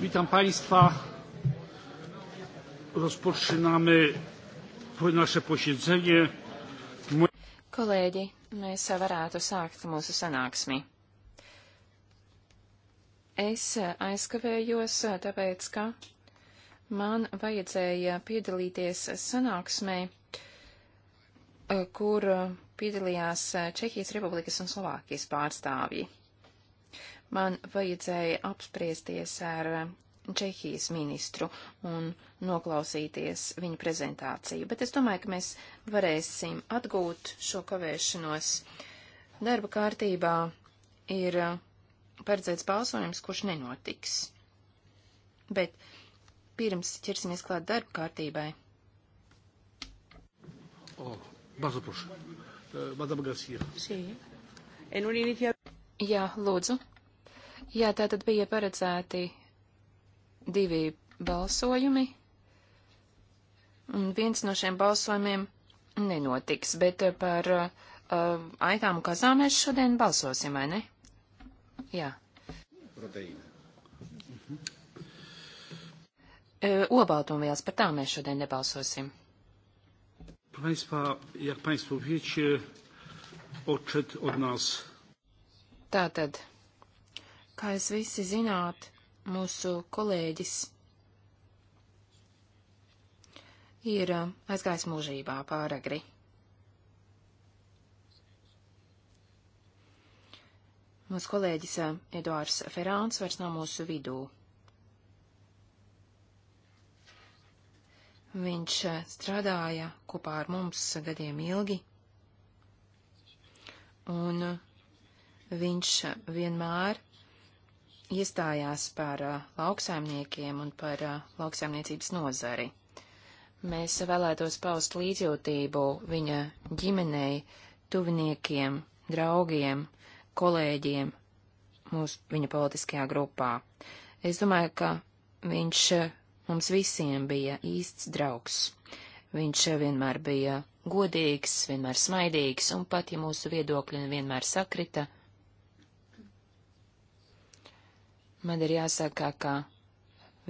Witam Państwa. Rozpoczynamy nasze posiedzenie. Kolēģi, mēs varētu sākt mūsu sanāksmi. Es aizkavējos, tāpēc, ka man vajadzēja piedalīties sanāksmē, kur piedalījās Čehijas Republikas un Slovākijas pārstāvji man vajadzēja apspriesties ar Čehijas ministru un noklausīties viņa prezentāciju, bet es domāju, ka mēs varēsim atgūt šo kavēšanos. Darba kārtībā ir paredzēts balsojums, kurš nenotiks. Bet pirms ķersimies klāt darba kārtībai. Oh, bardzo proszę. E, Madame Garcia. Sí. En un inicio... Jā, lūdzu. Jā, tā tad bija paredzēti divi balsojumi, un viens no šiem balsojumiem nenotiks, bet par uh, aitām un kazām mēs šodien balsosim, vai ne? Jā. Proteīna. Mhm. E, Obaltumvielas, par tām mēs šodien nebalsosim. Państwa, jak Państwo wiecie, odszedł od nas. Tātad. Kā jūs visi zināt, mūsu kolēģis ir uh, aizgājis mūžībā pāragri. Mūsu kolēģis uh, Eduārs Ferāns vairs nav mūsu vidū. Viņš uh, strādāja kopā ar mums gadiem ilgi, un viņš vienmēr iestājās par uh, lauksaimniekiem un par uh, lauksaimniecības nozari. Mēs vēlētos paust līdzjūtību viņa ģimenei, tuviniekiem, draugiem, kolēģiem mūsu viņa politiskajā grupā. Es domāju, ka viņš uh, mums visiem bija īsts draugs. Viņš vienmēr bija godīgs, vienmēr smaidīgs, un pat ja mūsu viedokļi vienmēr sakrita, Man ir jāsaka, ka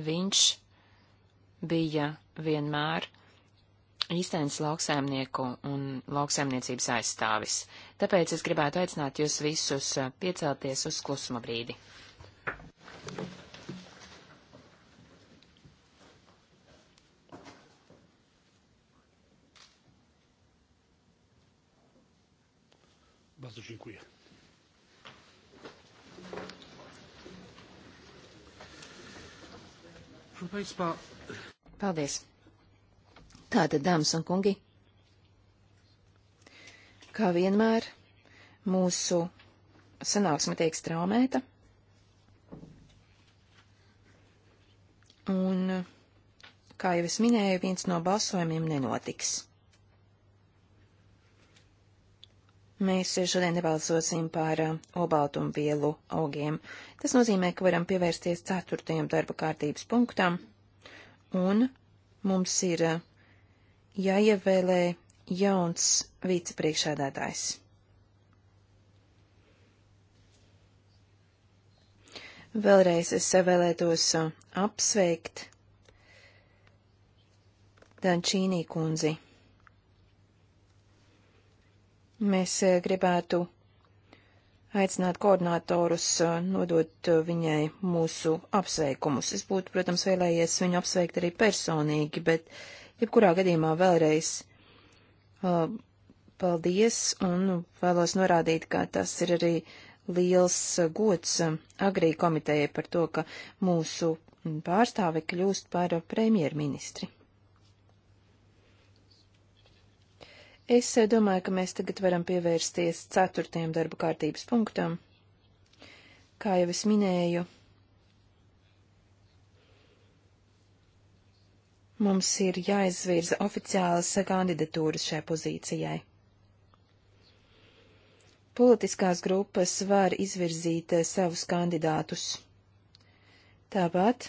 viņš bija vienmēr īstenis lauksaimnieku un lauksaimniecības aizstāvis. Tāpēc es gribētu aicināt jūs visus eh, piecelties uz klusuma brīdi. Bardzo dziękuję. Paldies. Tātad, dāmas un kungi, kā vienmēr, mūsu sanāksme tiek straumēta. Un, kā jau es minēju, viens no balsojumiem nenotiks. Mēs šodien nebalsosim par uh, obaltumvielu augiem. Tas nozīmē, ka varam pievērsties ceturtajam darba kārtības punktam, un mums ir uh, jāievēlē jauns vicepriekšādātājs. Vēlreiz es vēlētos uh, apsveikt Dančīnī kundzi. Mēs eh, gribētu aicināt koordinatorus eh, nodot eh, viņai mūsu apsveikumus. Es būtu, protams, vēlējies viņu apsveikt arī personīgi, bet jebkurā gadījumā vēlreiz uh, paldies un vēlos norādīt, ka tas ir arī liels gods agrī komitejai par to, ka mūsu mm, pārstāve kļūst par premjerministri. Es eh, domāju, ka mēs tagad varam pievērsties ceturtajam darba kārtības punktam. Kā jau es minēju, mums ir jāizvirza oficiālas kandidatūras šai pozīcijai. Politiskās grupas var izvirzīt eh, savus kandidātus. Tāpat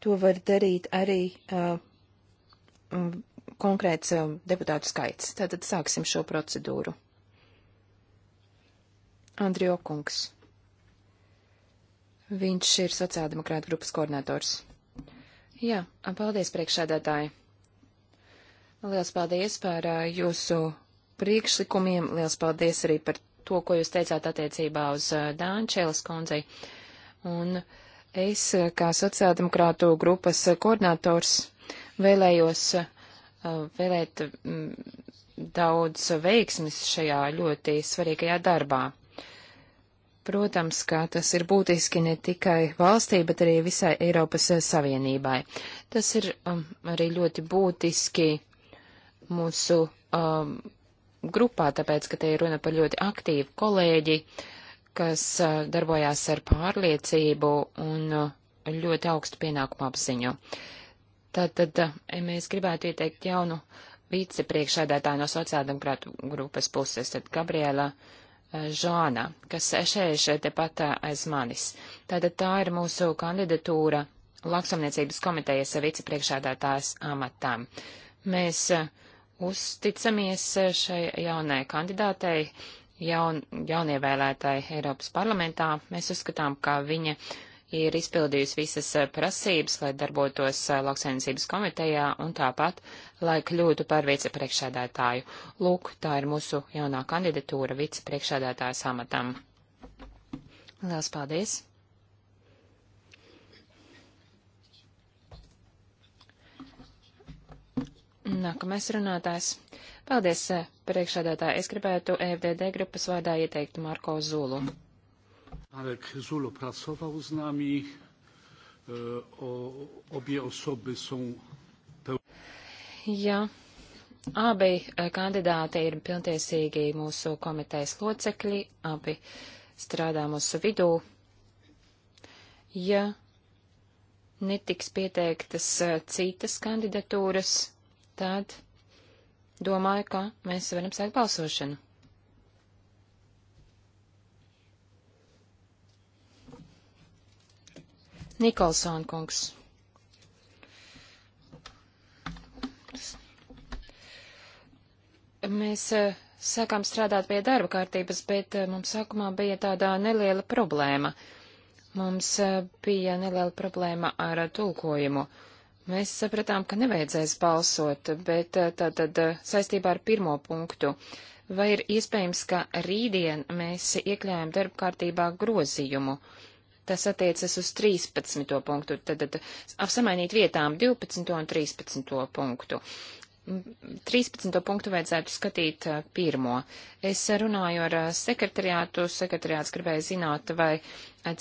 to var darīt arī uh, konkrēts um, deputātu skaits. Tātad sāksim šo procedūru. Andrio Kungs. Viņš ir sociāldemokrāta grupas koordinators. Jā, paldies priekšādātāji. Liels paldies par uh, jūsu priekšlikumiem, liels paldies arī par to, ko jūs teicāt attiecībā uz uh, Dāņčēlas kundzei. Un es, uh, kā sociāldemokrātu grupas koordinators, vēlējos uh, vēlēt mm, daudz veiksmis šajā ļoti svarīgajā darbā. Protams, ka tas ir būtiski ne tikai valstī, bet arī visai Eiropas Savienībai. Tas ir um, arī ļoti būtiski mūsu um, grupā, tāpēc, ka te ir runa par ļoti aktīvu kolēģi, kas uh, darbojās ar pārliecību un uh, ļoti augstu pienākumu apziņu. Uh, Tātad eh, mēs gribētu ieteikt jaunu vicepriekšādātāju no sociāldemokrātu grupas puses, tad Gabriela eh, Žāna, kas sēž tepat eh, aiz manis. Tātad tā ir mūsu kandidatūra lauksamniecības komitejas vicepriekšādātājas amatām. Mēs uzticamies šai jaunai kandidātei, jaun, jaunievēlētai Eiropas parlamentā. Mēs uzskatām, ka viņa uh, ir izpildījusi visas eh, prasības, lai darbotos eh, lauksainicības komitejā un tāpat, lai kļūtu par vicepriekšēdētāju. Lūk, tā ir mūsu jaunā kandidatūra vicepriekšēdētāja samatam. Lielas paldies! Nākamais runātājs. Paldies, eh, priekšādātāji. Es gribētu EFDD grupas vārdā ieteikt Marko Zulu. Marek Zulo pracował z nami. E, o, obie osoby są Jā, abi e, kandidāti ir pilntiesīgi mūsu komitejas locekļi, abi strādā mūsu vidū. Ja netiks pieteiktas e, citas kandidatūras, tad domāju, ka mēs varam sākt balsošanu. Nikolson kungs. Mēs eh, sākām strādāt pie darba kārtības, bet eh, mums sākumā bija tāda neliela problēma. Mums eh, bija neliela problēma ar tulkojumu. Mēs sapratām, ka nevajadzēs balsot, bet tātad saistībā ar pirmo punktu. Vai ir iespējams, ka rītdien mēs iekļājam darba kārtībā grozījumu? Uh, Tas attiecas uz 13. punktu, tad, tad apsamainīt vietām 12. un 13. punktu. 13. punktu vajadzētu skatīt pirmo. Es runāju ar sekretariātu, sekretariāts gribēja zināt, vai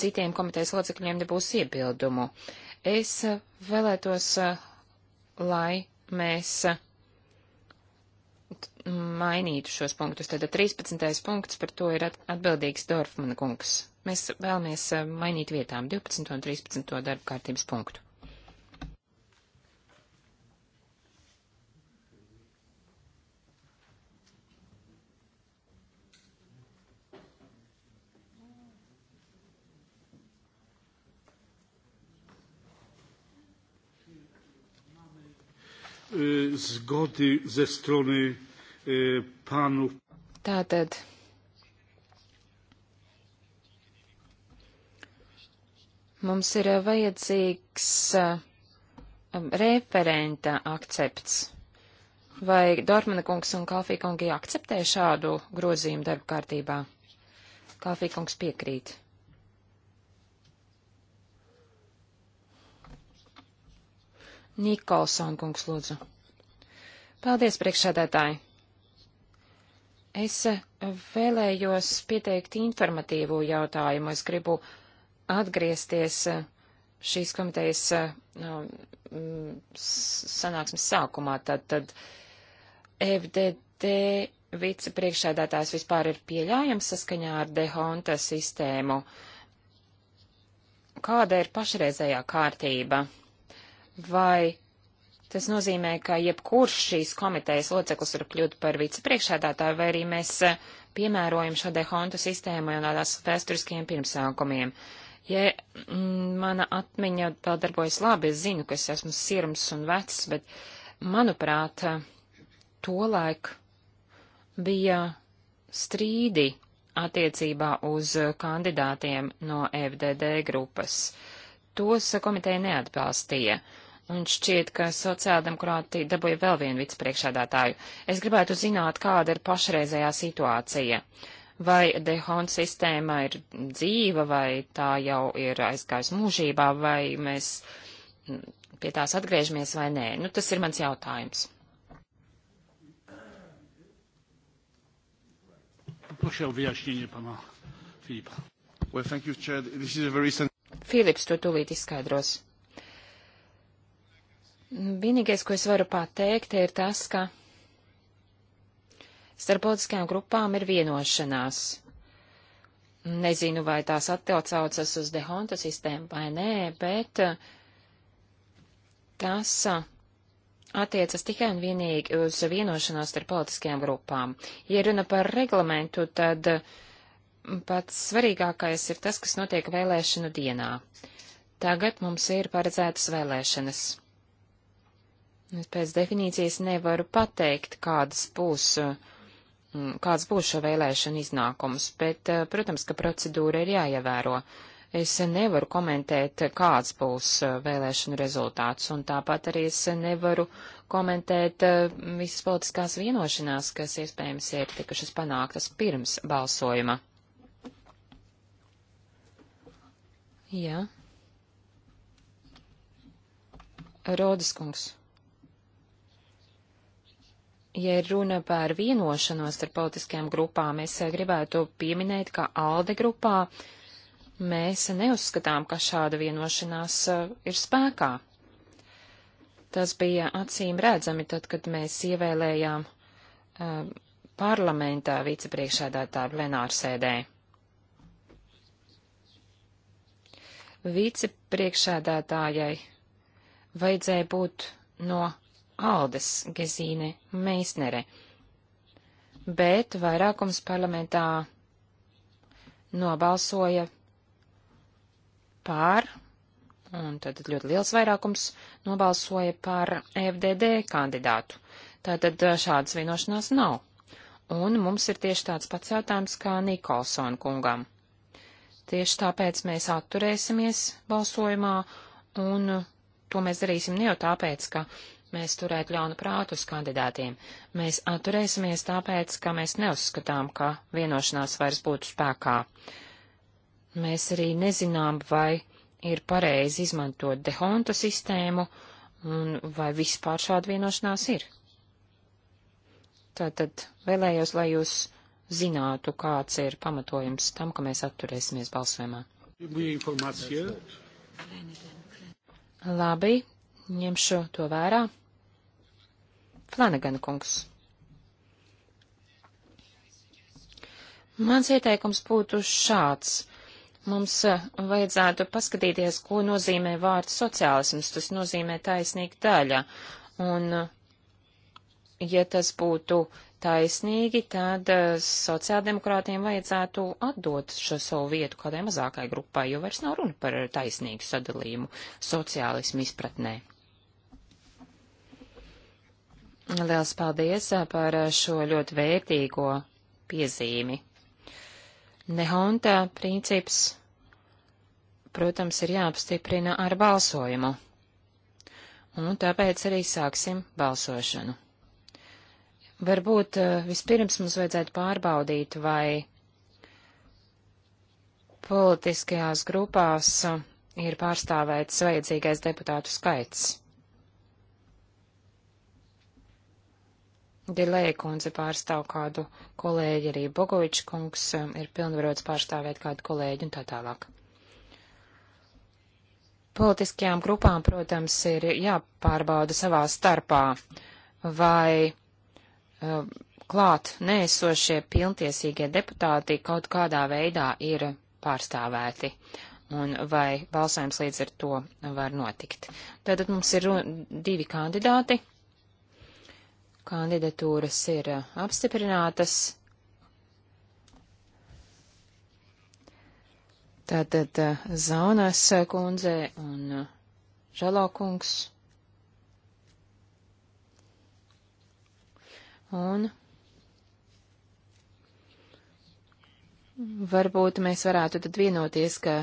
citiem komitejas locekļiem nebūs iebildumu. Es vēlētos, lai mēs mainītu šos punktus. Tātad 13. punkts par to ir atbildīgs Dorfmana kungs. Mēs vēlamies eh, mainīt vietām 12. un 13. darba kārtības punktu. zgody ze strony panów. Tātad Mums ir eh, vajadzīgs eh, referenta akcepts. Vai Dormana kungs un Kalfī kungi akceptē šādu grozījumu darba kārtībā? Kalfī kungs piekrīt. Nikolson kungs lūdzu. Paldies, priekšsēdētāji. Es eh, vēlējos pieteikt informatīvu jautājumu. Es gribu atgriezties eh, šīs komitejas eh, um, sanāksmes sākumā. Tad, tad FDD vicepriekšēdētājs vispār ir pieļājams saskaņā ar dehonta sistēmu. Kāda ir pašreizējā kārtība? Vai tas nozīmē, ka jebkurš šīs komitejas loceklis var kļūt par vicepriekšēdētāju, vai arī mēs eh, piemērojam šo dehonta sistēmu un tādās vēsturiskajiem pirmsākumiem? Uh, Ja mm, mana atmiņa vēl darbojas labi, es zinu, ka es esmu sirms un vecs, bet, manuprāt, tolaik bija strīdi attiecībā uz kandidātiem no FDD grupas. Tos komiteja neatbalstīja. Un šķiet, ka sociāldemokrāti dabūja vēl vienu vicepriekšādātāju. Es gribētu zināt, kāda ir pašreizējā situācija. Uh, vai Dehon sistēma ir dzīva, vai tā jau ir aizgājusi mūžībā, vai mēs pie tās atgriežamies vai nē. Nu, tas ir mans jautājums. Proszę o wyjaśnienie pana Filipa. Well, thank you, Chair. This is a very... Filips to tūlīt izskaidros. Vienīgais, ko es varu pateikt, ir tas, ka starptautiskajām grupām ir vienošanās. Nezinu, vai tās attiecaucas uz dehonta sistēmu vai nē, bet eh, tas eh, attiecas tikai un vienīgi uz vienošanos starp politiskajām grupām. Ja runa par reglamentu, tad mm, pats svarīgākais ir tas, kas notiek vēlēšanu dienā. Tagad mums ir paredzētas vēlēšanas. Es pēc definīcijas nevaru pateikt, kādas būs uh, Mm, kāds būs šo vēlēšanu iznākums, bet, eh, protams, ka procedūra ir jāievēro. Es nevaru komentēt, kāds būs eh, vēlēšanu rezultāts, un tāpat arī es nevaru komentēt eh, visas politiskās vienošanās, kas iespējams ir tikušas panāktas pirms balsojuma. Jā. Rodas kungs. Ja runa par vienošanos ar politiskajām grupām, es gribētu pieminēt, ka ALDE grupā mēs neuzskatām, ka šāda vienošanās eh, ir spēkā. Tas bija acīm redzami tad, kad mēs ievēlējām uh, eh, parlamentā vicepriekšādātāju plenārsēdē. Vicepriekšādātājai vajadzēja būt no Aldes, Gezīne, Meisnere, bet vairākums parlamentā nobalsoja pār, un tad ļoti liels vairākums nobalsoja pār FDD kandidātu. Tātad šādas vienošanās nav. Un mums ir tieši tāds pats jautājums kā Nikolson kungam. Tieši tāpēc mēs atturēsimies balsojumā, un to mēs darīsim ne jau tāpēc, ka mēs turētu ļaunu prātu uz kandidātiem. Mēs atturēsimies tāpēc, ka mēs neuzskatām, ka vienošanās vairs būtu spēkā. Mēs arī nezinām, vai ir pareizi izmantot dehonta sistēmu, un vai vispār šāda vienošanās ir. Tātad vēlējos, lai jūs zinātu, kāds ir pamatojums tam, ka mēs atturēsimies balsojumā. Labi, ņemšu to vērā. Flanagan kungs. Mans ieteikums būtu šāds. Mums eh, vajadzētu paskatīties, ko nozīmē vārds sociālisms. Tas nozīmē taisnīga daļa. Un, eh, ja tas būtu taisnīgi, tad eh, sociāldemokrātiem vajadzētu atdot šo savu vietu kādai mazākai grupai, jo vairs nav runa par taisnīgu sadalījumu sociālismu izpratnē. Liels paldies par šo ļoti vērtīgo piezīmi. Nehonta princips, protams, ir jāapstiprina ar balsojumu. Un tāpēc arī sāksim balsošanu. Varbūt vispirms mums vajadzētu pārbaudīt, vai politiskajās grupās ir pārstāvēts vajadzīgais deputātu skaits. Dilēja kundze pārstāv kādu kolēģi, arī Bogovičs kungs um, ir pilnvarots pārstāvēt kādu kolēģi un tā tālāk. Politiskajām grupām, protams, ir jāpārbauda savā starpā, vai uh, klāt neesošie pilntiesīgie deputāti kaut kādā veidā ir pārstāvēti un vai balsājums līdz ar to var notikt. Tātad mums ir divi kandidāti kandidatūras ir eh, apstiprinātas. Tātad eh, Zaunas kundze un eh, Žalokungs. Un varbūt mēs varētu tad vienoties, ka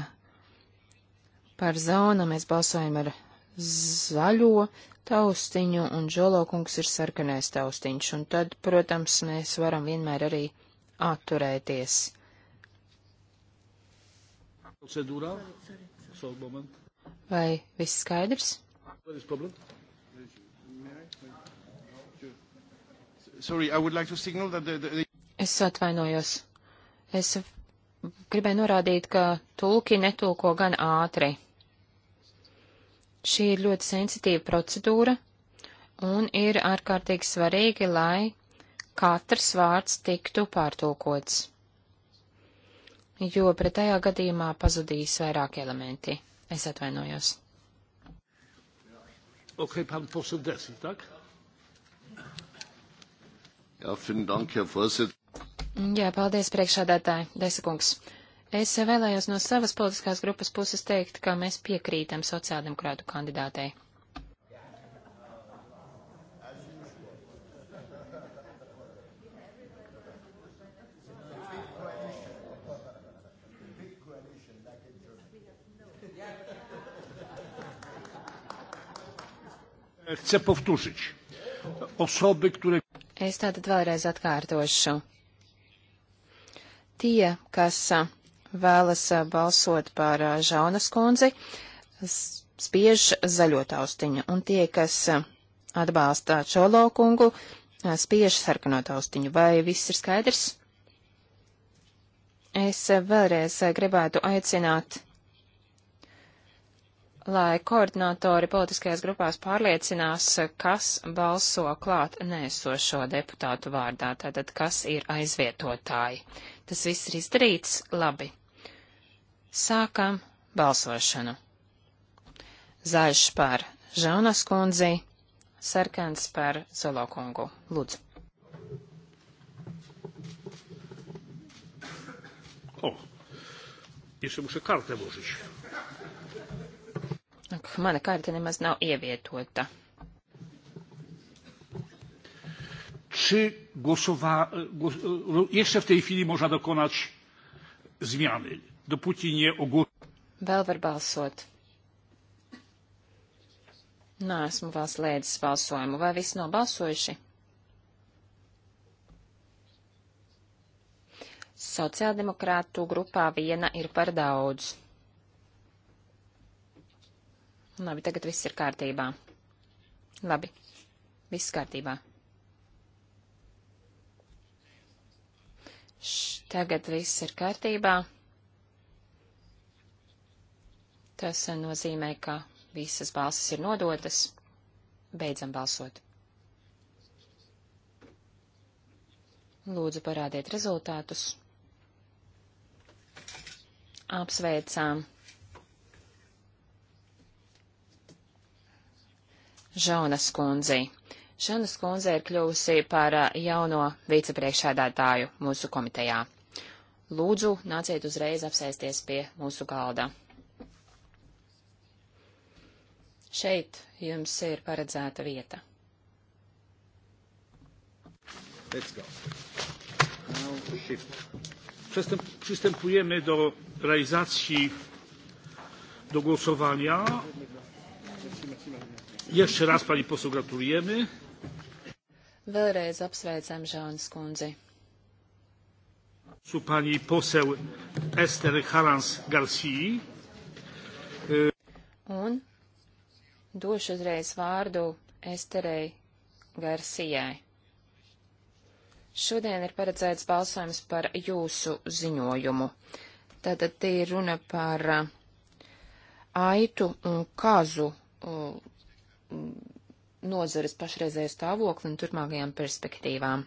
par Zaunu mēs balsojam ar zaļo, taustiņu, un žolokungs ir sarkanais taustiņš, un tad, protams, mēs varam vienmēr arī atturēties. Procedūrā? Vai viss skaidrs? Sorry, like the, the... Es atvainojos. Es gribēju norādīt, ka tulki netulko gan ātri. Šī ir ļoti sensitīva procedūra, un ir ārkārtīgi svarīgi, lai katrs vārds tiktu pārtulkots, jo pretējā gadījumā pazudīs vairāk elementi. Es atvainojos. Okay, pan poseł Dessy, tak? Jā, ja, vielen Dank, Herr Vorsitz. Jā, paldies priekšādātāji, Desa kungs. Es vēlējos no savas politiskās grupas puses teikt, ka mēs piekrītam sociāldemokrātu kandidātei. Chcę powtórzyć. Osoby, które. Es tātad vēlreiz atkārtošu. Tie, kas vēlas balsot par Žaunas kundzi, spiež zaļo taustiņu, un tie, kas atbalsta Čolo kungu, spiež sarkano taustiņu. Vai viss ir skaidrs? Es vēlreiz gribētu aicināt, lai koordinatori politiskajās grupās pārliecinās, kas balso klāt nēsošo deputātu vārdā, tātad kas ir aizvietotāji. Tas viss ir izdarīts labi. Sākam balsošanu. Zaļš par Žaunas kundzi, sarkans par Zolo kungu. Lūdzu. O, jeszcze muszę kartę włożyć. Ak, mana karte nemaz nav ievietota. Czy głosowa... Głos, e, e, jeszcze w tej chwili można dokonać zmiany? dopóki nie ogłosi. Vēl var balsot. Nē, esmu vēl slēdzis balsojumu. Vai visi nobalsojuši? Sociāldemokrātu grupā viena ir par daudz. Labi, tagad viss ir kārtībā. Labi, viss kārtībā. Š, tagad viss ir kārtībā. Tas nozīmē, ka visas balsis ir nodotas. Beidzam balsot. Lūdzu, parādiet rezultātus. Apsveicām. Žonas kundzei. Žonas kundze ir kļuvusi par uh, jauno vicepriekšēdētāju mūsu komitejā. Lūdzu, nāciet uzreiz apsēsties pie mūsu galda. Šeit jums ir paredzēta vieta. Let's go. Now shift. Przystęp, przystępujemy do realizacji, do głosowania. Jeszcze raz pani poseł gratulujemy. Vēlreiz apsveicam Žānas kundzi. Su pani poseł Ester Harans Garcia. Un Došu uzreiz vārdu Esterei Garcijai. Šodien ir paredzēts balsojums par jūsu ziņojumu. Tātad te ir runa par uh, aitu un kazu uh, nozares pašreizēju stāvokli un turpmākajām perspektīvām.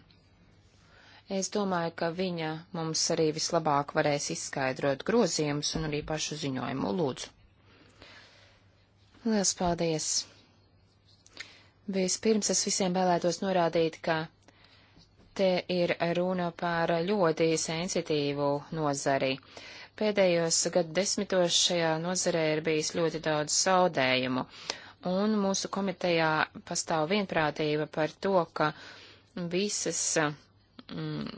Es domāju, ka viņa mums arī vislabāk varēs izskaidrot grozījumus un arī pašu ziņojumu lūdzu. Lielas paldies! Vispirms es visiem vēlētos norādīt, ka te ir runa par ļoti sensitīvu nozari. Pēdējos gadu desmitos šajā nozarē ir bijis ļoti daudz zaudējumu, un mūsu komitejā pastāv vienprātība par to, ka visas, mm,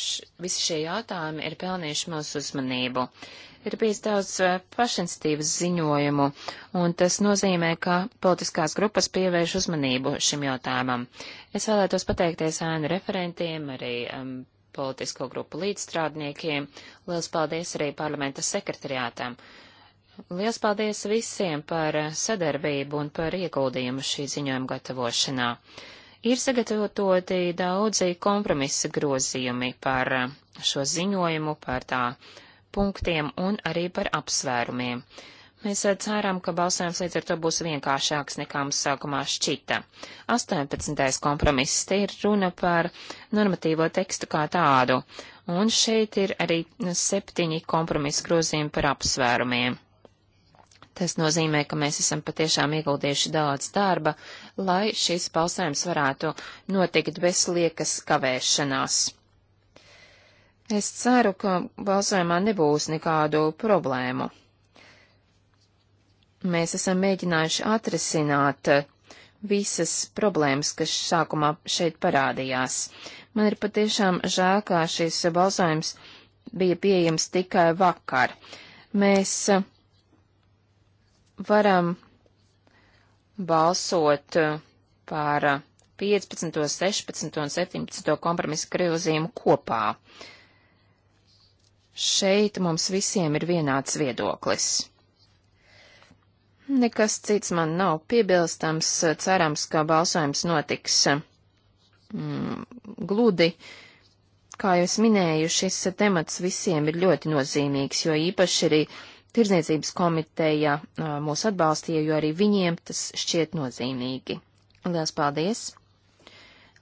š, visi šie jautājumi ir pelnījuši mūsu uzmanību. Uh, ir bijis daudz pašinstīvas ziņojumu, un tas nozīmē, ka politiskās grupas pievērš uzmanību šim jautājumam. Es vēlētos pateikties ēnu referentiem, arī um, politisko grupu līdzstrādniekiem. Liels paldies arī parlamenta sekretariātam. Liels paldies visiem par sadarbību un par ieguldījumu šī ziņojuma gatavošanā. Ir sagatavototi daudzi kompromisa grozījumi par šo ziņojumu, par tā punktiem un arī par apsvērumiem. Mēs eh, ceram, ka balsojums līdz ar to būs vienkāršāks nekā mums sākumā šķita. 18. kompromiss te ir runa par normatīvo tekstu kā tādu, un šeit ir arī septiņi kompromisa grozījumi par apsvērumiem. Tas nozīmē, ka mēs esam patiešām ieguldījuši daudz darba, lai šis balsojums varētu notikt bez liekas kavēšanās. Es ceru, ka balsojumā nebūs nekādu problēmu. Mēs esam mēģinājuši atrisināt eh, visas problēmas, kas sākumā šeit parādījās. Man ir patiešām žēl, kā šis balsojums bija pieejams tikai vakar. Mēs eh, varam balsot eh, par 15, 16 un 17 kompromisu grozījumu kopā. Uh, Šeit mums visiem ir vienāds viedoklis. Nekas cits man nav piebilstams, cerams, ka balsojums notiks mm, gludi. Kā jau es minēju, šis temats visiem ir ļoti nozīmīgs, jo īpaši arī Tirzniecības komiteja mūs atbalstīja, jo arī viņiem tas šķiet nozīmīgi. Lielas paldies!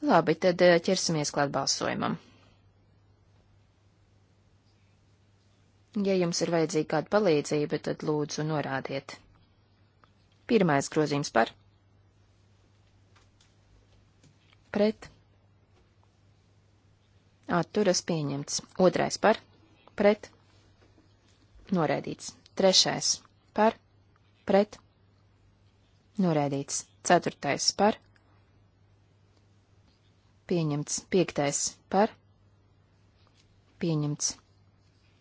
Labi, tad ķersimies klāt balsojumam. Ja jums ir vajadzīga kāda palīdzība, tad lūdzu norādiet. Pirmais grozījums par. Pret. Atturas pieņemts. Otrais par. Pret. Noraidīts. Trešais par. Pret. Noraidīts. Ceturtais par. Pieņemts. Piektais par. Pieņemts.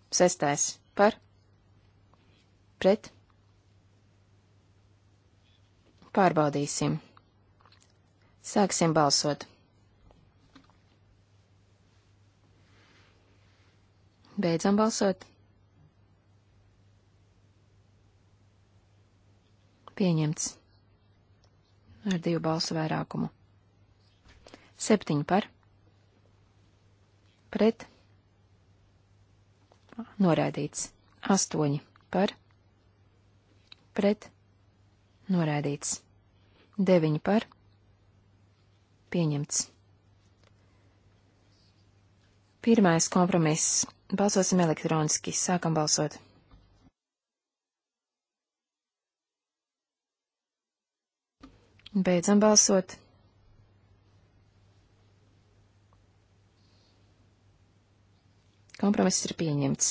Sestais par pret. Pārbaudīsim. Sāksim balsot. Beidzam balsot. Pieņemts. Ar divu balsu vairākumu. Septiņi par. Pret noraidīts. 8 par, pret, noraidīts. 9 par, pieņemts. Pirmais kompromiss. Balsosim elektroniski. Sākam balsot. Beidzam balsot. Kompromiss ir pieņemts.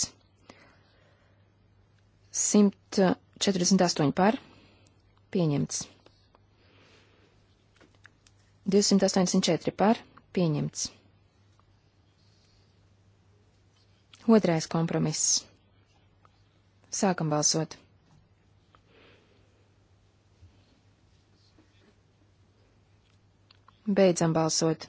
148 par. Pieņemts. 284 par. Pieņemts. Otrais kompromiss. Sākam balsot. Beidzam balsot.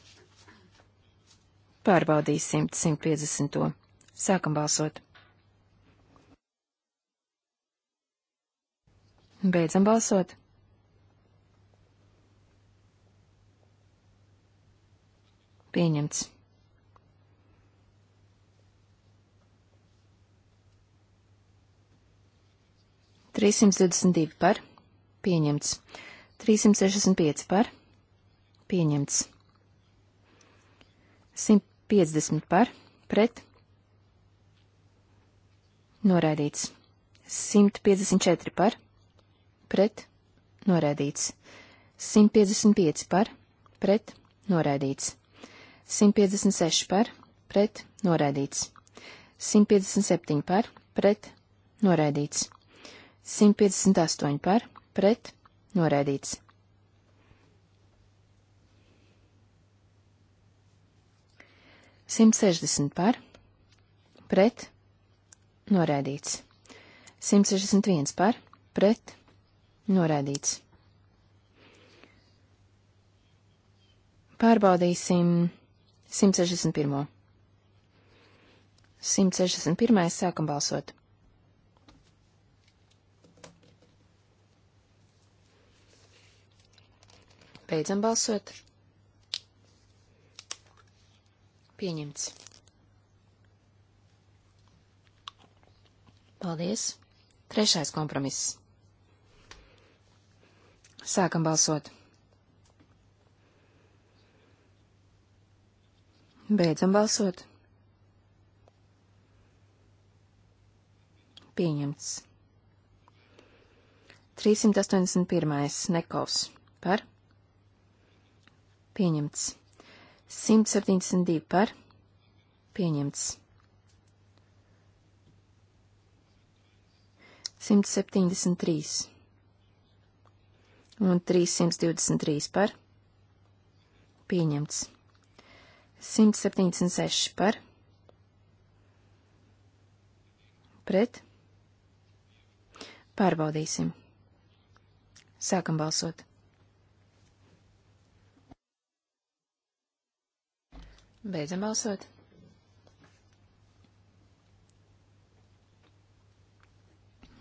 Pārbaudīsim 150. Sākam balsot. Beidzam balsot. Pieņemts. Trīsimt divdesmit divi par. Pieņemts. Trīsimt sešdesmit pieci par. Pieņemts. Simt 50 par, pret, noraidīts. 154 par, pret, noraidīts. 155 par, pret, noraidīts. 156 par, pret, noraidīts. 157 par, pret, noraidīts. 158 par, pret, noraidīts. 160 par, pret, noraidīts. 161 par, pret, noraidīts. Pārbaudīsim 161. 161. sākam balsot. Beidzam balsot. Pieņemts. Paldies. Trešais kompromiss. Sākam balsot. Beidzam balsot. Pieņemts. 381. Nekovs. Par. Pieņemts. 172 par pieņemts. 173 un 323 par pieņemts. 176 par pret pārbaudīsim. Sākam balsot. Beidzam balsot.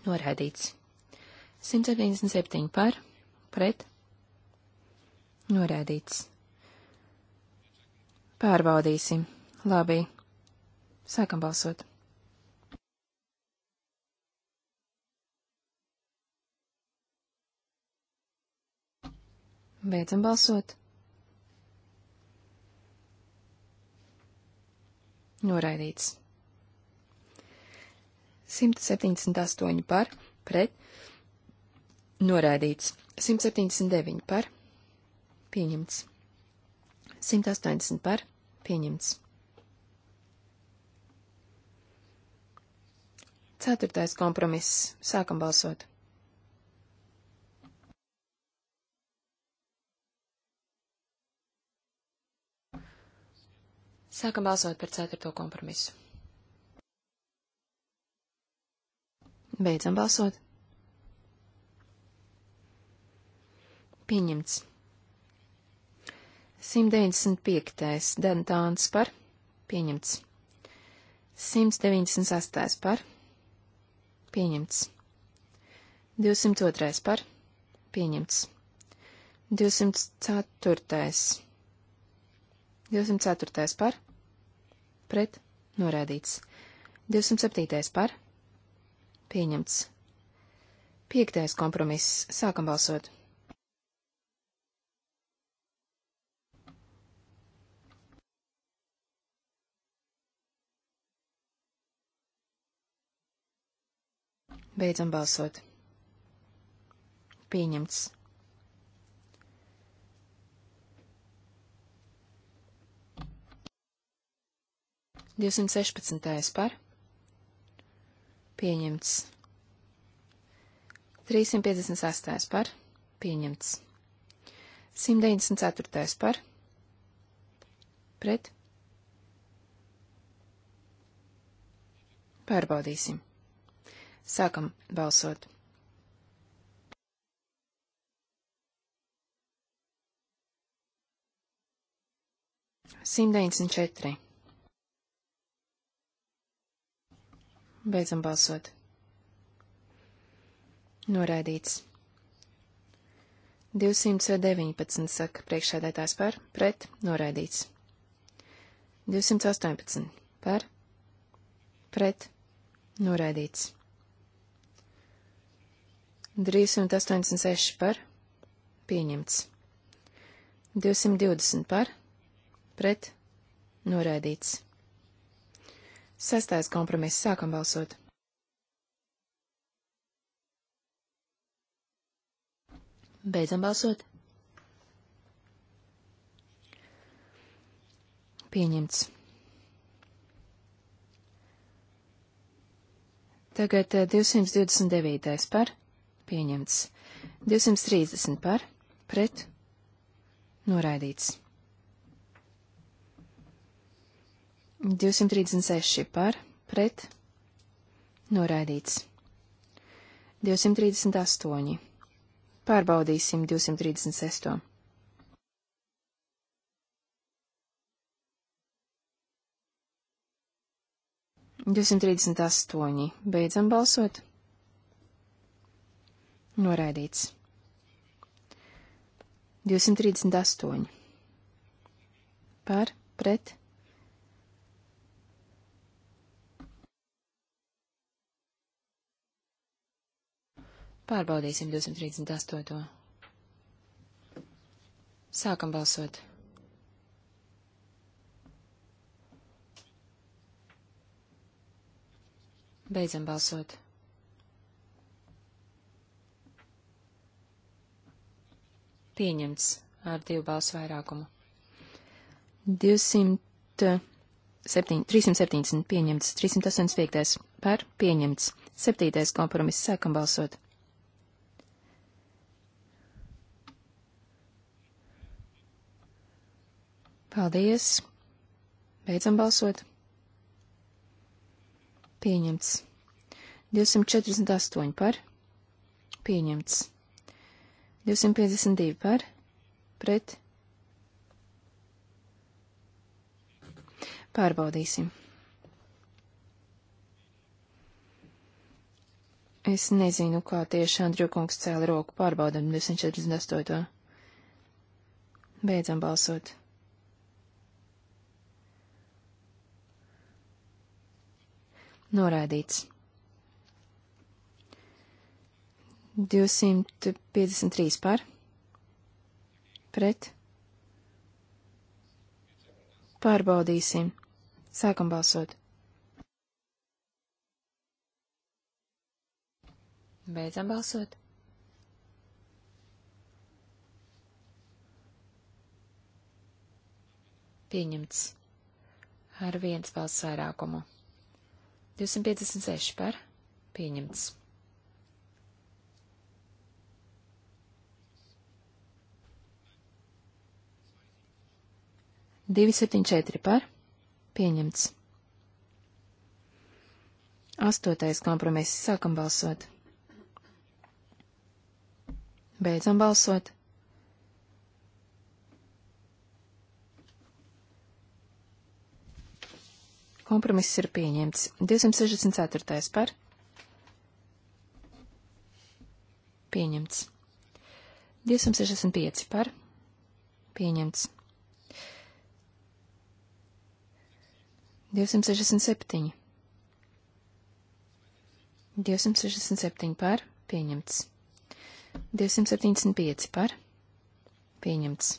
Norādīts. 177 par, pret, norādīts. Pārbaudīsim. Labi. Sākam balsot. Beidzam balsot. noraidīts. 178 par, pret, noraidīts. 179 par, pieņemts. 180 par, pieņemts. Ceturtais kompromiss. Sākam balsot. Sākam balsot par ceturto kompromisu. Beidzam balsot. Pieņemts. 195. Dantāns par. Pieņemts. 198. par. Pieņemts. 202. par. Pieņemts. 204. 204. par pret, norādīts. 207. par, pieņemts. 5. kompromiss, sākam balsot. Beidzam balsot. Pieņemts. 216. par. Pieņemts. 358. par. Pieņemts. 194. par. Pret. Pārbaudīsim. Sākam balsot. Simtdeviņdesmit četri. Beidzam balsot. Noraidīts. 219 saka priekšsēdētājs par, pret, noraidīts. 218 par, pret, noraidīts. 386 par, pieņemts. 220 par, pret, noraidīts. Sestais kompromiss. Sākam balsot. Beidzam balsot. Pieņemts. Tagad 229. Eh, par. Pieņemts. 230 par. Pret. Noraidīts. 236 par, pret, noraidīts. 238. Pārbaudīsim 236. Divsimt trīsdesmit astoņi. Beidzam balsot. Noraidīts. Divsimt trīsdesmit astoņi. Par, pret, Pārbaudīsim 238. Sākam balsot. Beidzam balsot. Pieņemts ar divu balsu vairākumu. 207, 370 pieņemts, 385 par pieņemts, 7. kompromiss sākam balsot. Paldies! Beidzam balsot. Pieņemts. 248 par. Pieņemts. 252 par. Pret. Pārbaudīsim. Es nezinu, kā tieši Andriju kungs cēla roku pārbaudam 248. Beidzam balsot. Noraidīts. 253 par. Pret. Pārbaudīsim. Sākam balsot. Beidzam balsot. Pieņemts ar viens balss vairākumu. 256 par pieņemts. Divi septiņi četri par pieņemts. Astotais kompromiss sākam balsot. Beidzam balsot. Kompromiss ir pieņemts. 264. par. Pieņemts. 265 par. Pieņemts. 267. 267 par. Pieņemts. 275 par. Pieņemts.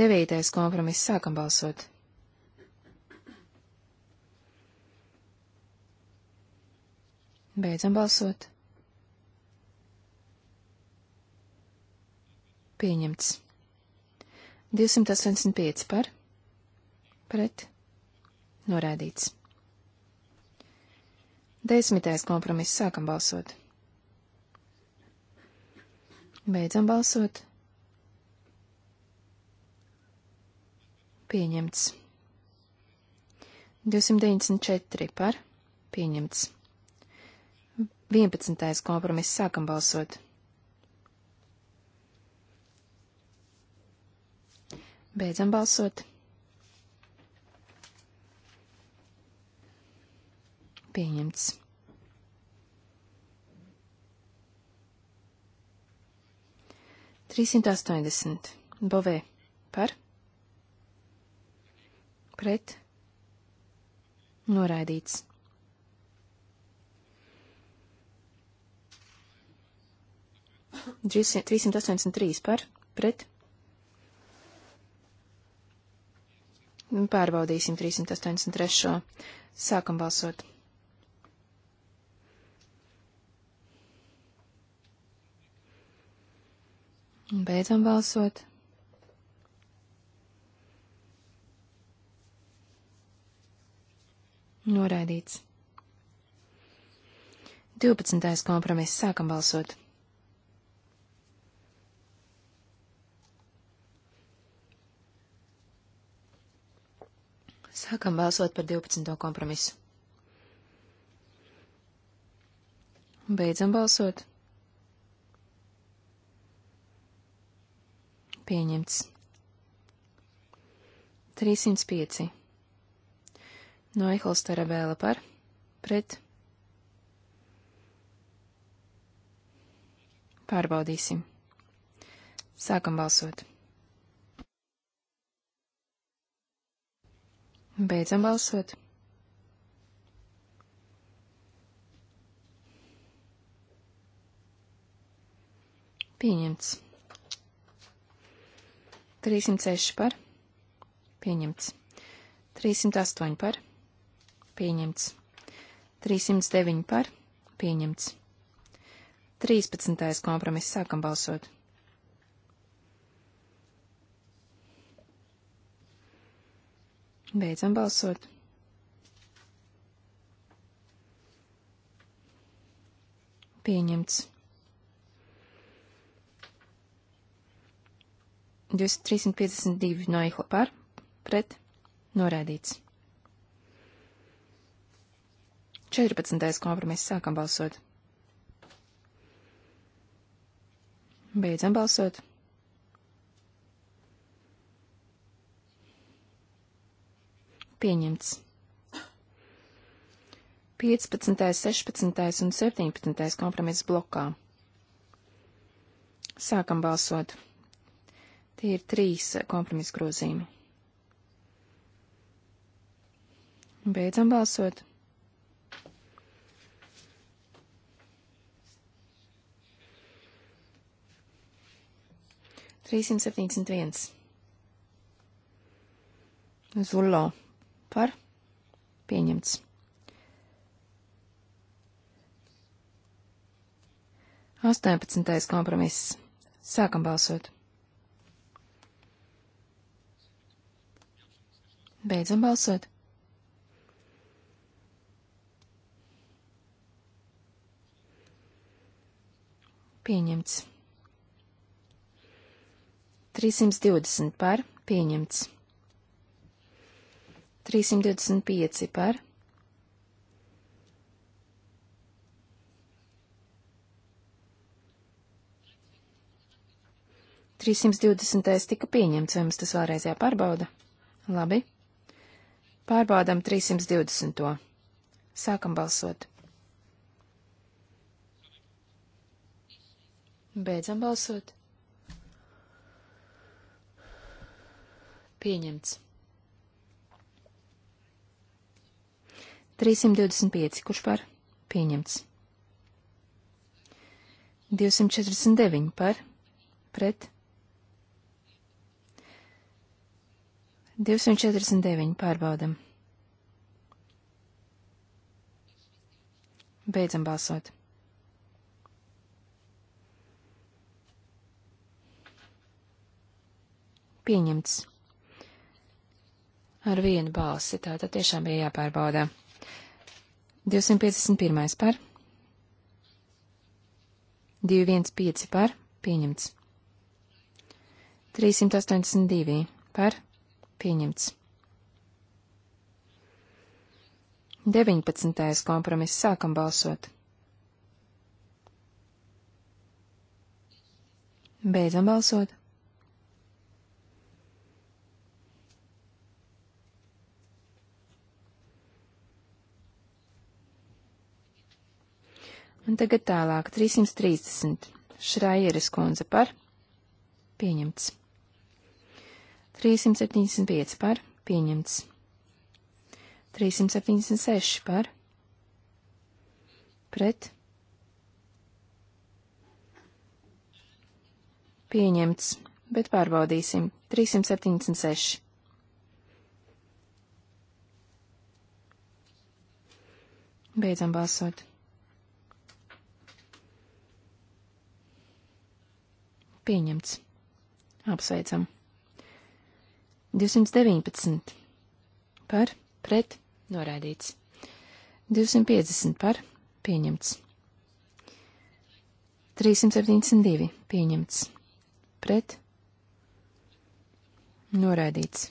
Devītais kompromiss sākam balsot. Beidzam balsot. Pieņemts. 285 par, pret, norādīts. Desmitais kompromiss sākam balsot. Beidzam balsot. Pieņemts. 294 par, pieņemts. 11. kompromiss sākam balsot. Beidzam balsot. Pieņemts. Trīsimt astoņdesmit. Bovē. Par? Pret? Noraidīts. 383 par pret. Nu, pārbaudīsim 383. Sākam balsot. Beidzam balsot. Noraidīts. 12. kompromiss. Sākam balsot. Sākam balsot par 12. kompromisu. Beidzam balsot. Pieņemts. 305. No Ehlstara vēla par, pret. Pārbaudīsim. Sākam balsot. Beidzam balsot. Pieņemts. 306 par. Pieņemts. 308 par. Pieņemts. 309 par. Pieņemts. 13. kompromiss sākam balsot. Beidzam balsot. Pieņemts. 2352 no Ihla par, pret, norādīts. 14. kompromiss sākam balsot. Beidzam balsot. pieņemts. 15., 16. un 17. kompromiss blokā. Sākam balsot. Tie ir trīs kompromisa grozījumi. Beidzam balsot. Trīsimt septiņdesmit viens. Zullo par pieņemts. Astoņpadsmitais kompromiss. Sākam balsot. Beidzam balsot. Pieņemts. 320 par pieņemts. 325 par. Trīsimts divdesmitais tika pieņemts, vai mums tas vēlreiz jāpārbauda? Labi. Pārbaudam 320. Sākam balsot. Beidzam balsot. Pieņemts. 325, kurš par pieņemts. 249 par pret. 249 pārbaudam. Beidzam balsot. Pieņemts. Ar vienu balsi tā tad tiešām bija jāpārbauda. 251 par. 215 par. Pieņemts. 382 par. Pieņemts. 19. kompromiss sākam balsot. Beidzam balsot. Un tagad tālāk, 330. Šraieris kundze par. Pieņemts. 375 par. Pieņemts. 376 par. Pret. Pieņemts, bet pārbaudīsim. 376. Beidzam balsot. Pieņemts. Apsveicam. 219 par, pret, noraidīts. 250 par, pieņemts. 372 pieņemts. Pret, noraidīts.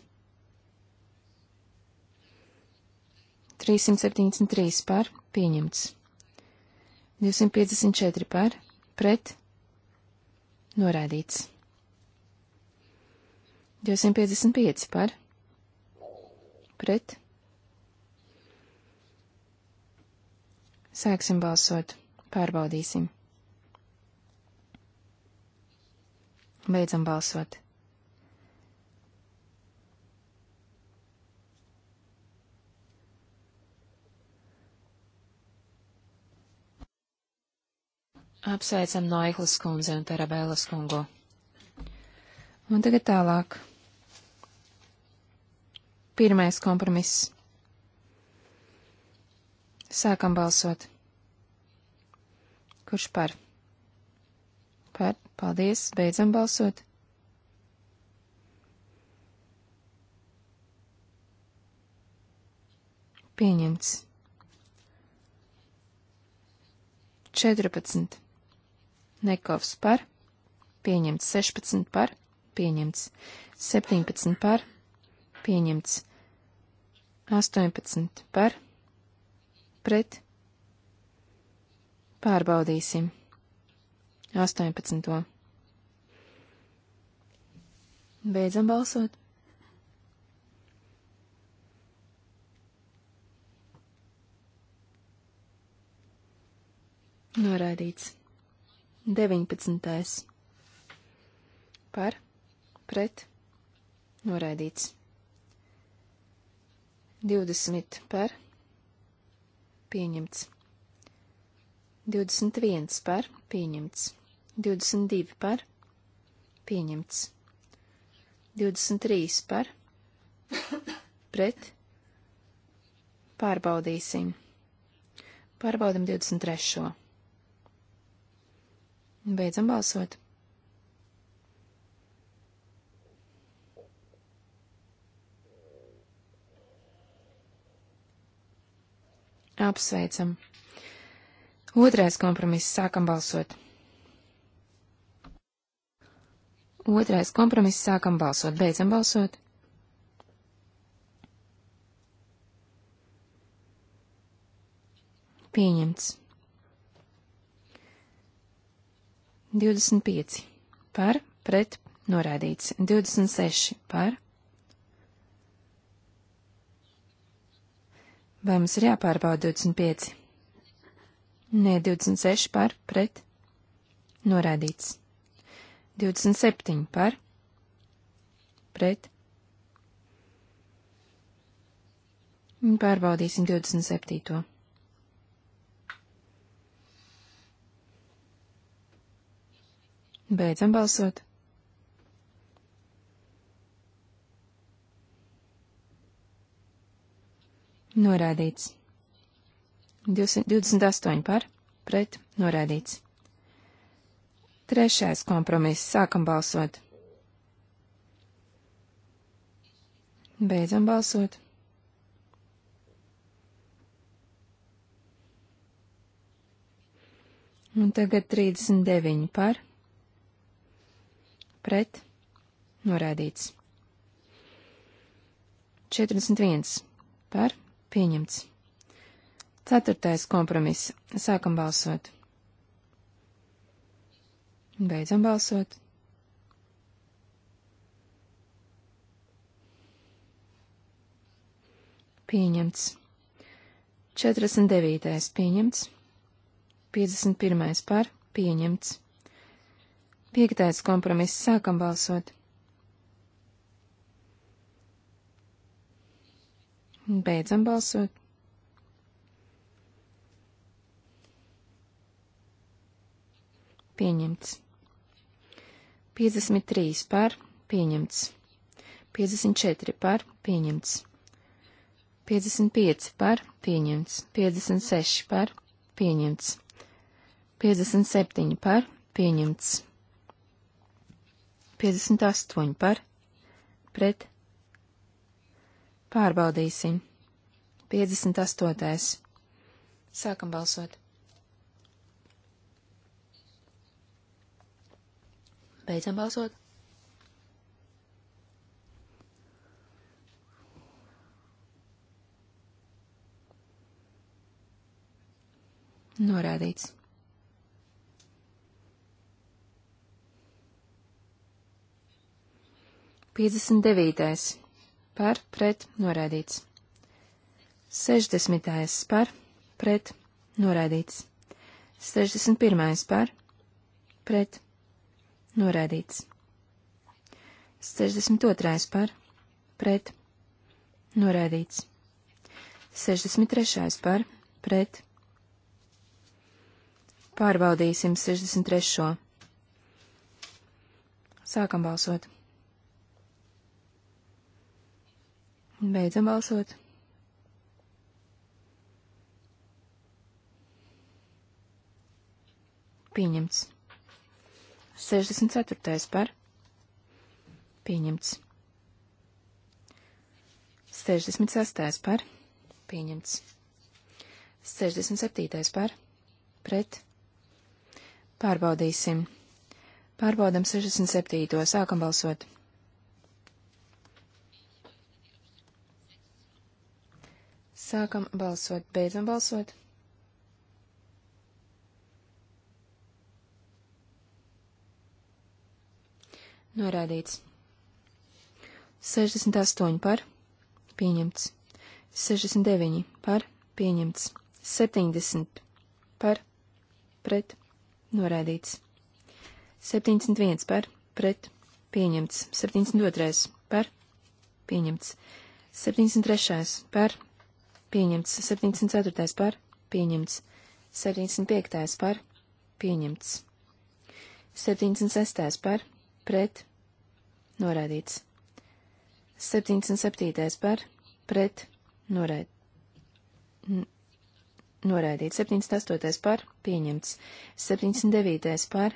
373 par, pieņemts. 254 par, pret, noraidīts. Norādīts. 255 par. Pret. Sāksim balsot. Pārbaudīsim. Beidzam balsot. Apsveicam Noihlas kundzi un Terabēlas kungu. Un tagad tālāk. Pirmais kompromiss. Sākam balsot. Kurš par? Par. Paldies. Beidzam balsot. Pieņemts. 14. Nekovs par, pieņemts 16 par, pieņemts 17 par, pieņemts 18 par, pret. Pārbaudīsim. 18. Beidzam balsot. Noraidīts. 19. par pret noraidīts. 20 par pieņemts. 21 par pieņemts. 22 par pieņemts. 23 par pret pārbaudīsim. Pārbaudam 23. Beidzam balsot. Apsveicam. Otrais kompromiss. Sākam balsot. Otrais kompromiss. Sākam balsot. Beidzam balsot. Pieņemts. 25 par, pret, norādīts 26 par. Vai mums ir jāpārbauda 25? Nē, 26 par, pret, norādīts 27 par, pret. Pārbaudīsim 27. Beidzam balsot. Norādīts. 28 par, pret, norādīts. Trešais kompromiss. Sākam balsot. Beidzam balsot. Un tagad 39 par, pret, norādīts. 41 par, pieņemts. Ceturtais kompromiss. Sākam balsot. Beidzam balsot. Pieņemts. 49. pieņemts. 51. par pieņemts. Piektais kompromiss. Sākam balsot. Beidzam balsot. Pieņemts. 53 par pieņemts. 54 par pieņemts. 55 par pieņemts. 56 par pieņemts. 57 par pieņemts. 58 par, pret, pārbaudīsim. 58. Sākam balsot. Beidzam balsot. Norādīts. 59. par pret noraidīts. 60. par pret noraidīts. 61. par pret noraidīts. 62. par pret noraidīts. 63. par pret pārbaudīsim 63. Sākam balsot. Beidzam balsot. Pieņemts. 64. par. Pieņemts. 66. par. Pieņemts. 67. par. Pret. Pārbaudīsim. Pārbaudam 67. Sākam balsot. Sākam balsot, beidzam balsot. Norādīts. 68 par, pieņemts. 69 par, pieņemts. 70 par, pret, norādīts. 71 par, pret, pieņemts. 72 par, pieņemts. 73 par, pieņemts pieņemts 74. par, pieņemts 75. par, pieņemts 76. par, pret, norādīts 77. par, pret, norādīts. Noraidīt 78. par, pieņemts 79. par,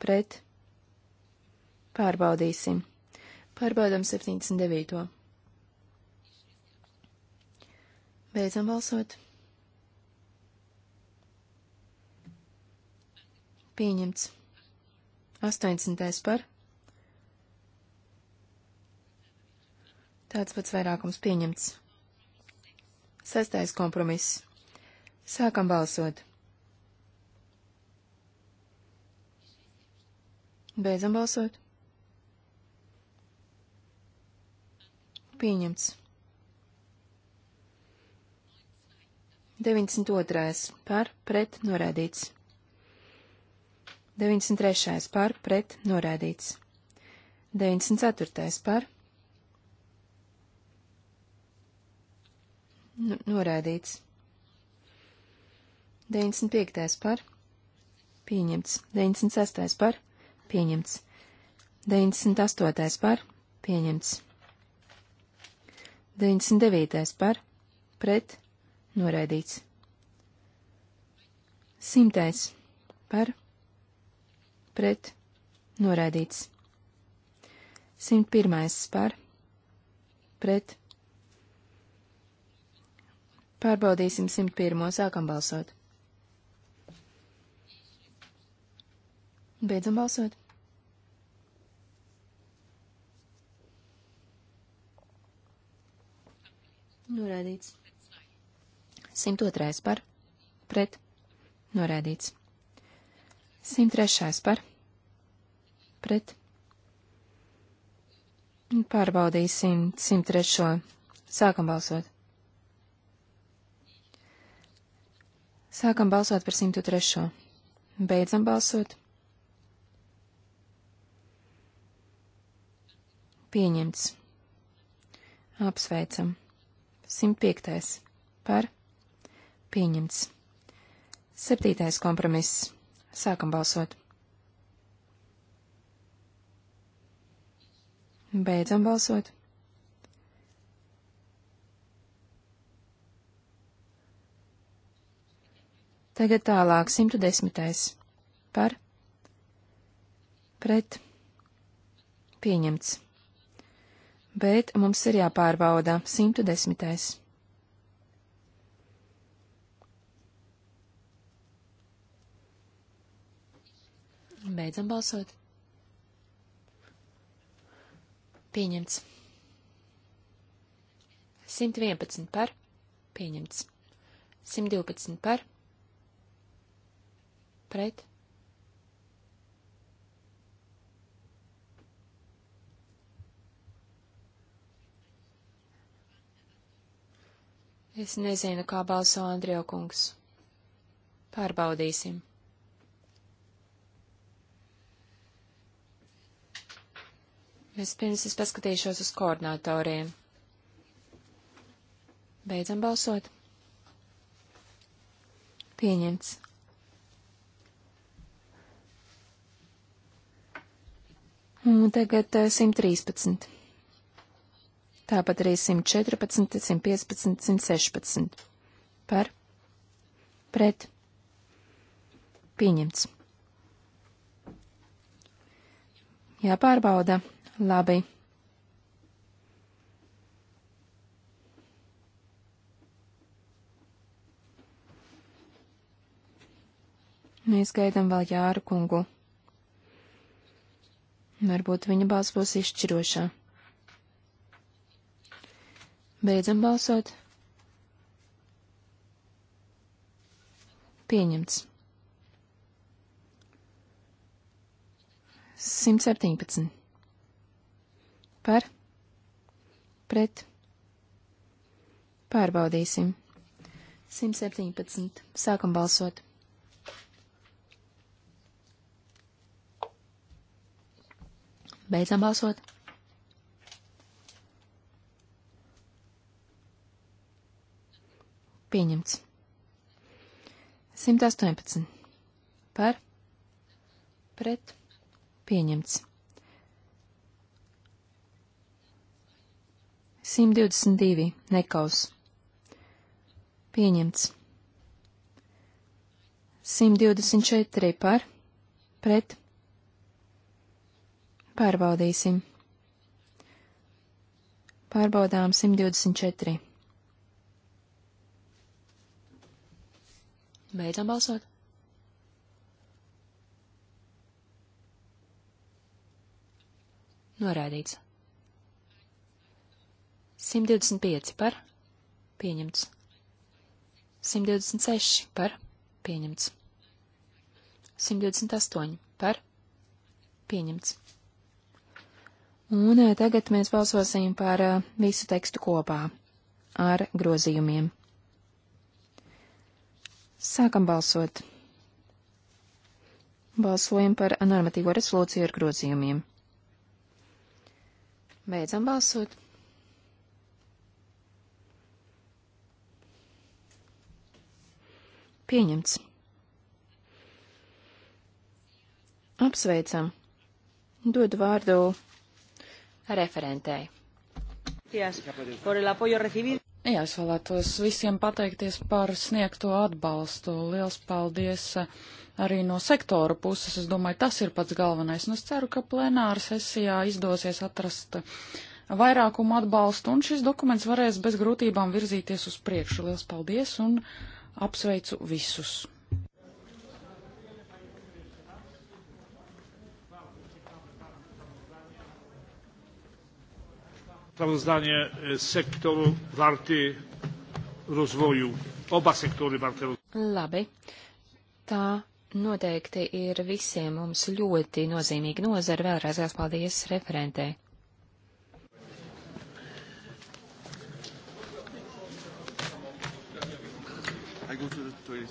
pret, pārbaudīsim, pārbaudam 79. Beidzam balsot. Pieņemts. 80. par. Tāds pats vairākums pieņemts. Sestais kompromiss. Sākam balsot. Beidzam balsot. Pieņemts. 92. par pret norādīts. 93. par pret norādīts. 94. par nu, norādīts. 95. par pieņemts. 96. par pieņemts. 98. par pieņemts. 99. par pret norādīts. Noraidīts. Simtais par pret noraidīts. Simt pirmais par pret. Pārbaudīsim simt pirmo, sākam balsot. Beidzam balsot. Noraidīts. 102. par, pret, norēdīts. 103. par, pret. Pārbaudīsim 103. Sākam balsot. Sākam balsot par 103. Beidzam balsot. Pieņemts. Apsveicam. 105. par Pieņemts. Septītais kompromiss. Sākam balsot. Beidzam balsot. Tagad tālāk 110. Par. Pret. Pieņemts. Bet mums ir jāpārbauda 110. Beidzam balsot. Pieņemts. 111 par. Pieņemts. 112 par. Pret. Es nezinu, kā balso Andrija kungs. Pārbaudīsim. Vispirms es paskatīšos uz koordinatoriem. Beidzam balsot. Pieņemts. Un tagad 113. Eh, Tāpat arī 114, 115, 116. Par. Pret. Pieņemts. Jāpārbauda. Ja Labi. Mēs gaidām vēl Jāru kungu. Varbūt viņa balss būs izšķirošā. Beidzam balsot. Pieņemts. 117 par, pret, pārbaudīsim. 117. Sākam balsot. Beidzam balsot. Pieņemts. 118. Par. Pret. Pieņemts. 122. Nekaus. Pieņemts. 124 par, pret. Pārbaudīsim. Pārbaudām 124. Beidzam balsot. Norādīts. 125 par pieņemts. 126 par pieņemts. 128 par pieņemts. Un eh, tagad mēs balsosim par eh, visu tekstu kopā ar grozījumiem. Sākam balsot. Balsojam par normatīvo rezolūciju ar grozījumiem. Beidzam balsot. Pieņemts. Apsveicam. Dod vārdu referentei. Jā, es vēlētos visiem pateikties par sniegto atbalstu. Liels paldies eh, arī no sektora puses. Es domāju, tas ir pats galvenais. Un nu, es ceru, ka plenāra sesijā izdosies atrast vairākumu atbalstu, un šis dokuments varēs bez grūtībām virzīties uz priekšu. Liels paldies! Un Apsveicu visus! sprawozdanie e, sektoru warty rozwoju. Oba sektori varte rozwoju. Labi. Tā noteikti ir visiem mums ļoti nozīmīga nozara. Vēlreiz jāspaldies referentē.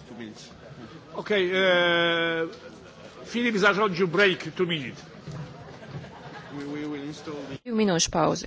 two minutes. Okej, okay, uh, Filip zarządził break two minutes. We, we will install the... Minūšu pauzi.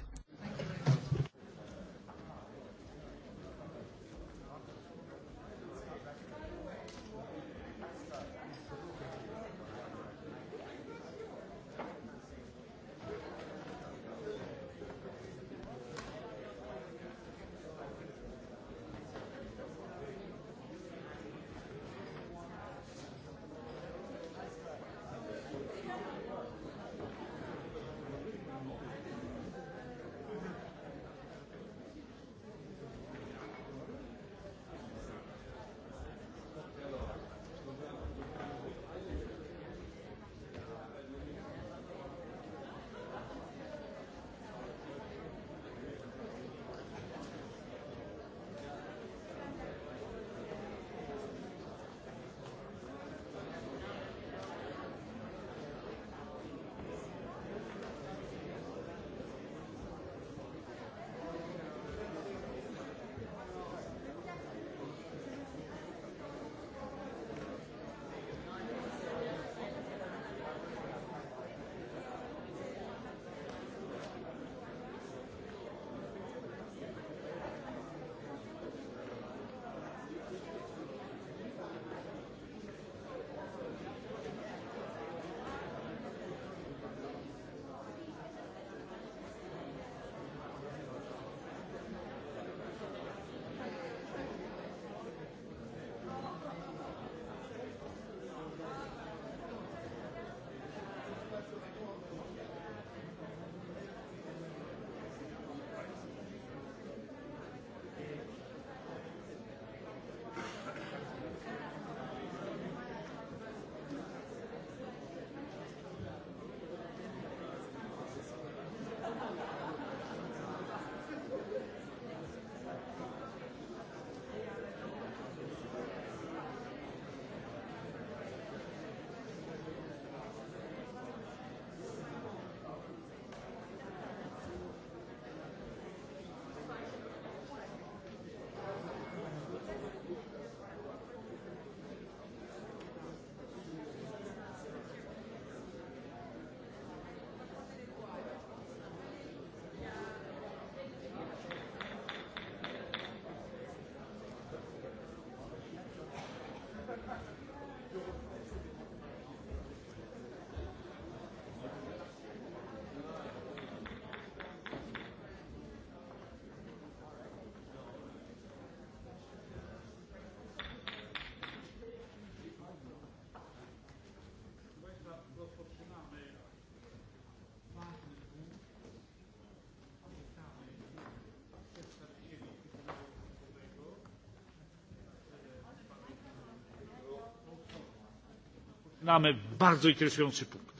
mamy bardzo interesujący punkt.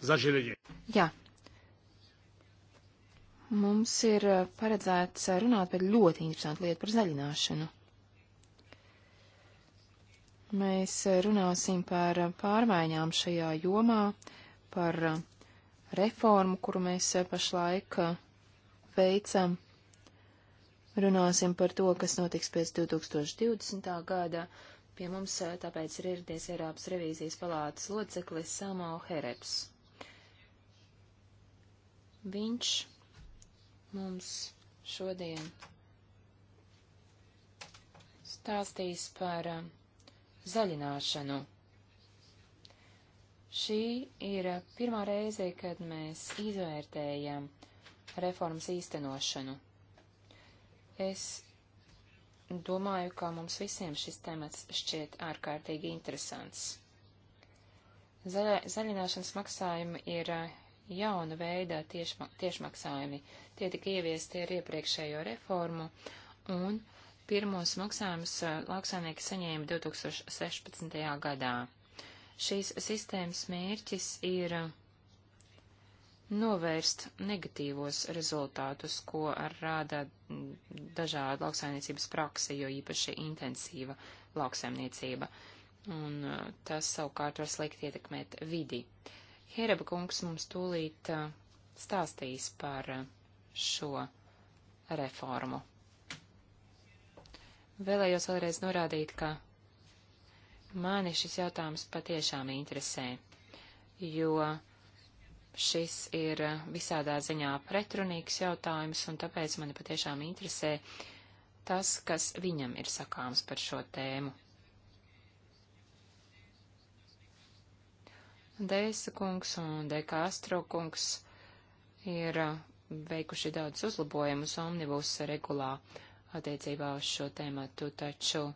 Zazielenie. Jā. Mums ir e, paredzēts e, runāt par ļoti interesantu lietu par zaļināšanu. Mēs e, runāsim par pārmaiņām šajā jomā, par reformu, kuru mēs pašlaik veicam. Runāsim par to, kas notiks pēc 2020. gada, Pie mums tāpēc ir ieradies Eiropas revīzijas palātas loceklis Samo Hereps. Viņš mums šodien stāstīs par zaļināšanu. Šī ir pirmā reize, kad mēs izvērtējam reformas īstenošanu. Es domāju, ka mums visiem šis temats šķiet ārkārtīgi interesants. Zaļa, zaļināšanas maksājumi ir eh, jauna veida tiešma, tiešmaksājumi. Tie tika ieviesti ar iepriekšējo reformu, un pirmos maksājumus eh, lauksaimnieki saņēma 2016. gadā. Šīs sistēmas mērķis ir novērst negatīvos rezultātus, ko rāda dažāda lauksaimniecības prakse, jo īpaši intensīva lauksaimniecība. Un uh, tas savukārt var slikti ietekmēt vidi. Hereba kungs mums tūlīt uh, stāstīs par uh, šo reformu. Vēlējos vēlreiz norādīt, ka mani šis jautājums patiešām interesē, jo Šis ir visādā ziņā pretrunīgs jautājums, un tāpēc mani patiešām interesē tas, kas viņam ir sakāms par šo tēmu. Deisa kungs un Dekastro kungs ir veikuši daudz uzlabojumus omnibus regulā attiecībā uz šo tēmatu, taču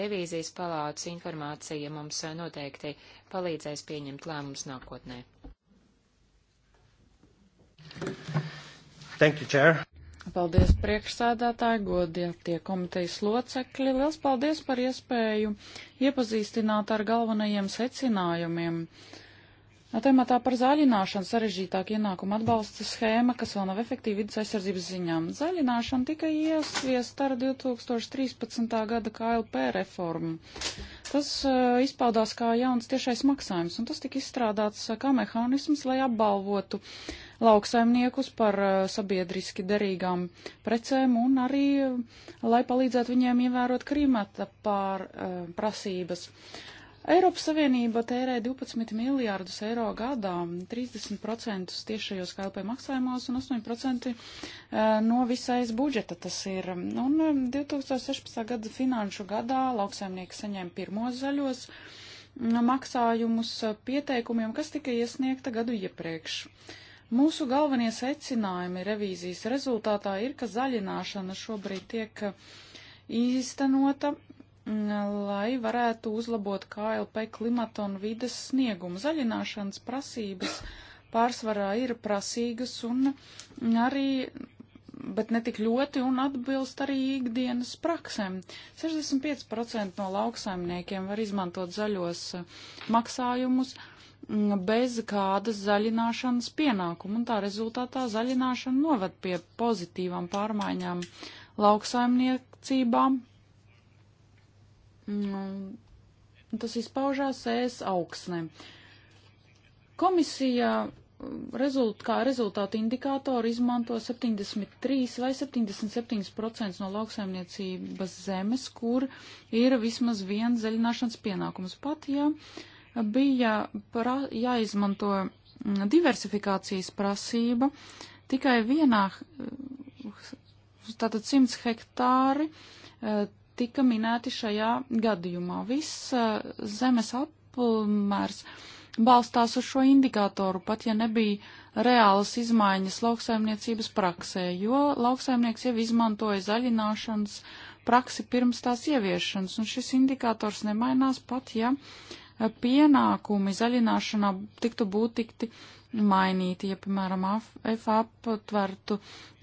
Revīzijas palātas informācija mums eh, noteikti palīdzēs pieņemt lēmumus nākotnē. Thank you, Chair. Paldies priekšsēdētāji, godietie komitejas locekļi. Liels paldies par iespēju iepazīstināt ar galvenajiem secinājumiem uh, Tematā par zaļināšanu sarežģītāk ienākuma atbalsta schēma, kas vēl nav efektīva vidus aizsardzības ziņām. Zaļināšana tika iesviesta ar 2013. gada KLP reformu. Tas uh, izpaudās kā jauns tiešais maksājums, un tas tika izstrādāts uh, kā mehānisms, lai apbalvotu lauksaimniekus par uh, sabiedriski derīgām precēm un arī, uh, lai palīdzētu viņiem ievērot krimata pār uh, prasības. Uh, Eiropas Savienība tērē 12 miljārdus eiro gadā, 30% tiešajos KLP maksājumos un 8% eh, no visais budžeta tas ir. Un 2016. Eh, gada finanšu gadā lauksaimnieki saņēma pirmos zaļos mm, maksājumus eh, pieteikumiem, kas tika iesniegta gadu iepriekš. Mūsu galvenie secinājumi revīzijas rezultātā ir, ka zaļināšana šobrīd tiek īstenota lai varētu uzlabot KLP klimata un vides sniegumu. Zaļināšanas prasības pārsvarā ir prasīgas un arī, bet ne tik ļoti, un atbilst arī ikdienas praksēm. 65% no lauksaimniekiem var izmantot zaļos eh, maksājumus mm, bez kādas zaļināšanas pienākuma, un tā rezultātā zaļināšana noved pie pozitīvām pārmaiņām lauksaimniecībām, Nu, tas izpaužās ēs augsnē. Komisija mm, rezult, kā rezultātu indikātoru izmanto 73 vai 77% no lauksaimniecības zemes, kur ir vismaz viens zaļināšanas pienākums. Pat, ja bija pra, jāizmanto mm, diversifikācijas prasība, tikai vienā, mm, tātad 100 hektāri, eh, tika minēti šajā gadījumā. Viss eh, zemes apmērs balstās uz šo indikātoru, pat ja nebija reālas izmaiņas lauksaimniecības praksē, jo lauksaimnieks jau izmantoja zaļināšanas praksi pirms tās ieviešanas, un šis indikators nemainās pat, ja pienākumi zaļināšanā tiktu būtikti mainīti, ja, piemēram, FAP tvertu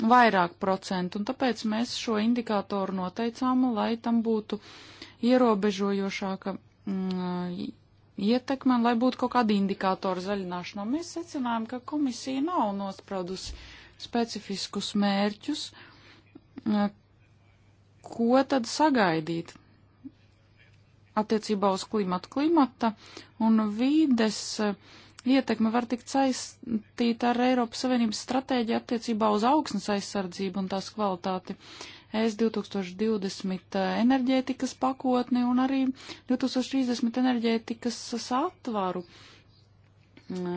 vairāk procentu, un tāpēc mēs šo indikātoru noteicām, lai tam būtu ierobežojošāka mm, ietekme, lai būtu kaut kāda indikātora zaļināšanā. Mēs secinājām, ka komisija nav nospraudusi specifiskus mērķus, mm, ko tad sagaidīt attiecībā uz klimatu, klimata un vīdes uh, ietekme var tikt saistīta ar Eiropas Savienības stratēģiju attiecībā uz augsnes aizsardzību un tās kvalitāti. ES 2020 eh, enerģētikas pakotni un arī 2030 enerģētikas satvaru. Eh,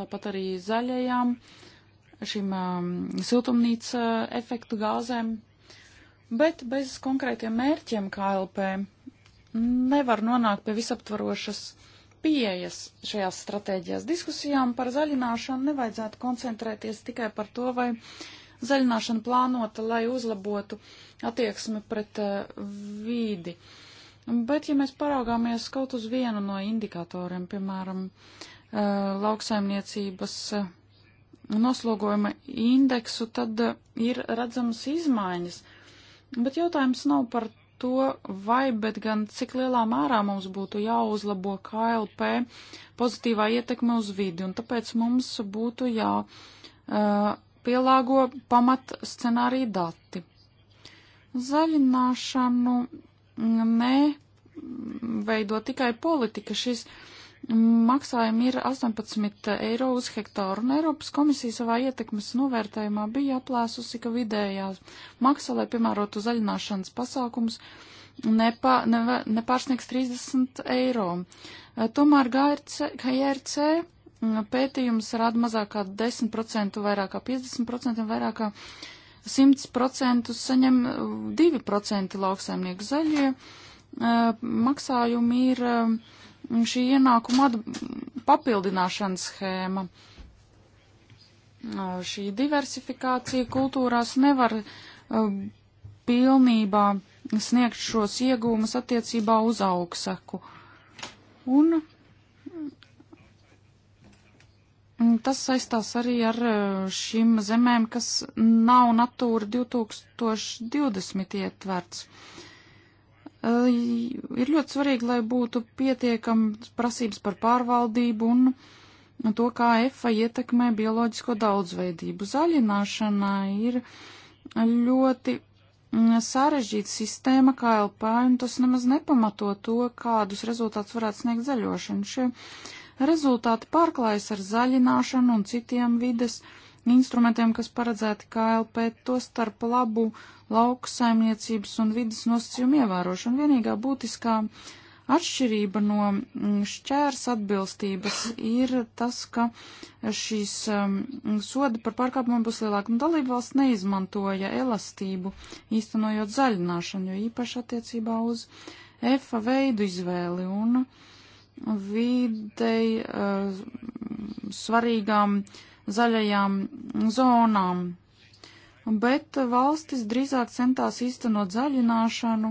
tāpat arī zaļajām šīm eh, siltumnīca efektu gāzēm. Bet bez konkrētiem mērķiem KLP nevar nonākt pie visaptvarošas uh, pieejas šajās stratēģijās. Diskusijām par zaļināšanu nevajadzētu koncentrēties tikai par to, vai zaļināšana plānota, lai uzlabotu attieksmi pret uh, vīdi. Bet, ja mēs paraugāmies kaut uz vienu no indikatoriem, piemēram, uh, lauksaimniecības uh, noslogojuma indeksu, tad ir redzamas izmaiņas. Bet jautājums nav par to, vai, bet gan cik lielā mērā mums būtu jāuzlabo KLP pozitīvā ietekme uz vidi, un tāpēc mums būtu jā uh, pielāgo pamat scenāriju dati. Zaļināšanu ne veido tikai politika. Šis uh, maksājumi ir 18 eiro uz hektāru, un Eiropas komisija savā ietekmes novērtējumā bija aplēsusi, ka vidējā maksa, lai piemērotu zaļināšanas pasākumus, nepā, ne, nepārsniegs 30 eiro. Tomēr GRC mm, pētījums rāda mazākā 10%, vairākā 50% un vairākā 100% saņem 2% mm, lauksaimnieku zaļie. Mm, maksājumi ir uh, šī ienākuma papildināšanas schēma. Šī diversifikācija kultūrās nevar pilnībā sniegt šos iegūmus attiecībā uz augsaku. Un tas saistās arī ar šīm zemēm, kas nav Natūra 2020 ietverts ir ļoti svarīgi, lai būtu pietiekams prasības par pārvaldību un to, kā EFA ietekmē bioloģisko daudzveidību. Zaļināšana ir ļoti mm, sarežģīta sistēma KLP, un tas nemaz nepamato to, kādus rezultātus varētu sniegt zaļošana. Šie rezultāti pārklājas ar zaļināšanu un citiem vides uh, instrumentiem, kas paredzēti KLP, to starp labu lauksaimniecības un vidas nosacījumu ievērošanu. Vienīgā būtiskā atšķirība no mm, šķērs atbilstības ir tas, ka šīs um, mm, soda par pārkāpumiem būs lielāka. Un dalība valsts neizmantoja elastību, īstenojot zaļināšanu, jo īpaši attiecībā uz EFA veidu izvēli. Un, videi uh, svarīgām zaļajām zonām, bet valstis drīzāk centās īstenot zaļināšanu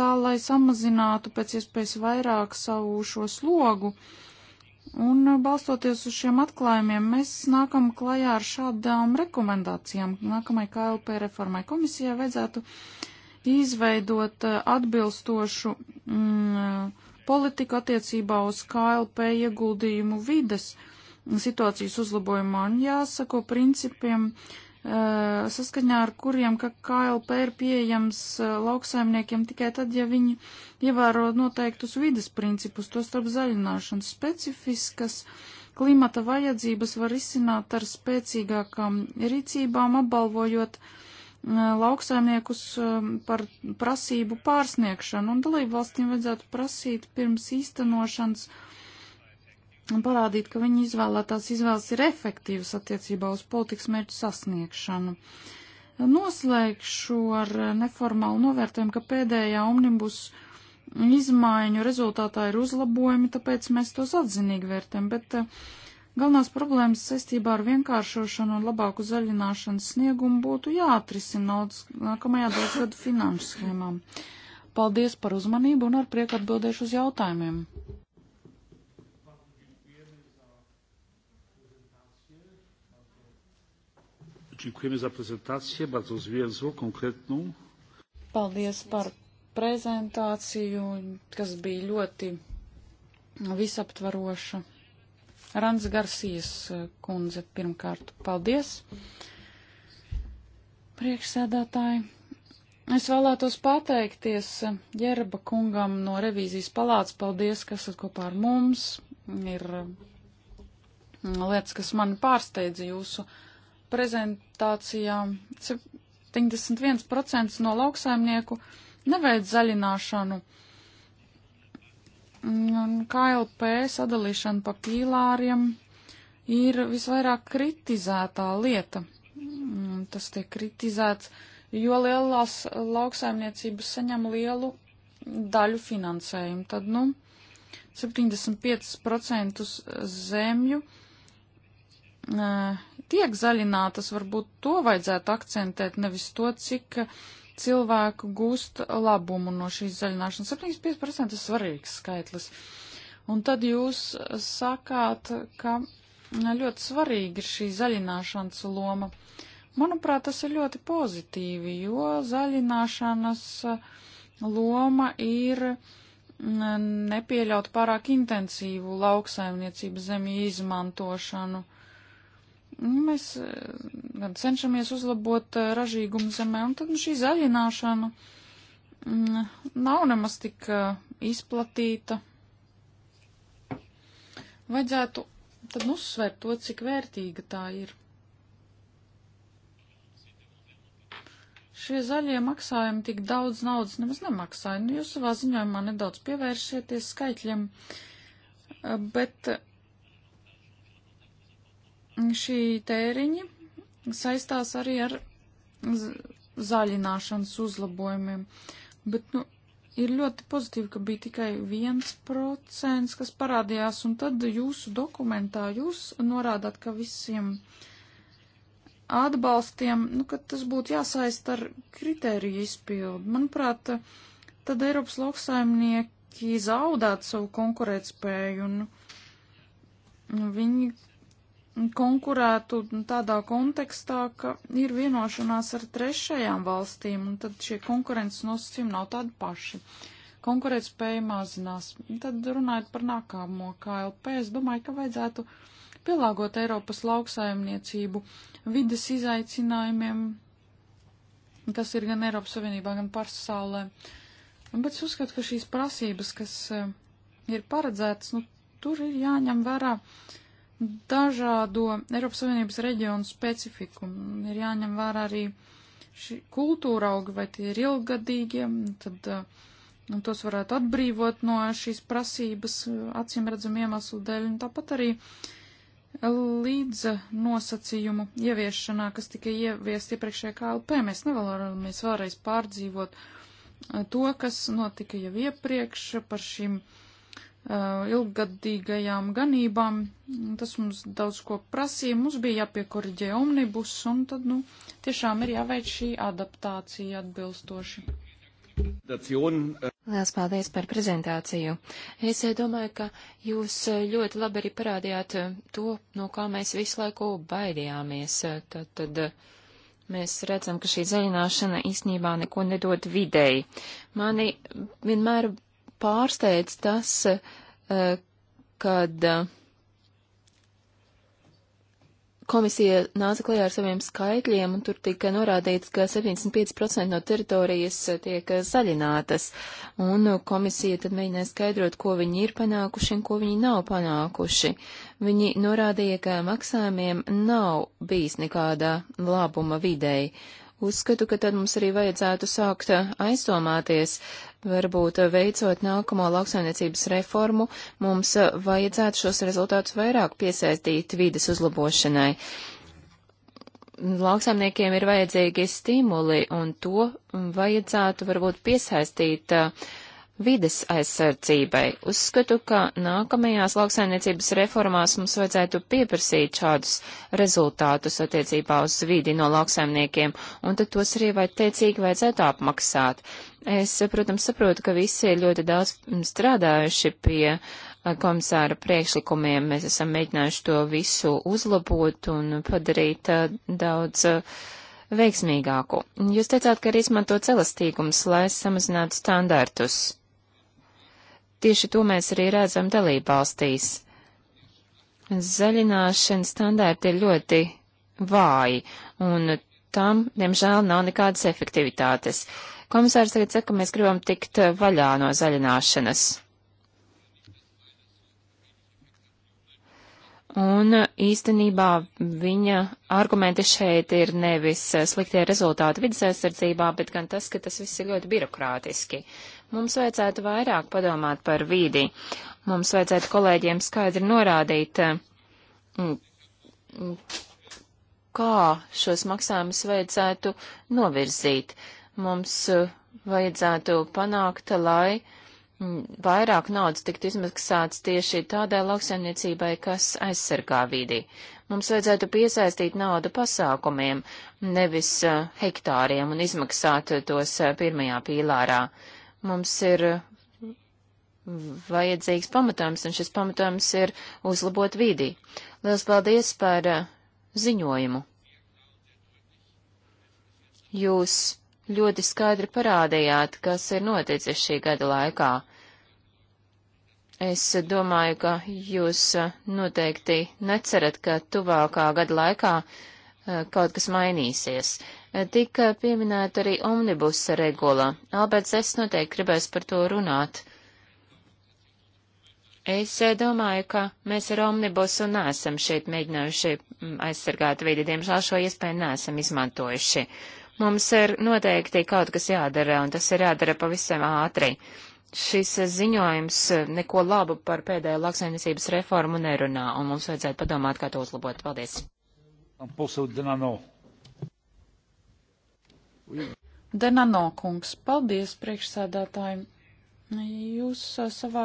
tā, lai samazinātu pēc iespējas vairāk savu šo slogu. Un balstoties uz šiem atklājumiem, mēs nākam klajā ar šādām rekomendācijām. Nākamai KLP reformai komisijai vajadzētu izveidot atbilstošu mm, politiku attiecībā uz KLP ieguldījumu vides uh, situācijas uzlabojumā un jāsako principiem, eh, saskaņā ar kuriem KLP ir pieejams eh, lauksaimniekiem tikai tad, ja viņi ievēro noteiktus vides principus, to starp zaļināšanas specifiskas. Klimata vajadzības var izsināt ar spēcīgākām rīcībām, apbalvojot eh, lauksaimniekus par prasību pārsniegšanu, un dalību valstīm vajadzētu prasīt pirms īstenošanas uh, un parādīt, ka viņa izvēlētās izvēles ir efektīvas attiecībā uz politikas mērķu sasniegšanu. Noslēgšu ar neformālu novērtējumu, ka pēdējā omnibus izmaiņu rezultātā ir uzlabojumi, tāpēc mēs tos atzinīgi vērtējam, bet eh, galvenās problēmas saistībā ar vienkāršošanu un labāku zaļināšanas sniegumu būtu jāatrisina nākamajā daudz gadu finanšu schēmām. Paldies par uzmanību un ar prieku atbildēšu uz jautājumiem. Dziękujemy za prezentację, bardzo zwięzłą, konkretną. Paldies par prezentāciju, kas bija ļoti visaptvaroša. Rans Garcijas kundze pirmkārt, paldies. Priekšsēdētāji, es vēlētos pateikties Jerba kungam no revīzijas palāca. Paldies, kas esat kopā ar mums. Ir lietas, kas mani pārsteidza jūsu uh, prezentācijām 71% no lauksaimnieku neveic zaļināšanu. KLP sadalīšana pa pīlāriem ir visvairāk kritizētā lieta. Tas tiek kritizēts, jo lielās lauksaimniecības saņem lielu daļu finansējumu. Tad, nu, 75% zemju tiek zaļinātas, varbūt to vajadzētu akcentēt, nevis to, cik cilvēku gūst labumu no šīs zaļināšanas. 75% ir svarīgs skaitlis. Un tad jūs sakāt, ka ļoti svarīga ir šī zaļināšanas loma. Manuprāt, tas ir ļoti pozitīvi, jo zaļināšanas loma ir nepieļaut pārāk intensīvu lauksaimniecības zemju izmantošanu. Nu, mēs eh, gan cenšamies uzlabot eh, ražīgumu zemē, un tad nu, šī zaļināšana mm, nav nemaz tik eh, izplatīta. Vajadzētu tad nu uzsvērt to, cik vērtīga tā ir. Šie zaļie maksājumi tik daudz naudas nemaz nemaksāja. Nu, jūs savā ziņojumā nedaudz pievērsieties skaitļiem, bet šī tēriņi saistās arī ar zaļināšanas uzlabojumiem. Bet, nu, ir ļoti pozitīvi, ka bija tikai viens procents, kas parādījās, un tad jūsu dokumentā jūs norādāt, ka visiem atbalstiem, nu, ka tas būtu jāsaist ar kritēriju izpildu. Manuprāt, tad Eiropas lauksaimnieki zaudētu savu konkurētspēju, un viņi konkurētu tādā kontekstā, ka ir vienošanās ar trešajām valstīm, un tad šie konkurences nosacījumi nav tādi paši. Konkurētspēja mazinās. Tad runājot par nākamo KLP, es domāju, ka vajadzētu pielāgot Eiropas lauksaimniecību vides izaicinājumiem, kas ir gan Eiropas Savienībā, gan pasaulē. Bet es uzskatu, ka šīs prasības, kas eh, ir paredzētas, nu, tur ir jāņem vērā uh, dažādo Eiropas Savienības reģionu specifiku. Ir jāņem vērā arī šī kultūra augi, vai tie ir ilgadīgie, tad nu, tos varētu atbrīvot no šīs prasības eh, acīm redzam iemeslu dēļ, un tāpat arī līdz nosacījumu ieviešanā, kas tika ieviest iepriekšējā KLP, mēs nevēlamies vēlreiz pārdzīvot eh, to, kas notika jau iepriekš par šīm uh, Uh, ilggadīgajām ganībām. Tas mums daudz ko prasīja, mums bija jāpiekoriģē omnibus, un tad, nu, tiešām ir jāveic šī adaptācija atbilstoši. Uh, Lielas paldies par prezentāciju. Es eh, domāju, ka jūs eh, ļoti labi arī parādījāt eh, to, no kā mēs visu laiku baidījāmies. Tad, tad mēs redzam, ka šī zaļināšana īstenībā neko nedod videi. Mani vienmēr pārsteidz tas, eh, kad eh, komisija nāca klajā ar saviem skaitļiem, un tur tika norādīts, ka 75% no teritorijas eh, tiek zaļinātas, un komisija tad mēģināja skaidrot, ko viņi ir panākuši un ko viņi nav panākuši. Viņi norādīja, ka maksājumiem nav bijis nekāda labuma videi, Uzskatu, ka tad mums arī vajadzētu sākt eh, aizdomāties. Varbūt eh, veicot nākamo lauksaimniecības reformu, mums eh, vajadzētu šos rezultātus vairāk piesaistīt vides uzlabošanai. Lauksaimniekiem ir vajadzīgi stimuli, un to mm, vajadzētu varbūt piesaistīt uh, vides aizsardzībai. Uzskatu, ka nākamajās lauksaimniecības reformās mums vajadzētu pieprasīt šādus rezultātus attiecībā uz vidi no lauksaimniekiem, un tad tos arī vai tiecīgi vajadzētu apmaksāt. Es, protams, saprotu, ka visi ir ļoti daudz strādājuši pie eh, komisāra priekšlikumiem. Mēs esam mēģinājuši to visu uzlabot un padarīt eh, daudz eh, veiksmīgāku. Jūs teicāt, ka ir izmantots elastīgums, lai samazinātu standartus. Tieši to mēs arī redzam dalībvalstīs. Zaļināšanas standārti ir ļoti vāji, un tam, diemžēl, nav nekādas efektivitātes. Komisārs tagad saka, ka mēs gribam tikt vaļā no zaļināšanas. Un īstenībā viņa argumenti šeit ir nevis sliktie rezultāti vidas aizsardzībā, bet gan tas, ka tas viss ir ļoti birokrātiski. Mums vajadzētu vairāk padomāt par vīdi. Mums vajadzētu kolēģiem skaidri norādīt, mm, mm, kā šos maksājumus vajadzētu novirzīt. Mums mm, vajadzētu panākt, lai vairāk naudas tiktu izmaksāts tieši tādai lauksaimniecībai, kas aizsargā vidi. Mums vajadzētu piesaistīt naudu pasākumiem, nevis hektāriem un izmaksāt tos pirmajā pīlārā. Mums ir vajadzīgs pamatojums, un šis pamatojums ir uzlabot vidī. Liels paldies par uh, ziņojumu. Jūs ļoti skaidri parādījāt, kas ir noticis šī gada laikā. Es domāju, ka jūs uh, noteikti necerat, ka tuvākā gada laikā uh, kaut kas mainīsies. Tika pieminēta arī omnibusa regula. Alberts, es noteikti gribēs par to runāt. Es eh, domāju, ka mēs ar omnibusu nesam šeit mēģinājuši mm, aizsargāt vidi. Diemžēl šo iespēju nesam izmantojuši. Mums ir noteikti kaut kas jādara, un tas ir jādara pavisam ātri. Šis ziņojums eh, neko labu par pēdējo lauksaimniecības reformu nerunā, un mums vajadzētu padomāt, kā to uzlabot. Paldies! Posūdzinā nav. No. Denano kungs, paldies priekšsēdētājiem. Jūs uh, savā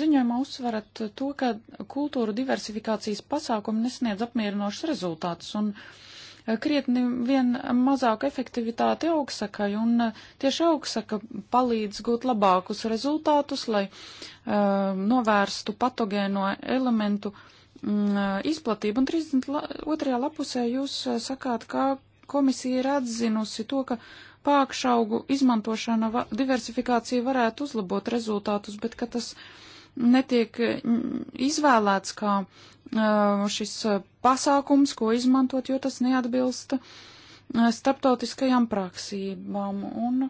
ziņojumā uzsverat to, ka kultūru diversifikācijas pasākumi nesniedz apmierinošus rezultātus un uh, krietni vien mazāk efektivitāti augsakai, un uh, tieši augsaka palīdz gūt labākus rezultātus, lai uh, novērstu patogēno elementu mm, uh, izplatību. Un 32. lapusē jūs sakāt, ka komisija ir atzinusi to, ka pākšaugu izmantošana, diversifikācija varētu uzlabot rezultātus, bet ka tas netiek mm, izvēlēts kā uh, šis uh, pasākums, ko izmantot, jo tas neatbilst uh, starptautiskajām praksībām. Un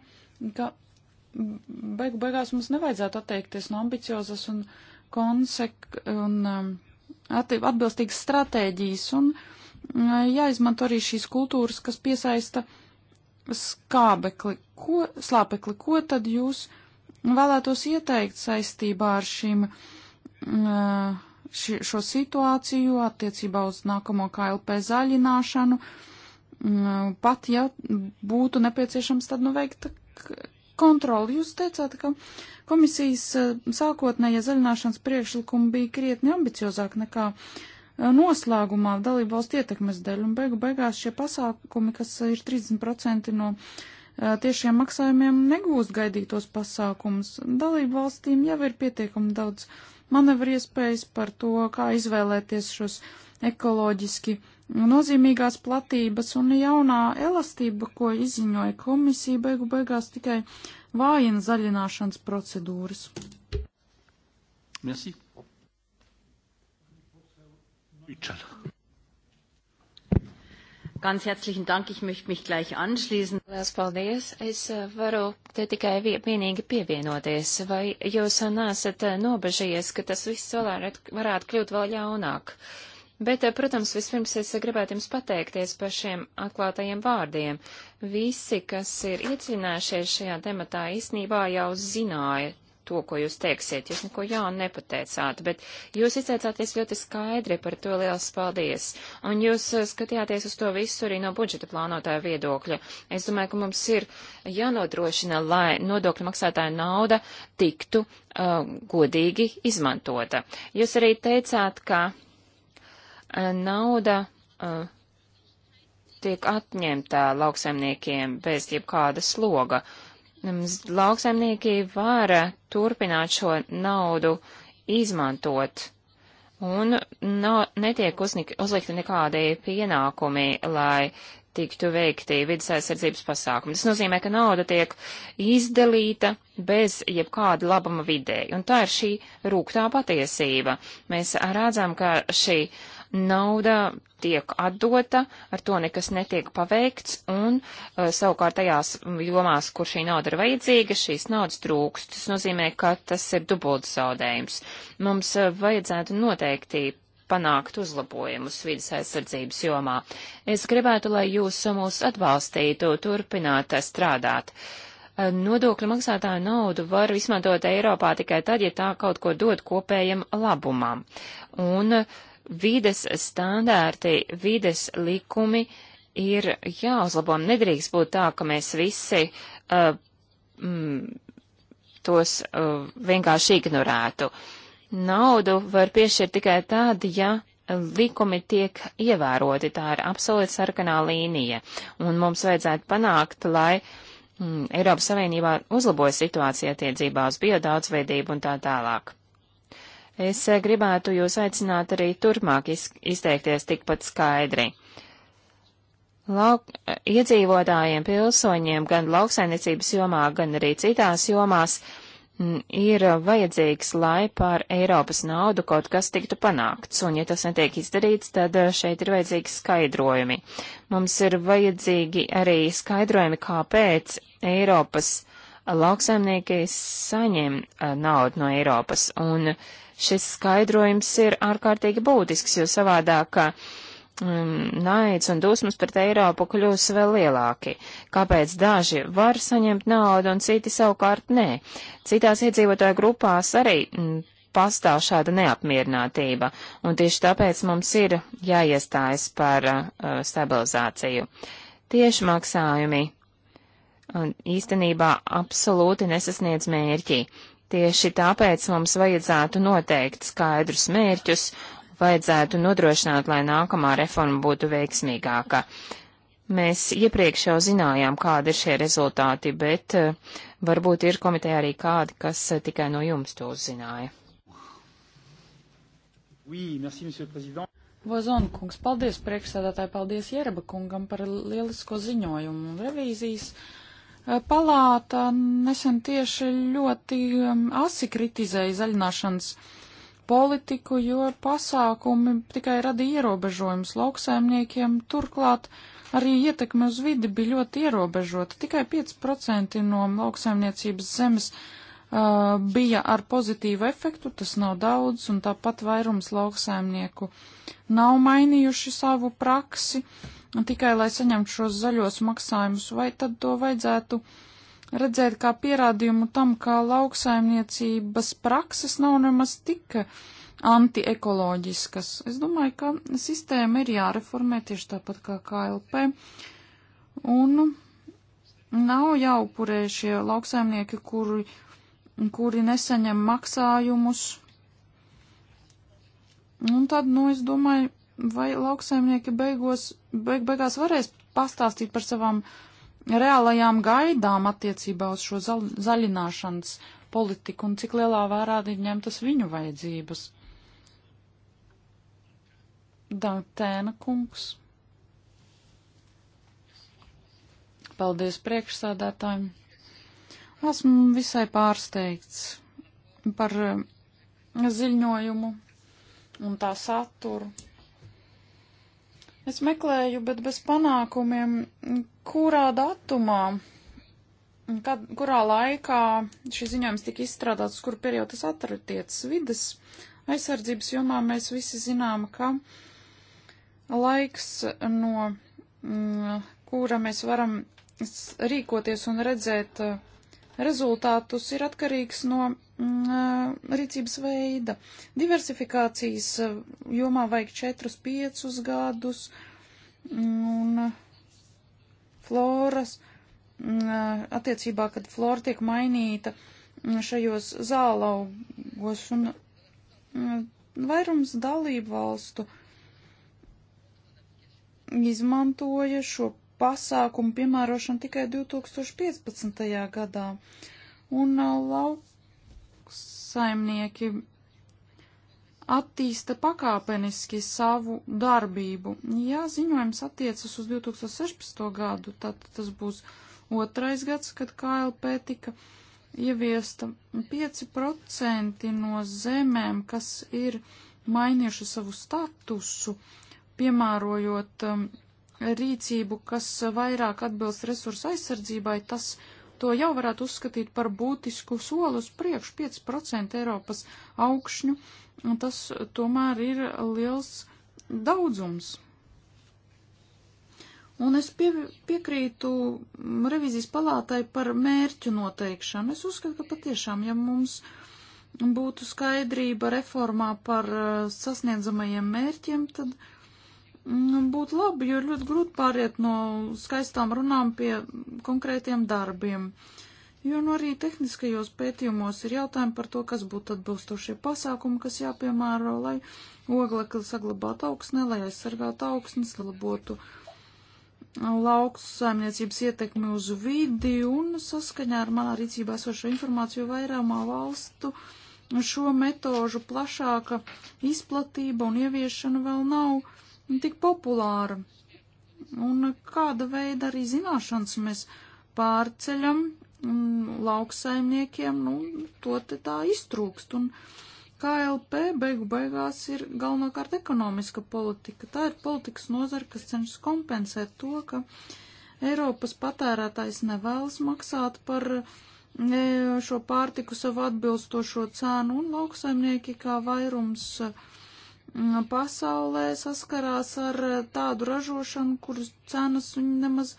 ka mm, beigu beigās mums nevajadzētu atteikties no ambiciozas un konsek un um, atbilstīgas stratēģijas. Un, uh, jāizmanto arī šīs kultūras, kas piesaista skābekli, ko, slāpekli, ko tad jūs vēlētos ieteikt saistībā ar šīm, mm, eh, ši, šo situāciju attiecībā uz nākamo KLP zaļināšanu, mm, pat ja būtu nepieciešams tad nu veikt kontroli. Jūs teicāt, ka komisijas eh, sākotnējie zaļināšanas priekšlikumi bija krietni ambiciozāk nekā uh, Eh, noslēgumā dalību valstu ietekmes dēļ, un beigu beigās šie pasākumi, kas ir 30% no eh, tiešiem maksājumiem, negūst gaidītos pasākumus. Dalību valstīm jau ir pietiekami daudz manevru iespējas par to, kā izvēlēties šos ekoloģiski nozīmīgās platības un jaunā elastība, ko izziņoja komisija, beigu beigās tikai vājina zaļināšanas procedūras. Merci. Mitchell. Ganz herzlichen Dank, ich möchte mich gleich anschließen. Lielas paldies. Es eh, varu te tikai vienīgi pievienoties. Vai jūs eh, nesat eh, nobežījies, ka tas viss varētu kļūt vēl ļaunāk? Bet, protams, vispirms es gribētu jums pateikties par šiem atklātajiem vārdiem. Visi, kas ir iedzinājušies šajā tematā, īsnībā jau zināja to, ko jūs teiksiet. Jūs neko jaunu nepateicāt, bet jūs izteicāties ļoti skaidri par to liels paldies. Un jūs eh, skatījāties uz to visu arī no budžeta plānotāja viedokļa. Es domāju, ka mums ir jānodrošina, lai nodokļu maksātāja nauda tiktu uh, godīgi izmantota. Jūs arī teicāt, ka uh, nauda. Uh, tiek atņemta lauksaimniekiem bez jebkāda sloga. Uh, lauksaimnieki var turpināt šo naudu izmantot. Un nav, netiek uznik, uzlikti nekādi pienākumi, lai tiktu veikti vidas aizsardzības pasākumi. Tas nozīmē, ka nauda tiek izdalīta bez jebkāda labuma vidē. Un tā ir šī rūktā patiesība. Mēs redzam, ka šī uh, nauda tiek atdota, ar to nekas netiek paveikts, un uh, savukārt tajās jomās, kur šī nauda ir vajadzīga, šīs naudas trūkst. Tas nozīmē, ka tas ir dubultas zaudējums. Mums uh, vajadzētu noteikti panākt uzlabojumus vidas aizsardzības jomā. Es gribētu, lai jūs mūs atbalstītu, turpināt strādāt. Uh, nodokļu maksātāju naudu var izmantot Eiropā tikai tad, ja tā kaut ko dod kopējam labumam. Un uh, vides standārti, vides likumi ir jāuzlabo. Nedrīkst būt tā, ka mēs visi uh, mm, tos uh, vienkārši ignorētu. Naudu var piešķirt tikai tad, ja likumi tiek ievēroti. Tā ir absolūti sarkanā līnija. Un mums vajadzētu panākt, lai mm, Eiropas Savienībā uzlaboja situācija attiecībā uz biodaudzveidību un tā tālāk. Es eh, gribētu jūs aicināt arī turpmāk izteikties tikpat skaidri. Lauk, eh, iedzīvotājiem, pilsoņiem gan lauksainicības jomā, gan arī citās jomās mm, ir vajadzīgs, lai par Eiropas naudu kaut kas tiktu panākts, un ja tas netiek izdarīts, tad eh, šeit ir vajadzīgi skaidrojumi. Mums ir vajadzīgi arī skaidrojumi, kāpēc Eiropas lauksaimnieki saņem naudu no Eiropas, un uh, Šis skaidrojums ir ārkārtīgi būtisks, jo savādāk um, naids un dusmas pret Eiropu kļūs vēl lielāki. Kāpēc daži var saņemt naudu un citi savukārt nē? Citās iedzīvotāju grupās arī mm, pastāv šāda neapmierinātība, un tieši tāpēc mums ir jāiestājas par uh, stabilizāciju. Tieši maksājumi īstenībā absolūti nesasniedz mērķi. Tieši tāpēc mums vajadzētu noteikt skaidrus mērķus, vajadzētu nodrošināt, lai nākamā reforma būtu veiksmīgāka. Mēs iepriekš jau zinājām, kādi ir šie rezultāti, bet eh, varbūt ir komiteja arī kādi, kas eh, tikai no jums to uzzināja. Oui, merci, Vozona kungs, paldies priekšsēdētāji, paldies Jereba kungam par lielisko ziņojumu. Revīzijas Eh, palāta nesen tieši ļoti asi kritizēja zaļināšanas politiku, jo pasākumi tikai radīja ierobežojumus lauksaimniekiem, turklāt arī ietekme uz vidi bija ļoti ierobežota. Tikai 5% no lauksaimniecības zemes uh, bija ar pozitīvu efektu, tas nav daudz, un tāpat vairums lauksaimnieku nav mainījuši savu praksi. Uh, tikai lai saņemtu šos zaļos maksājumus, vai tad to vajadzētu redzēt kā pierādījumu tam, ka lauksaimniecības prakses nav nemaz tik antiekoloģiskas. Es domāju, ka sistēma ir jāreformē tieši tāpat kā KLP, un nav jāupurē šie lauksaimnieki, kuri, kuri nesaņem maksājumus. Un tad, nu, es domāju, vai lauksaimnieki beigos, beig, beigās varēs pastāstīt par savām reālajām gaidām attiecībā uz šo za, zaļināšanas politiku un cik lielā vērā ir ņemtas viņu vajadzības. Dantēna kungs. Paldies priekšsādātājiem. Esmu visai pārsteigts par eh, ziņojumu un tā saturu. Es meklēju, bet bez panākumiem, kurā datumā, kad, kurā laikā šī ziņojums tika izstrādāts, kur periodā tas atratiec vides aizsardzības jomā, mēs visi zinām, ka laiks no mm, kura mēs varam rīkoties un redzēt eh, rezultātus, ir atkarīgs no Mm, rīcības veida. Diversifikācijas jomā vajag 4-5 gadus un floras mm, attiecībā, kad flora tiek mainīta mm, šajos zālaugos un vairums dalību valstu izmantoja šo pasākumu piemērošanu tikai 2015. gadā. Un lauk lauksaimnieki attīsta pakāpeniski savu darbību. Ja ziņojums attiecas uz 2016. gadu, tad tas būs otrais gads, kad KLP tika ieviesta 5% no zemēm, kas ir mainījuši savu statusu, piemērojot um, rīcību, kas vairāk atbilst resursu aizsardzībai, tas ir to jau varētu uzskatīt par būtisku soli uz priekšu 5% Eiropas augšņu, un tas tomēr ir liels daudzums. Un es pie, piekrītu revizijas palātai par mērķu noteikšanu. Es uzskatu, ka patiešām, ja mums būtu skaidrība reformā par eh, sasniedzamajiem mērķiem, tad uh, Mm, būtu labi, jo ir ļoti grūti pāriet no skaistām runām pie konkrētiem darbiem. Jo nu arī tehniskajos pētījumos ir jautājumi par to, kas būtu atbilstošie pasākumi, kas jāpiemēro, lai oglekli saglabātu augsnē, lai aizsargātu augsnes, lai labotu lauks saimniecības ietekmi uz vidi un saskaņā ar manā rīcībā esošo informāciju vairāmā valstu šo metožu plašāka izplatība un ieviešana vēl nav tik populāra? Un kāda veida arī zināšanas mēs pārceļam lauksaimniekiem, nu, to te tā iztrūkst. Un KLP beigu beigās ir galvenokārt ekonomiska politika. Tā ir politikas nozara, kas cenšas kompensēt to, ka Eiropas patērētājs nevēlas maksāt par e, šo pārtiku savu atbilstošo cēnu un lauksaimnieki kā vairums uh, pasaulē saskarās ar eh, tādu ražošanu, kuras cenas viņi nemaz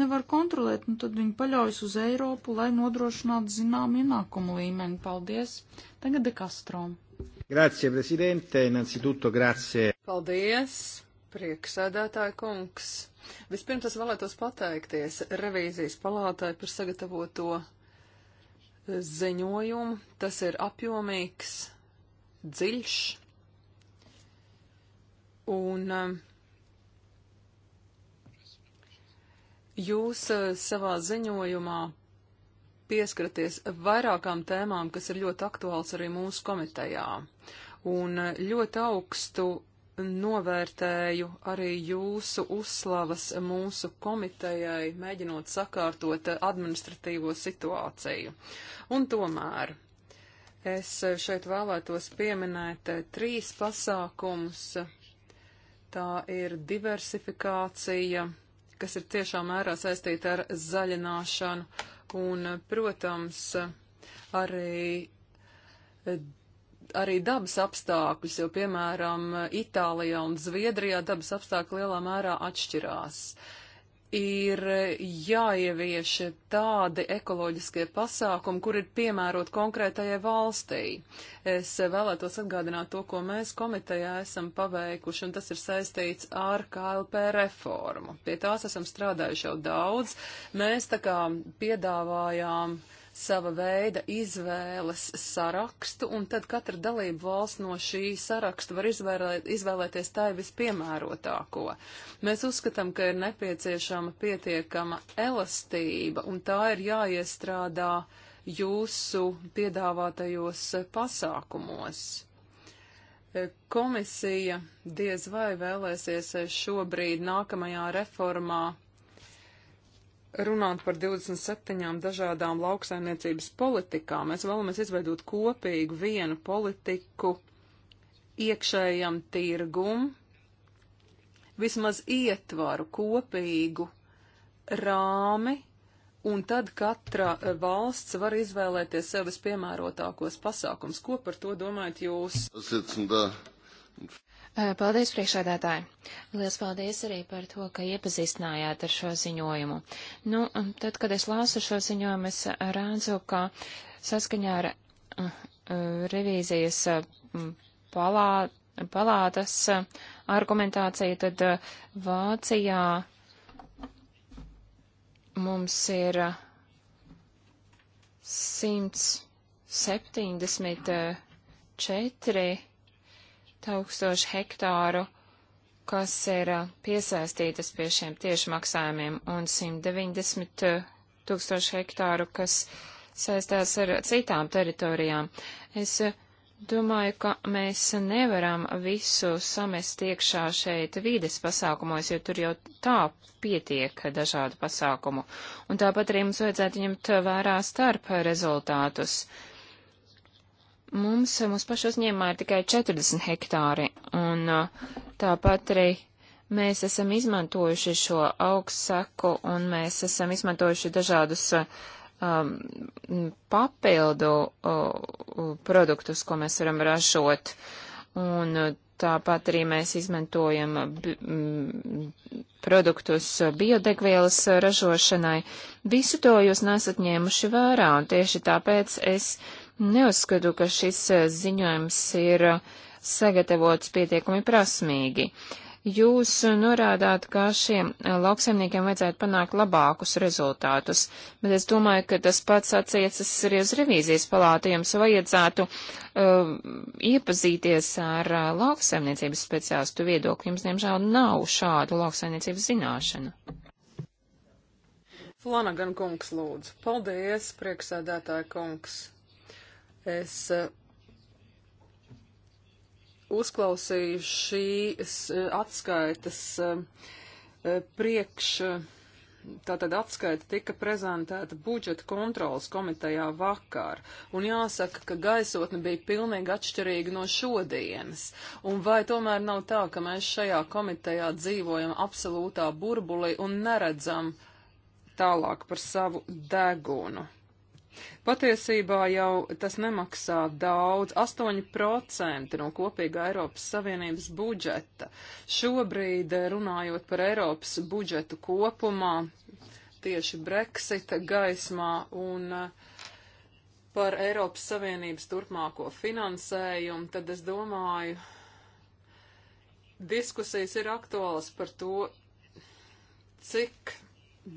nevar kontrolēt, un nu, tad viņi paļaujas uz Eiropu, lai nodrošinātu zinām ienākumu līmeni. Paldies! Tagad Dekastro. Grazie, prezidente, innanzitutto grazie. Paldies, prieksēdētāji kungs. Vispirms es vēlētos pateikties revīzijas palātai par sagatavoto ziņojumu. Tas ir apjomīgs, dziļš Un um, jūs uh, savā ziņojumā pieskraties vairākām tēmām, kas ir ļoti aktuāls arī mūsu komitejā. Un uh, ļoti augstu novērtēju arī jūsu uzslavas mūsu komitejai, mēģinot sakārtot uh, administratīvo situāciju. Un tomēr es šeit vēlētos pieminēt trīs pasākums, tā ir diversifikācija, kas ir tiešā mērā saistīta ar zaļināšanu un, protams, arī, arī dabas apstākļus, jo, piemēram, Itālijā un Zviedrijā dabas apstākļi lielā mērā atšķirās. Uh, ir jāievieš tādi ekoloģiskie pasākumi, kur ir piemērot konkrētajai valstī. Es vēlētos atgādināt to, ko mēs komitejā esam paveikuši, un tas ir saistīts ar KLP reformu. Pie tās esam strādājuši jau daudz. Mēs tā kā piedāvājām uh, sava veida izvēles sarakstu, un tad katra dalība valsts no šī saraksta var izvēlēt, izvēlēties tai vispiemērotāko. Mēs uzskatām, ka ir nepieciešama pietiekama elastība, un tā ir jāiestrādā jūsu piedāvātajos pasākumos komisija diez vai vēlēsies šobrīd nākamajā reformā runāt par 27 dažādām lauksaimniecības politikām. Mēs vēlamies izveidot kopīgu vienu politiku iekšējam tirgum, vismaz ietvaru kopīgu rāmi, un tad katra eh, valsts var izvēlēties sev vispiemērotākos pasākums. Ko par to domājat jūs? Eh, paldies, priekšādātāji! Lielas paldies arī par to, ka iepazīstinājāt ar šo ziņojumu. Nu, tad, kad es lasu šo ziņojumu, es rādzu, ka saskaņā ar uh, revīzijas mm, palā, palātas eh, argumentāciju, tad Vācijā mums ir 174 tūkstoši hektāru, kas ir uh, piesaistītas pie šiem tiešmaksājumiem, un 190 uh, tūkstoši hektāru, kas saistās ar citām teritorijām. Es uh, domāju, ka mēs nevaram visu samest iekšā šeit vīdes pasākumos, jo tur jau tā pietiek dažādu pasākumu. Un tāpat arī mums vajadzētu ņemt vērā starp rezultātus. Uh, Mums, mūsu pašu uzņēmumā ir tikai 40 hektāri, un uh, tāpat arī mēs esam izmantojuši šo augstsaku, un mēs esam izmantojuši dažādus uh, um, papildu uh, uh, produktus, ko mēs varam ražot. Un tāpat arī mēs izmantojam mm, produktus biodegvielas ražošanai. Visu to jūs nesat ņēmuši vērā, un tieši tāpēc es. Uh, Neuzskatu, ka šis e, ziņojums ir e, sagatavots pietiekami prasmīgi. Jūs norādāt, ka šiem e, lauksaimniekiem vajadzētu panākt labākus rezultātus, bet es domāju, ka tas pats attiecas arī uz revīzijas palātu. Jums vajadzētu uh, iepazīties ar uh, lauksaimniecības speciālistu viedokli. Jums, diemžēl, nav šādu lauksaimniecības zināšanu. Flanagan kungs lūdzu. Paldies, prieksēdētāja kungs. Es uh, uzklausīju šīs uh, atskaitas uh, priekš, tātad atskaita tika prezentēta budžeta kontrolas komitejā vakar, un jāsaka, ka gaisotne bija pilnīgi atšķirīga no šodienas. Un vai tomēr nav tā, ka mēs šajā komitejā dzīvojam absolūtā burbulī un neredzam tālāk par savu degunu? Patiesībā jau tas nemaksā daudz, 8% no kopīga Eiropas Savienības budžeta. Šobrīd eh, runājot par Eiropas budžetu kopumā, tieši Brexita gaismā un eh, par Eiropas Savienības turpmāko finansējumu, tad es domāju, diskusijas ir aktuālas par to, cik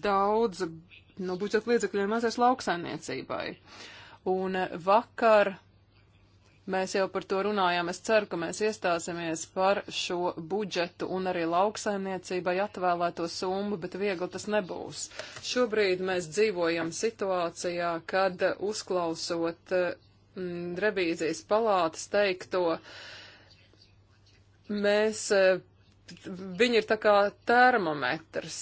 daudz no nu, budžeta līdzekļiem aizies lauksaimniecībai. Un vakar mēs jau par to runājām. Es ceru, ka mēs iestāsimies par šo budžetu un arī lauksaimniecībai atvēlēto summu, bet viegli tas nebūs. Šobrīd mēs dzīvojam situācijā, kad uzklausot mm, revīzijas palātas teikto, mēs, eh, viņi ir tā kā termometrs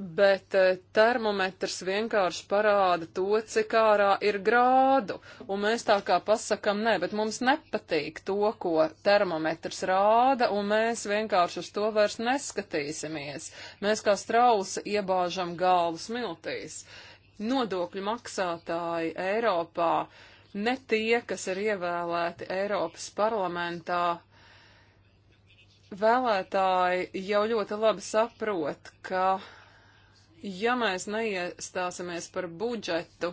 bet eh, termometrs vienkārši parāda to, cik ārā ir grādu, un mēs tā kā pasakam nē, bet mums nepatīk to, ko termometrs rāda, un mēs vienkārši uz to vairs neskatīsimies. Mēs kā strausi iebāžam galvas miltīs. Nodokļu maksātāji Eiropā, ne tie, kas ir ievēlēti Eiropas parlamentā, vēlētāji jau ļoti labi saprot, ka ja mēs neiestāsimies par budžetu,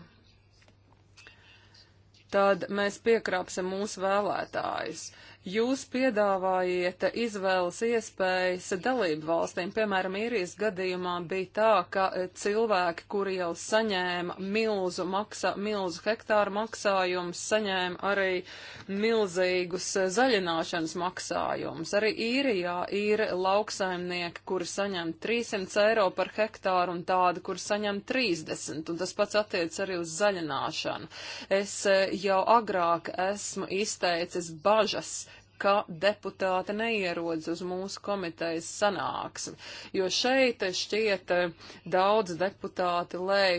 tad mēs piekrāpsim mūsu vēlētājus. Jūs piedāvājiet izvēles iespējas dalību valstīm. Piemēram, īrijas gadījumā bija tā, ka e, cilvēki, kuri jau saņēma milzu, maksā, milzu hektāru maksājumus, saņēma arī milzīgus e, zaļināšanas maksājumus. Arī īrijā ir lauksaimnieki, kuri saņem 300 eiro par hektāru un tādi, kur saņem 30, un tas pats attiec arī uz zaļināšanu. Es e, jau agrāk esmu izteicis bažas ka deputāti neierodas uz mūsu komitejas sanāksmi, jo šeit šķiet eh, daudz deputāti lēj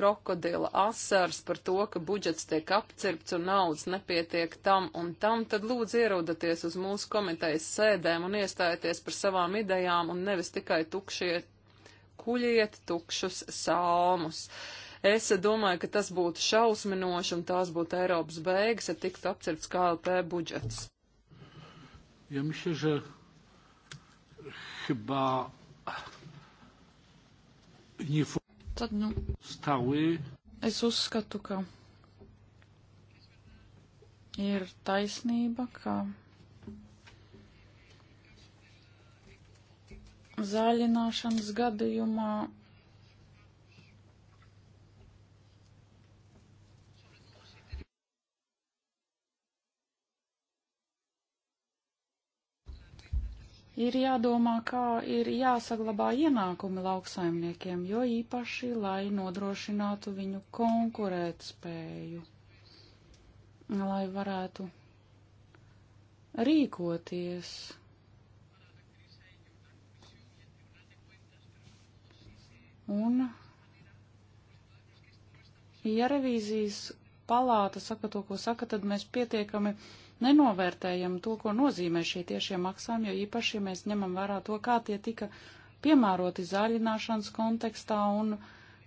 krokodila asars par to, ka budžets tiek apcirpts un naudas nepietiek tam un tam, tad lūdzu ierodaties uz mūsu komitejas sēdēm un iestājieties par savām idejām un nevis tikai tukšie kuļiet tukšus salmus. Es domāju, ka tas būtu šausminoši un tās būtu Eiropas beigas, ja tiktu apcirpts KLP budžets. Ja myślę, że chyba nie Tad, nu, stały. Es uzskatu, ka ir taisnība, ka zaļināšanas gadījumā ir jādomā, kā ir jāsaglabā ienākumi lauksaimniekiem, jo īpaši, lai nodrošinātu viņu konkurēt spēju, lai varētu rīkoties. Un, ja revīzijas palāta saka to, ko saka, tad mēs pietiekami uh, nenovērtējam to, ko nozīmē šie tiešie maksājumi, jo īpaši, ja mēs ņemam vērā to, kā tie tika piemēroti zaļināšanas kontekstā un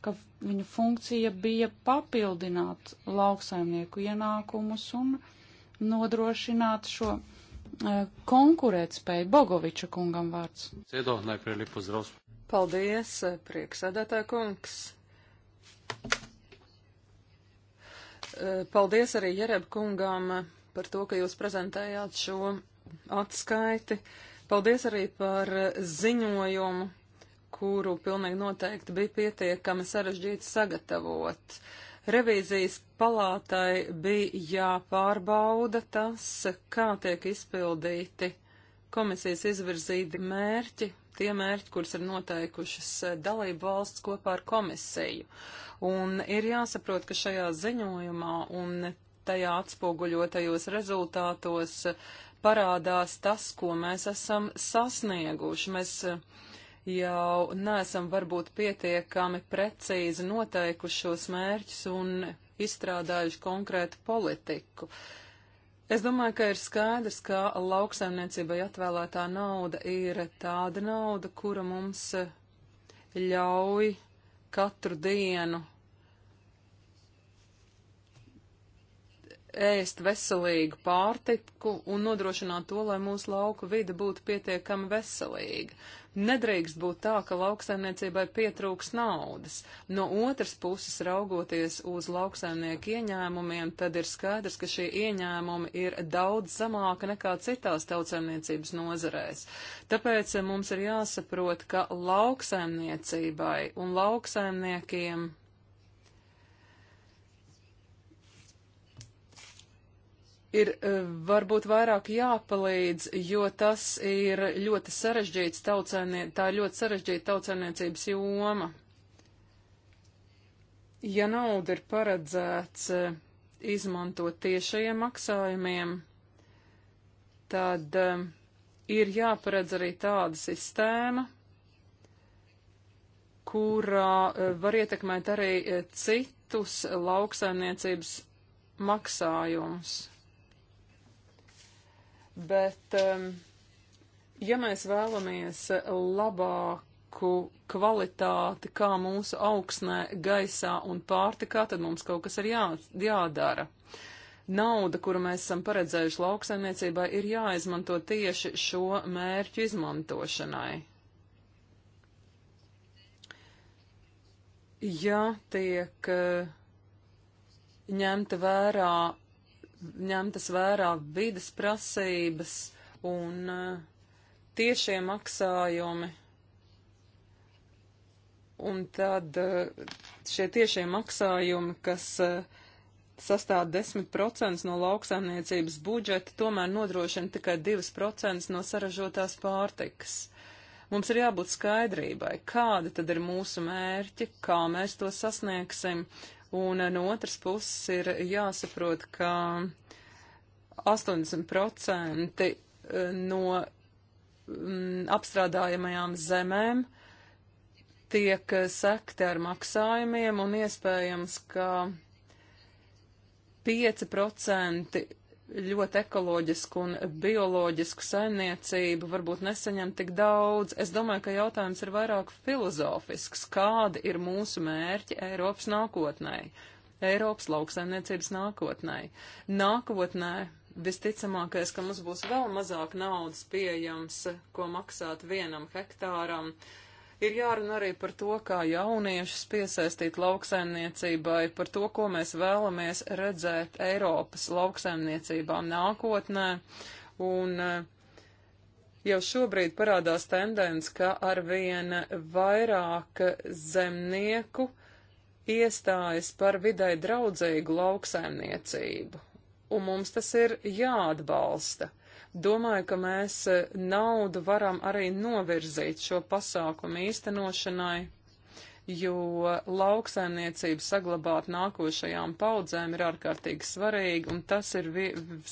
ka viņu funkcija bija papildināt lauksaimnieku ienākumus un nodrošināt šo e, konkurētspēju. Bogoviča kungam vārds. Ciedotnēk, prielipu uzdraus. Paldies, e, prieksēdētā kungs. E, paldies arī Jereb kungām par to, ka jūs prezentējāt šo atskaiti. Paldies arī par ziņojumu, kuru pilnīgi noteikti bija pietiekami sarežģīti sagatavot. Revīzijas palātai bija jāpārbauda tas, kā tiek izpildīti komisijas izvirzīti mērķi, tie mērķi, kurus ir noteikušas dalību valsts kopā ar komisiju. Un ir jāsaprot, ka šajā ziņojumā un tajā atspoguļotajos rezultātos parādās tas, ko mēs esam sasnieguši. Mēs eh, jau neesam varbūt pietiekami precīzi noteikuši šos mērķus un izstrādājuši konkrētu politiku. Es domāju, ka ir skaidrs, ka lauksaimniecībai atvēlētā nauda ir tāda nauda, kura mums ļauj katru dienu ēst veselīgu pārtiku un nodrošināt to, lai mūsu lauku vide būtu pietiekami veselīga. Nedrīkst būt tā, ka lauksaimniecībai pietrūks naudas. No otras puses, raugoties uz lauksaimnieku ieņēmumiem, tad ir skaidrs, ka šie ieņēmumi ir daudz zamāka nekā citās tautsaimniecības nozarēs. Tāpēc mums ir jāsaprot, ka lauksaimniecībai un lauksaimniekiem ir e, varbūt vairāk jāpalīdz, jo tas ir ļoti sarežģīts tautsēnie, tā ir ļoti sarežģīta tautsēniecības joma. Ja nauda ir paredzēts e, izmantot tiešajiem maksājumiem, tad e, ir jāparedz arī tāda sistēma, kurā var ietekmēt arī citus lauksaimniecības maksājumus bet um, ja mēs vēlamies labāku kvalitāti kā mūsu augsnē, gaisā un pārtikā, tad mums kaut kas ir jā, jādara. Nauda, kuru mēs esam paredzējuši lauksaimniecībai, ir jāizmanto tieši šo mērķu izmantošanai. Ja tiek uh, ņemta vērā ņemtas vērā vidas prasības un eh, tiešie maksājumi. Un tad eh, šie tiešie maksājumi, kas eh, sastāv 10% no lauksaimniecības budžeta, tomēr nodrošina tikai 2% no saražotās pārtikas. Mums ir jābūt skaidrībai, kādi tad ir mūsu mērķi, kā mēs to sasniegsim, un eh, no otras puses ir jāsaprot, ka 80% eh, no mm, apstrādājamajām zemēm tiek eh, sekti ar maksājumiem un iespējams, ka 5% ļoti ekoloģisku un bioloģisku saimniecību varbūt nesaņem tik daudz. Es domāju, ka jautājums ir vairāk filozofisks. Kādi ir mūsu mērķi Eiropas nākotnē? Eiropas lauksaimniecības nākotnē. Nākotnē visticamākais, ka mums būs vēl mazāk naudas pieejams, ko maksāt vienam hektāram. Uh, Ir jārunā arī par to, kā jauniešus piesaistīt lauksaimniecībai, par to, ko mēs vēlamies redzēt Eiropas lauksaimniecībām nākotnē. Un eh, jau šobrīd parādās tendence, ka arvien vairāk zemnieku iestājas par vidai draudzīgu lauksaimniecību. Un mums tas ir jāatbalsta. Domāju, ka mēs e, naudu varam arī novirzīt šo pasākumu īstenošanai, jo lauksaimniecību saglabāt nākošajām paudzēm ir ārkārtīgi svarīgi, un tas ir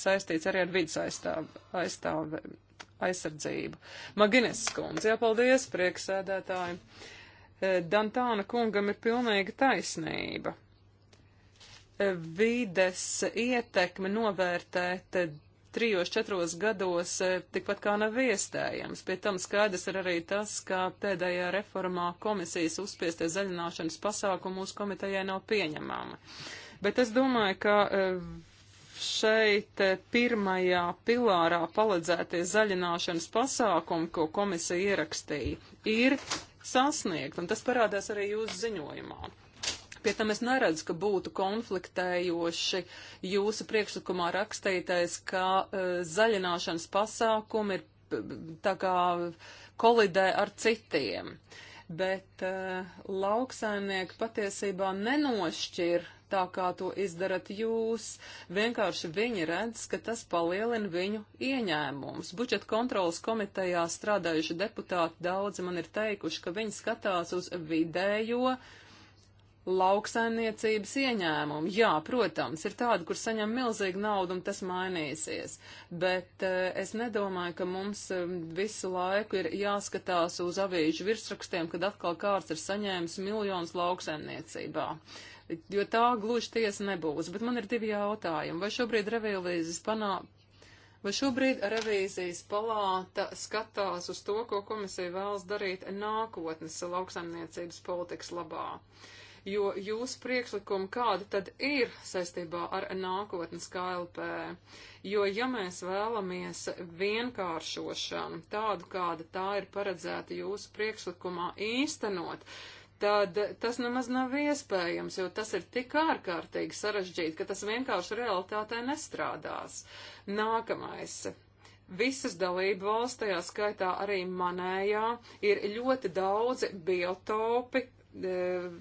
saistīts arī ar vidas aizstāv, aizstāv, aizsardzību. Maginis skundze, jāpaldies, prieksēdētāji. E, Dantāna kungam ir pilnīga taisnība. E, Vides ietekme novērtēt trijos, četros gados eh, tikpat kā nav iestējams. Pie tam skaidrs ir arī tas, ka pēdējā reformā komisijas uzspiestie zaļināšanas pasākumu mūsu komitejai nav pieņemama. Bet es domāju, ka eh, šeit eh, pirmajā pilārā paledzētie zaļināšanas pasākumi, ko komisija ierakstīja, ir sasniegt, un tas parādās arī jūsu ziņojumā. Pie tam es neredzu, ka būtu konfliktējoši jūsu priekšlikumā rakstītais, ka uh, zaļināšanas pasākumi ir tā kā kolidē ar citiem. Bet uh, lauksaimnieki patiesībā nenošķir tā, kā to izdarat jūs. Vienkārši viņi redz, ka tas palielina viņu ieņēmumus. Budžeta kontrolas komitejā strādājuši deputāti daudzi man ir teikuši, ka viņi skatās uz vidējo uh, lauksaimniecības ieņēmumu. Jā, protams, ir tāda, kur saņem milzīgu naudu un tas mainīsies, bet eh, es nedomāju, ka mums eh, visu laiku ir jāskatās uz avīžu virsrakstiem, kad atkal kāds ir saņēmis miljonus lauksaimniecībā jo tā gluži tiesa nebūs. Bet man ir divi jautājumi. Vai šobrīd revīzijas panā... Vai šobrīd revīzijas palāta skatās uz to, ko komisija vēlas darīt nākotnes lauksaimniecības politikas labā? Uh, jo jūsu priekšlikumi kādi tad ir saistībā ar nākotnes KLP. Jo, ja mēs vēlamies vienkāršošanu, tādu kāda tā ir paredzēta jūsu priekšlikumā īstenot, tad tas nemaz nav iespējams, jo tas ir tik ārkārtīgi sarežģīti, ka tas vienkārši realitātē nestrādās. Nākamais. Visas dalību valsts, tajā skaitā arī manējā, ir ļoti daudzi biotopi, E,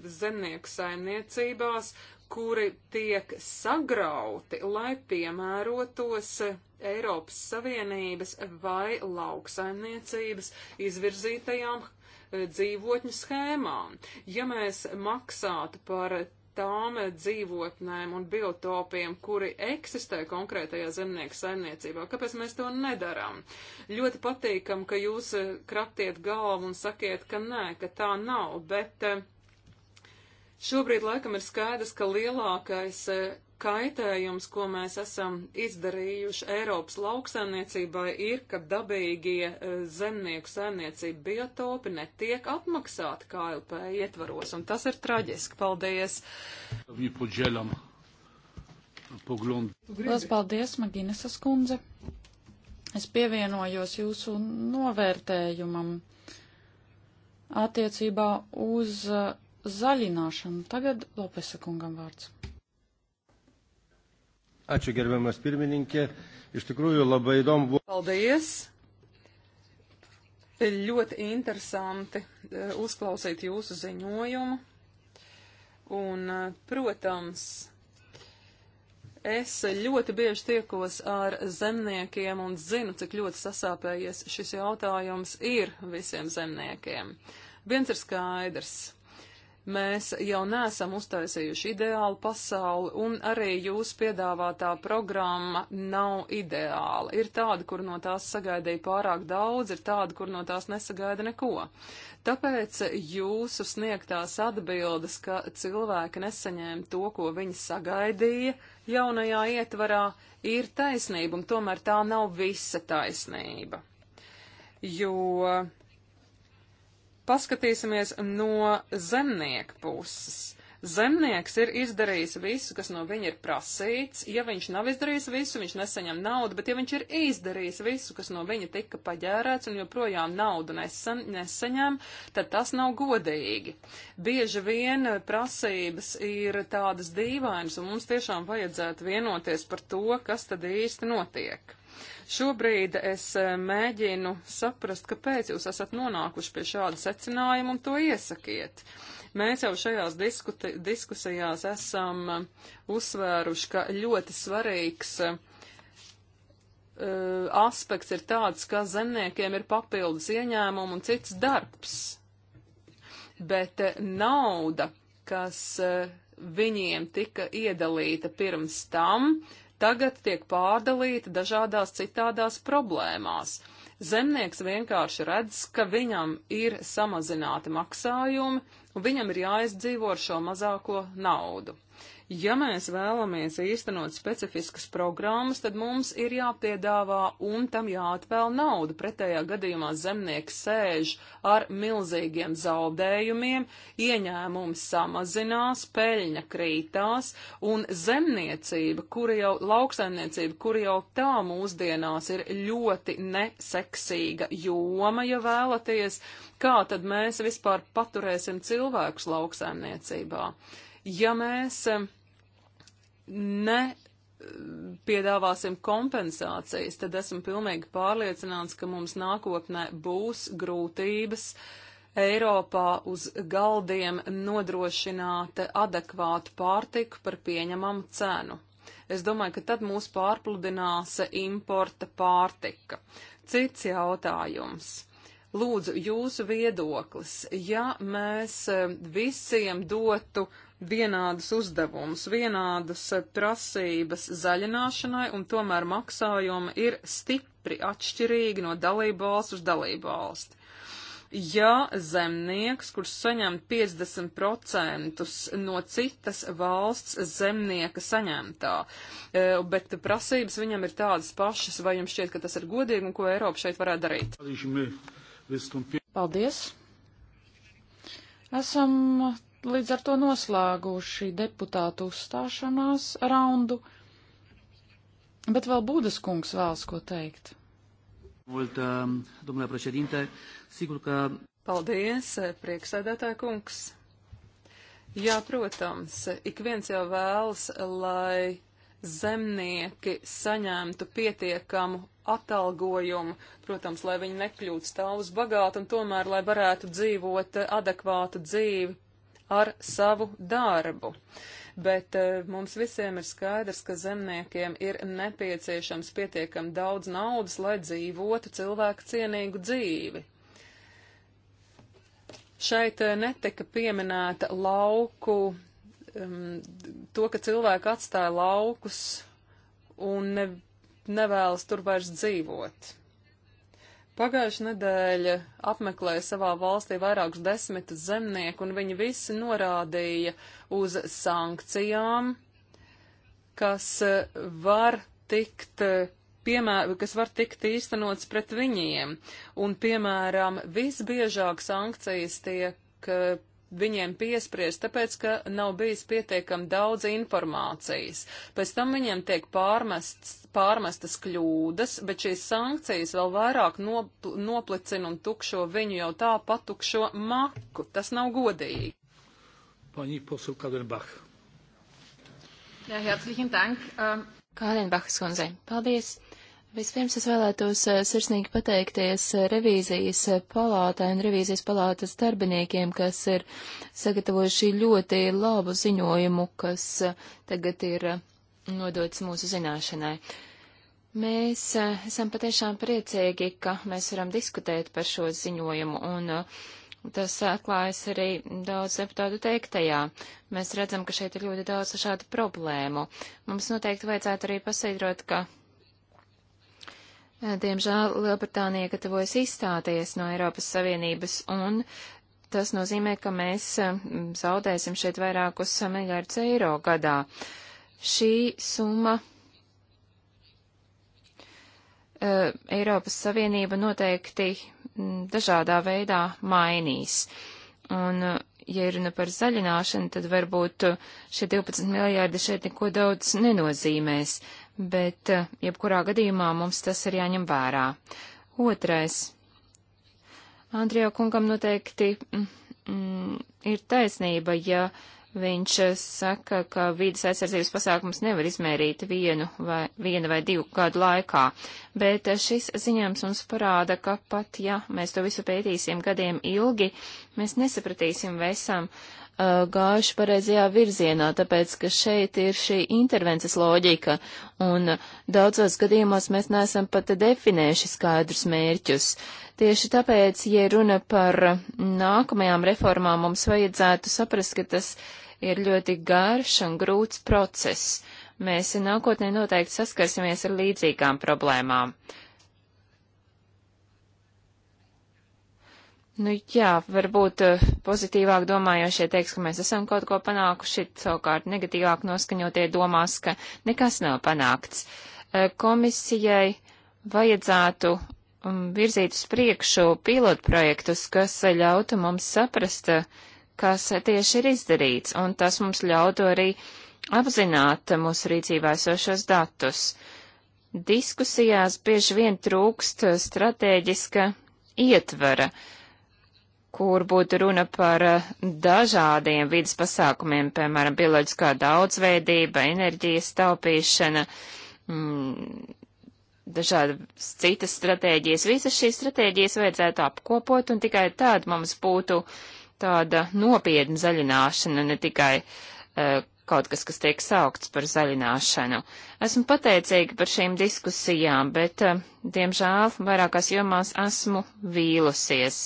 zemnieku saimniecībās, kuri tiek sagrauti, lai piemērotos Eiropas Savienības vai lauksaimniecības izvirzītajām e, dzīvotņu schēmām. Ja mēs maksātu par tām dzīvotnēm un biotopiem, kuri eksistē konkrētajā zemnieka saimniecībā. Kāpēc mēs to nedaram? Ļoti patīkam, ka jūs eh, kraptiet galvu un sakiet, ka nē, ka tā nav, bet eh, šobrīd laikam ir skaidrs, ka lielākais eh, kaitējums, ko mēs esam izdarījuši Eiropas lauksaimniecībai, ir, ka dabīgie e, zemnieku saimniecība biotopi netiek apmaksāti KLP ietvaros, un tas ir traģiski. Paldies! Lielas paldies, Maginesas kundze! Es pievienojos jūsu novērtējumam attiecībā uz e, zaļināšanu. Tagad Lopesa kungam vārds. Ačiū gerbiamas pirmininkė. Iš tikrųjų labai įdomu buvo. Paldies! Ir ļoti interesanti e, uzklausīt jūsu ziņojumu. Un, e, protams, es ļoti bieži tiekos ar zemniekiem un zinu, cik ļoti sasāpējies šis jautājums ir visiem zemniekiem. Viens ir skaidrs Mēs jau nesam uztaisījuši ideālu pasauli, un arī jūsu piedāvātā programma nav ideāla. Ir tāda, kur no tās sagaidīja pārāk daudz, ir tāda, kur no tās nesagaida neko. Tāpēc jūsu sniegtās atbildes, ka cilvēki nesaņēma to, ko viņi sagaidīja jaunajā ietvarā, ir taisnība, un tomēr tā nav visa taisnība. Jo paskatīsimies no zemnieku puses. Zemnieks ir izdarījis visu, kas no viņa ir prasīts. Ja viņš nav izdarījis visu, viņš nesaņem naudu, bet ja viņš ir izdarījis visu, kas no viņa tika paģērēts un joprojām naudu nesen, nesaņem, tad tas nav godīgi. Bieži vien prasības ir tādas dīvainas, un mums tiešām vajadzētu vienoties par to, kas tad īsti notiek. Šobrīd es eh, mēģinu saprast, kāpēc jūs esat nonākuši pie šāda secinājuma un to iesakiet. Uh, Mēs jau šajās diskusijās esam uh, uzsvēruši, ka ļoti svarīgs uh, aspekts ir tāds, ka zemniekiem ir papildus ieņēmumu un cits darbs, bet uh, nauda, kas uh, viņiem tika iedalīta pirms tam, tagad tiek pārdalīta dažādās citādās problēmās. Zemnieks vienkārši redz, ka viņam ir samazināti maksājumi, un viņam ir jāizdzīvo ar šo mazāko naudu. Ja mēs vēlamies īstenot specifiskas programmas, tad mums ir jāpiedāvā un tam jāatvēl nauda. Pretējā gadījumā zemnieks sēž ar milzīgiem zaudējumiem, ieņēmums samazinās, peļņa krītās un zemniecība, kura jau, lauksaimniecība, kura jau tā mūsdienās ir ļoti neseksīga joma, ja vēlaties, kā tad mēs vispār paturēsim cilvēkus lauksaimniecībā. Ja mēs ne eh, piedāvāsim kompensācijas, tad esmu pilnīgi pārliecināts, ka mums nākotnē būs grūtības Eiropā uz galdiem nodrošināt adekvātu pārtiku par pieņemamu cenu. Es domāju, ka tad mūs pārpludinās importa pārtika. Cits jautājums. Lūdzu, jūsu viedoklis, ja mēs eh, visiem dotu vienādus uzdevumus, vienādas eh, prasības zaļināšanai, un tomēr maksājumi ir stipri atšķirīgi no dalību valsts uz dalību valsti. Ja zemnieks, kurš saņem 50% no citas valsts zemnieka saņemtā, eh, bet prasības viņam ir tādas pašas, vai jums šķiet, ka tas ir godīgi un ko Eiropa šeit varētu darīt? Paldies! Esam līdz ar to noslēguši deputātu uzstāšanās raundu, bet vēl Būdas kungs vēlas ko teikt. Um, Paldies, prieksēdētāja kungs. Jā, protams, ik viens jau vēlas, lai zemnieki saņemtu pietiekamu atalgojumu, protams, lai viņi nekļūtu stāvus bagāti un tomēr, lai varētu dzīvot adekvātu dzīvi ar savu darbu. Bet eh, mums visiem ir skaidrs, ka zemniekiem ir nepieciešams pietiekam daudz naudas, lai dzīvotu cilvēku cienīgu dzīvi. Šeit eh, netika pieminēta lauku, mm, to, ka cilvēki atstāja laukus un ne, nevēlas tur vairs dzīvot. Pagājušā nedēļa apmeklēja savā valstī vairākus desmitus zemnieku, un viņi visi norādīja uz sankcijām, kas eh, var tikt, eh, piemēr, kas var tikt īstenots pret viņiem. Un, piemēram, visbiežāk sankcijas tiek eh, viņiem piespriest, tāpēc, ka nav bijis pietiekam daudz informācijas. Pēc tam viņiem tiek pārmests, pārmestas kļūdas, bet šīs sankcijas vēl vairāk nopl noplicina un tukšo viņu jau tā patukšo maku. Tas nav godīgi. Pani posu Kadenbach. Jā, herzlichen Dank. Um... Kadenbachs kundze, paldies. Vispirms es vēlētos eh, sirsnīgi pateikties eh, revīzijas eh, palātai un revīzijas palātas darbiniekiem, kas ir sagatavojuši ļoti labu ziņojumu, kas tagad ir nodots mūsu zināšanai. Mēs esam patiešām priecīgi, ka mēs varam diskutēt par šo ziņojumu, un tas atklājas arī daudz deputātu teiktajā. Mēs redzam, ka šeit ir ļoti daudz šādu problēmu. Mums noteikti vajadzētu arī pasīdrot, ka Eh, diemžēl Lielbritānija gatavojas izstāties no Eiropas Savienības, un tas nozīmē, ka mēs eh, zaudēsim šeit vairākus eh, miljārdus eiro gadā. Šī summa uh, Eiropas Savienība noteikti dažādā veidā mainīs. Un, ja runa par zaļināšanu, tad varbūt šie 12 miljārdi šeit neko daudz nenozīmēs bet eh, jebkurā gadījumā mums tas ir jāņem vērā. Otrais. Andrija kungam noteikti mm, mm ir taisnība, ja viņš eh, saka, ka vīdas aizsardzības pasākums nevar izmērīt vienu vai, vienu vai divu gadu laikā, bet eh, šis ziņojums mums parāda, ka pat ja mēs to visu pētīsim gadiem ilgi, mēs nesapratīsim, vai esam Uh, gājuši pareizajā virzienā, tāpēc, ka šeit ir šī intervences loģika, un daudzos gadījumos mēs neesam pat definējuši skaidrus mērķus. Tieši tāpēc, ja runa par nākamajām reformām, mums vajadzētu saprast, ka tas ir ļoti garš un grūts process. Mēs nākotnē noteikti saskarsimies ar līdzīgām problēmām. Nu jā, varbūt eh, pozitīvāk domājošie teiks, ka mēs esam kaut ko panākuši, savukārt negatīvāk noskaņotie domās, ka nekas nav panākts. Eh, komisijai vajadzētu mm, virzīt uz priekšu pilotprojektus, kas ļautu mums saprast, eh, kas tieši ir izdarīts, un tas mums ļautu arī apzināt mūsu rīcībā esošos datus. Diskusijās bieži vien trūkst stratēģiska ietvara. Uh, kur būtu runa par eh, dažādiem vidas pasākumiem, piemēram, bioloģiskā daudzveidība, enerģijas taupīšana, mm, dažādas citas stratēģijas. Visas šīs stratēģijas vajadzētu apkopot, un tikai tad mums būtu tāda nopietna zaļināšana, ne tikai uh, kaut kas, kas tiek saukts par zaļināšanu. Esmu pateicīga par šīm diskusijām, bet, uh, diemžēl, vairākās jomās esmu vīlusies.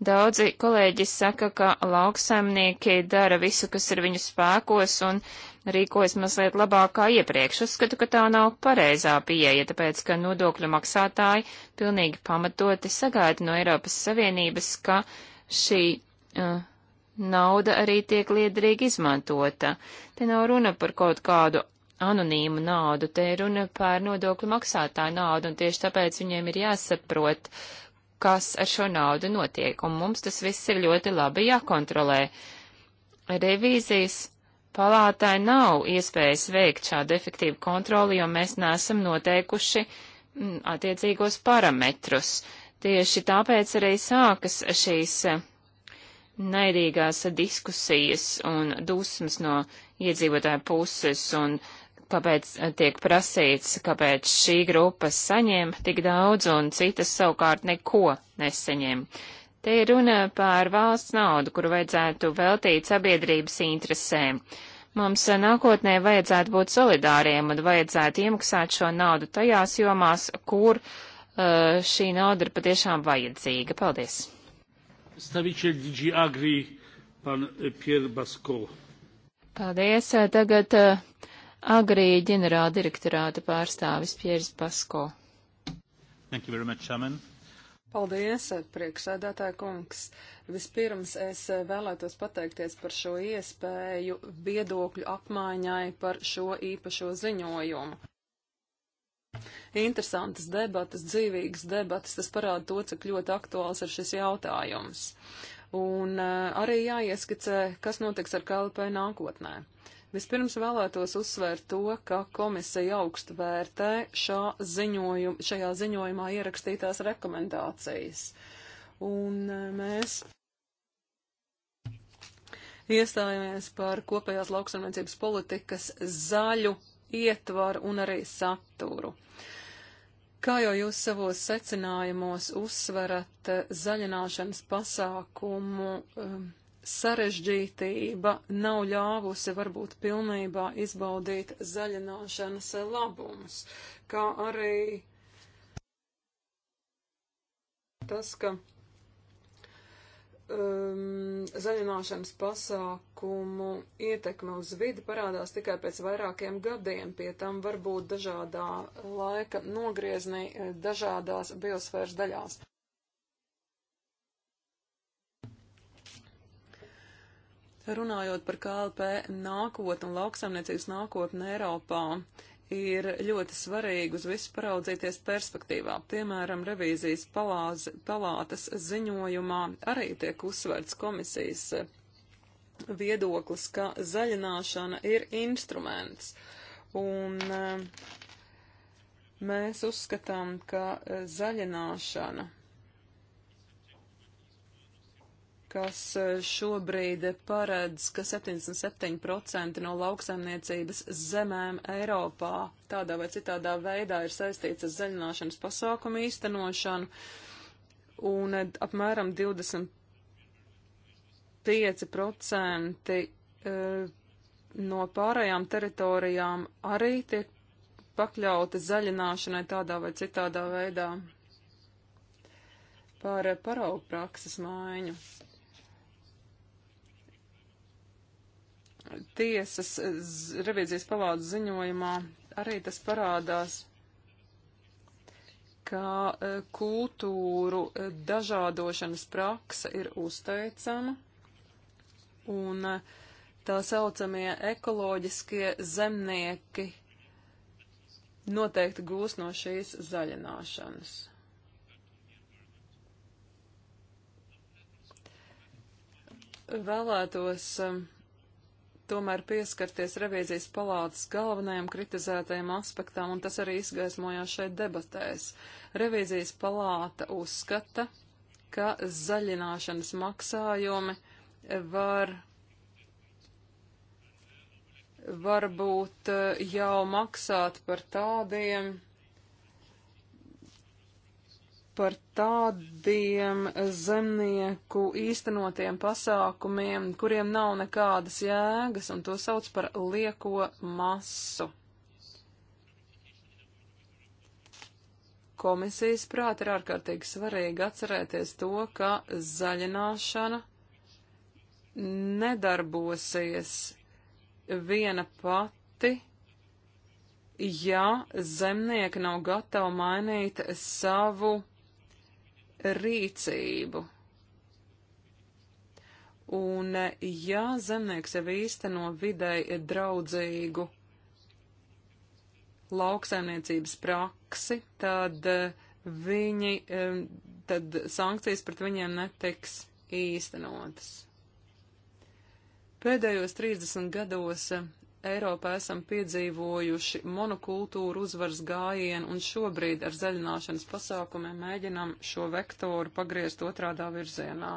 Daudzi kolēģi saka, ka lauksaimnieki dara visu, kas ir viņu spēkos un rīkojas mazliet labāk kā iepriekš. Uzskatu, ka tā nav pareizā pieeja, tāpēc, ka nodokļu maksātāji pilnīgi pamatoti sagaida no Eiropas Savienības, ka šī uh, nauda arī tiek liederīgi izmantota. Te nav runa par kaut kādu anonīmu naudu, te ir runa par nodokļu maksātāju naudu, un tieši tāpēc viņiem ir jāsaprot, kas ar šo naudu notiek, un mums tas viss ir ļoti labi jākontrolē. Revīzijas palātai nav iespējas veikt šādu efektīvu kontroli, jo mēs neesam noteikuši mm, attiecīgos parametrus. Tieši tāpēc arī sākas šīs eh, naidīgās diskusijas un dusmas no iedzīvotāju puses, un kāpēc eh, tiek prasīts, kāpēc šī grupa saņēma tik daudz un citas savukārt neko nesaņēma. Te ir runa par valsts naudu, kuru vajadzētu veltīt sabiedrības interesēm. Mums eh, nākotnē vajadzētu būt solidāriem un vajadzētu iemaksāt šo naudu tajās jomās, kur uh, šī nauda ir patiešām vajadzīga. Paldies! Agri, pan, Paldies! Tagad uh, agrī ģenerāla direktorāta pārstāvis Pieris Pasko. Thank you very much, Chairman. Paldies, priekšsēdētāja kungs. Vispirms es vēlētos pateikties par šo iespēju viedokļu apmaiņai par šo īpašo ziņojumu. Interesantas debatas, dzīvīgas debatas, tas parāda to, cik ļoti aktuāls ir šis jautājums. Un eh, arī jāieskicē, kas notiks ar KLP nākotnē. Uh, Vispirms vēlētos uzsvērt to, ka komisija augstu vērtē šā ziņojum, šajā ziņojumā ierakstītās rekomendācijas. Un e, mēs iestājāmies par kopējās lauksaimniecības politikas zaļu ietvaru un arī saturu. Kā jau jūs savos secinājumos uzsverat e, zaļināšanas pasākumu um, sarežģītība nav ļāvusi varbūt pilnībā izbaudīt zaļināšanas labumus, kā arī tas, ka um, zaļināšanas pasākumu ietekme uz vidi parādās tikai pēc vairākiem gadiem, pie tam varbūt dažādā laika nogrieznī eh, dažādās biosfēras daļās. runājot par KLP nākotni un lauksaimniecības nākotni Eiropā, ir ļoti svarīgi uz visu paraudzīties perspektīvā. Piemēram, revīzijas palāz, palātas ziņojumā arī tiek uzsverts komisijas viedoklis, ka zaļināšana ir instruments. Un eh, mēs uzskatām, ka eh, zaļināšana kas e, šobrīd paredz, ka 77% no lauksaimniecības zemēm Eiropā tādā vai citādā veidā ir saistīts ar zaļināšanas pasākumu īstenošanu, un e, apmēram 25% e, no pārējām teritorijām arī tiek pakļauti zaļināšanai tādā vai citādā veidā par paraugu prakses maiņu. tiesas revīzijas palādes ziņojumā arī tas parādās, ka e, kultūru e, dažādošanas praksa ir uzteicama un e, tā saucamie ekoloģiskie zemnieki noteikti gūs no šīs zaļināšanas. Vēlētos uh, tomēr pieskarties revīzijas palātas galvenajam kritizētajam aspektam, un tas arī izgaismojās šeit debatēs. Revīzijas palāta uzskata, ka zaļināšanas maksājumi var varbūt eh, jau maksāt par tādiem par tādiem zemnieku īstenotiem pasākumiem, kuriem nav nekādas jēgas, un to sauc par lieko masu. Komisijas prāt ir ārkārtīgi svarīgi atcerēties to, ka zaļināšana nedarbosies viena pati, ja zemnieki nav gatavi mainīt savu rīcību. Un ja zemnieks jau īsteno videi draudzīgu lauksaimniecības praksi, tad eh, viņi, eh, tad sankcijas pret viņiem netiks īstenotas. Pēdējos 30 gados eh, Eiropā esam piedzīvojuši monokultūru uzvaras gājienu, un šobrīd ar zaļināšanas pasākumiem mēģinam šo vektoru pagriezt otrādā virzienā.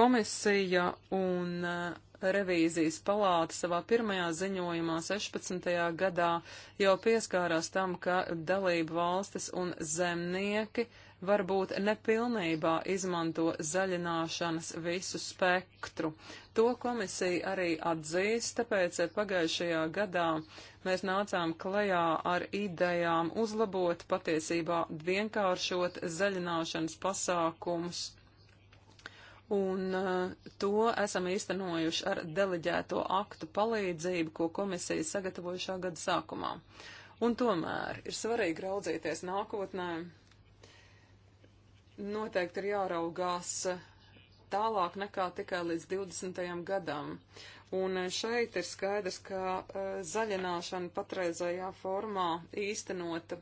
Komisija un eh, revīzijas palāta savā pirmajā ziņojumā 16. gadā jau pieskārās tam, ka dalību valstis un zemnieki varbūt nepilnībā izmanto zaļināšanas visu spektru. To komisija arī atzīst, tāpēc pagājušajā gadā mēs nācām klajā ar idejām uzlabot, patiesībā vienkāršot zaļināšanas pasākumus un uh, to esam īstenojuši ar deleģēto aktu palīdzību, ko komisija sagatavojušā gada sākumā. Un tomēr ir svarīgi raudzīties nākotnē noteikti ir jāraugās tālāk nekā tikai līdz 20. gadam. Un šeit ir skaidrs, ka uh, zaļināšana patreizējā formā īstenota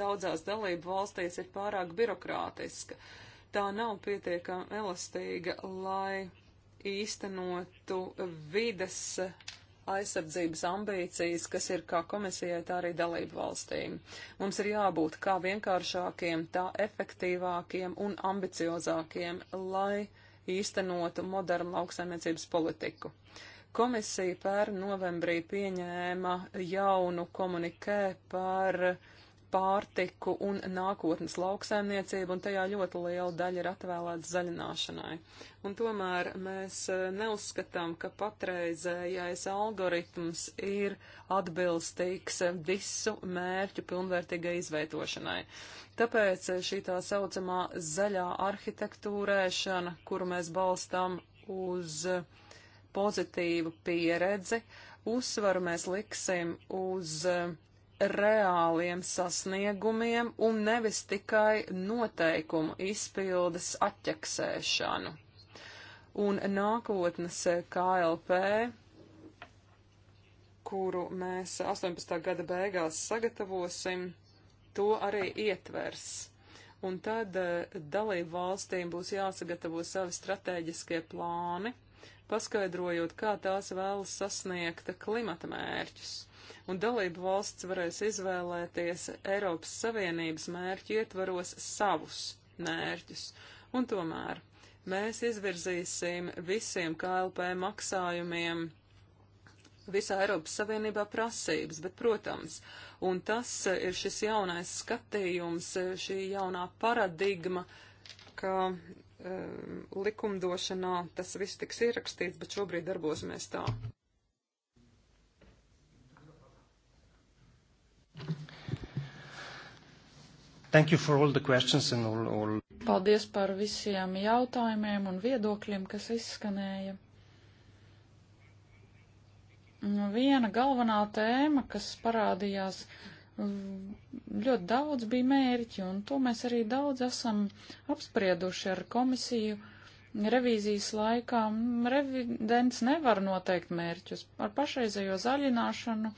daudzās dalību valstīs ir pārāk birokrātiska. Tā nav pietiekami elastīga, lai īstenotu vides aizsardzības ambīcijas, kas ir kā komisijai, tā arī dalību valstīm. Mums ir jābūt kā vienkāršākiem, tā efektīvākiem un ambiciozākiem, lai īstenotu modernu lauksaimniecības politiku. Komisija pēr novembrī pieņēma jaunu komunikē par uh, pārtiku un nākotnes lauksaimniecību, un tajā ļoti liela daļa ir atvēlēta zaļināšanai. Un tomēr mēs e, neuzskatām, ka patreizējais algoritms ir atbilstīgs visu mērķu pilnvērtīgai izveidošanai. Tāpēc šī tā saucamā zaļā arhitektūrēšana, kuru mēs balstām uz pozitīvu pieredzi, uzsvaru mēs liksim uz uh, reāliem sasniegumiem un nevis tikai noteikumu izpildes atķeksēšanu. Un nākotnes KLP, kuru mēs 18. gada beigās sagatavosim, to arī ietvers. Un tad eh, dalību valstīm būs jāsagatavo savi strateģiskie plāni, paskaidrojot, kā tās vēlas sasniegt klimata mērķus un dalību valsts varēs izvēlēties Eiropas Savienības mērķu ietvaros savus mērķus. Un tomēr mēs izvirzīsim visiem KLP maksājumiem visā Eiropas Savienībā prasības, bet, protams, un tas ir šis jaunais skatījums, šī jaunā paradigma, ka um, likumdošanā tas viss tiks ierakstīts, bet šobrīd darbosimies tā. Thank you for all the questions and all, all. Paldies par visiem jautājumiem un viedokļiem, kas izskanēja. Nu, viena galvenā tēma, kas parādījās ļoti daudz, bija mērķi, un to mēs arī daudz esam apsprieduši ar komisiju revīzijas laikā revidents nevar noteikt mērķus. Ar pašreizējo zaļināšanu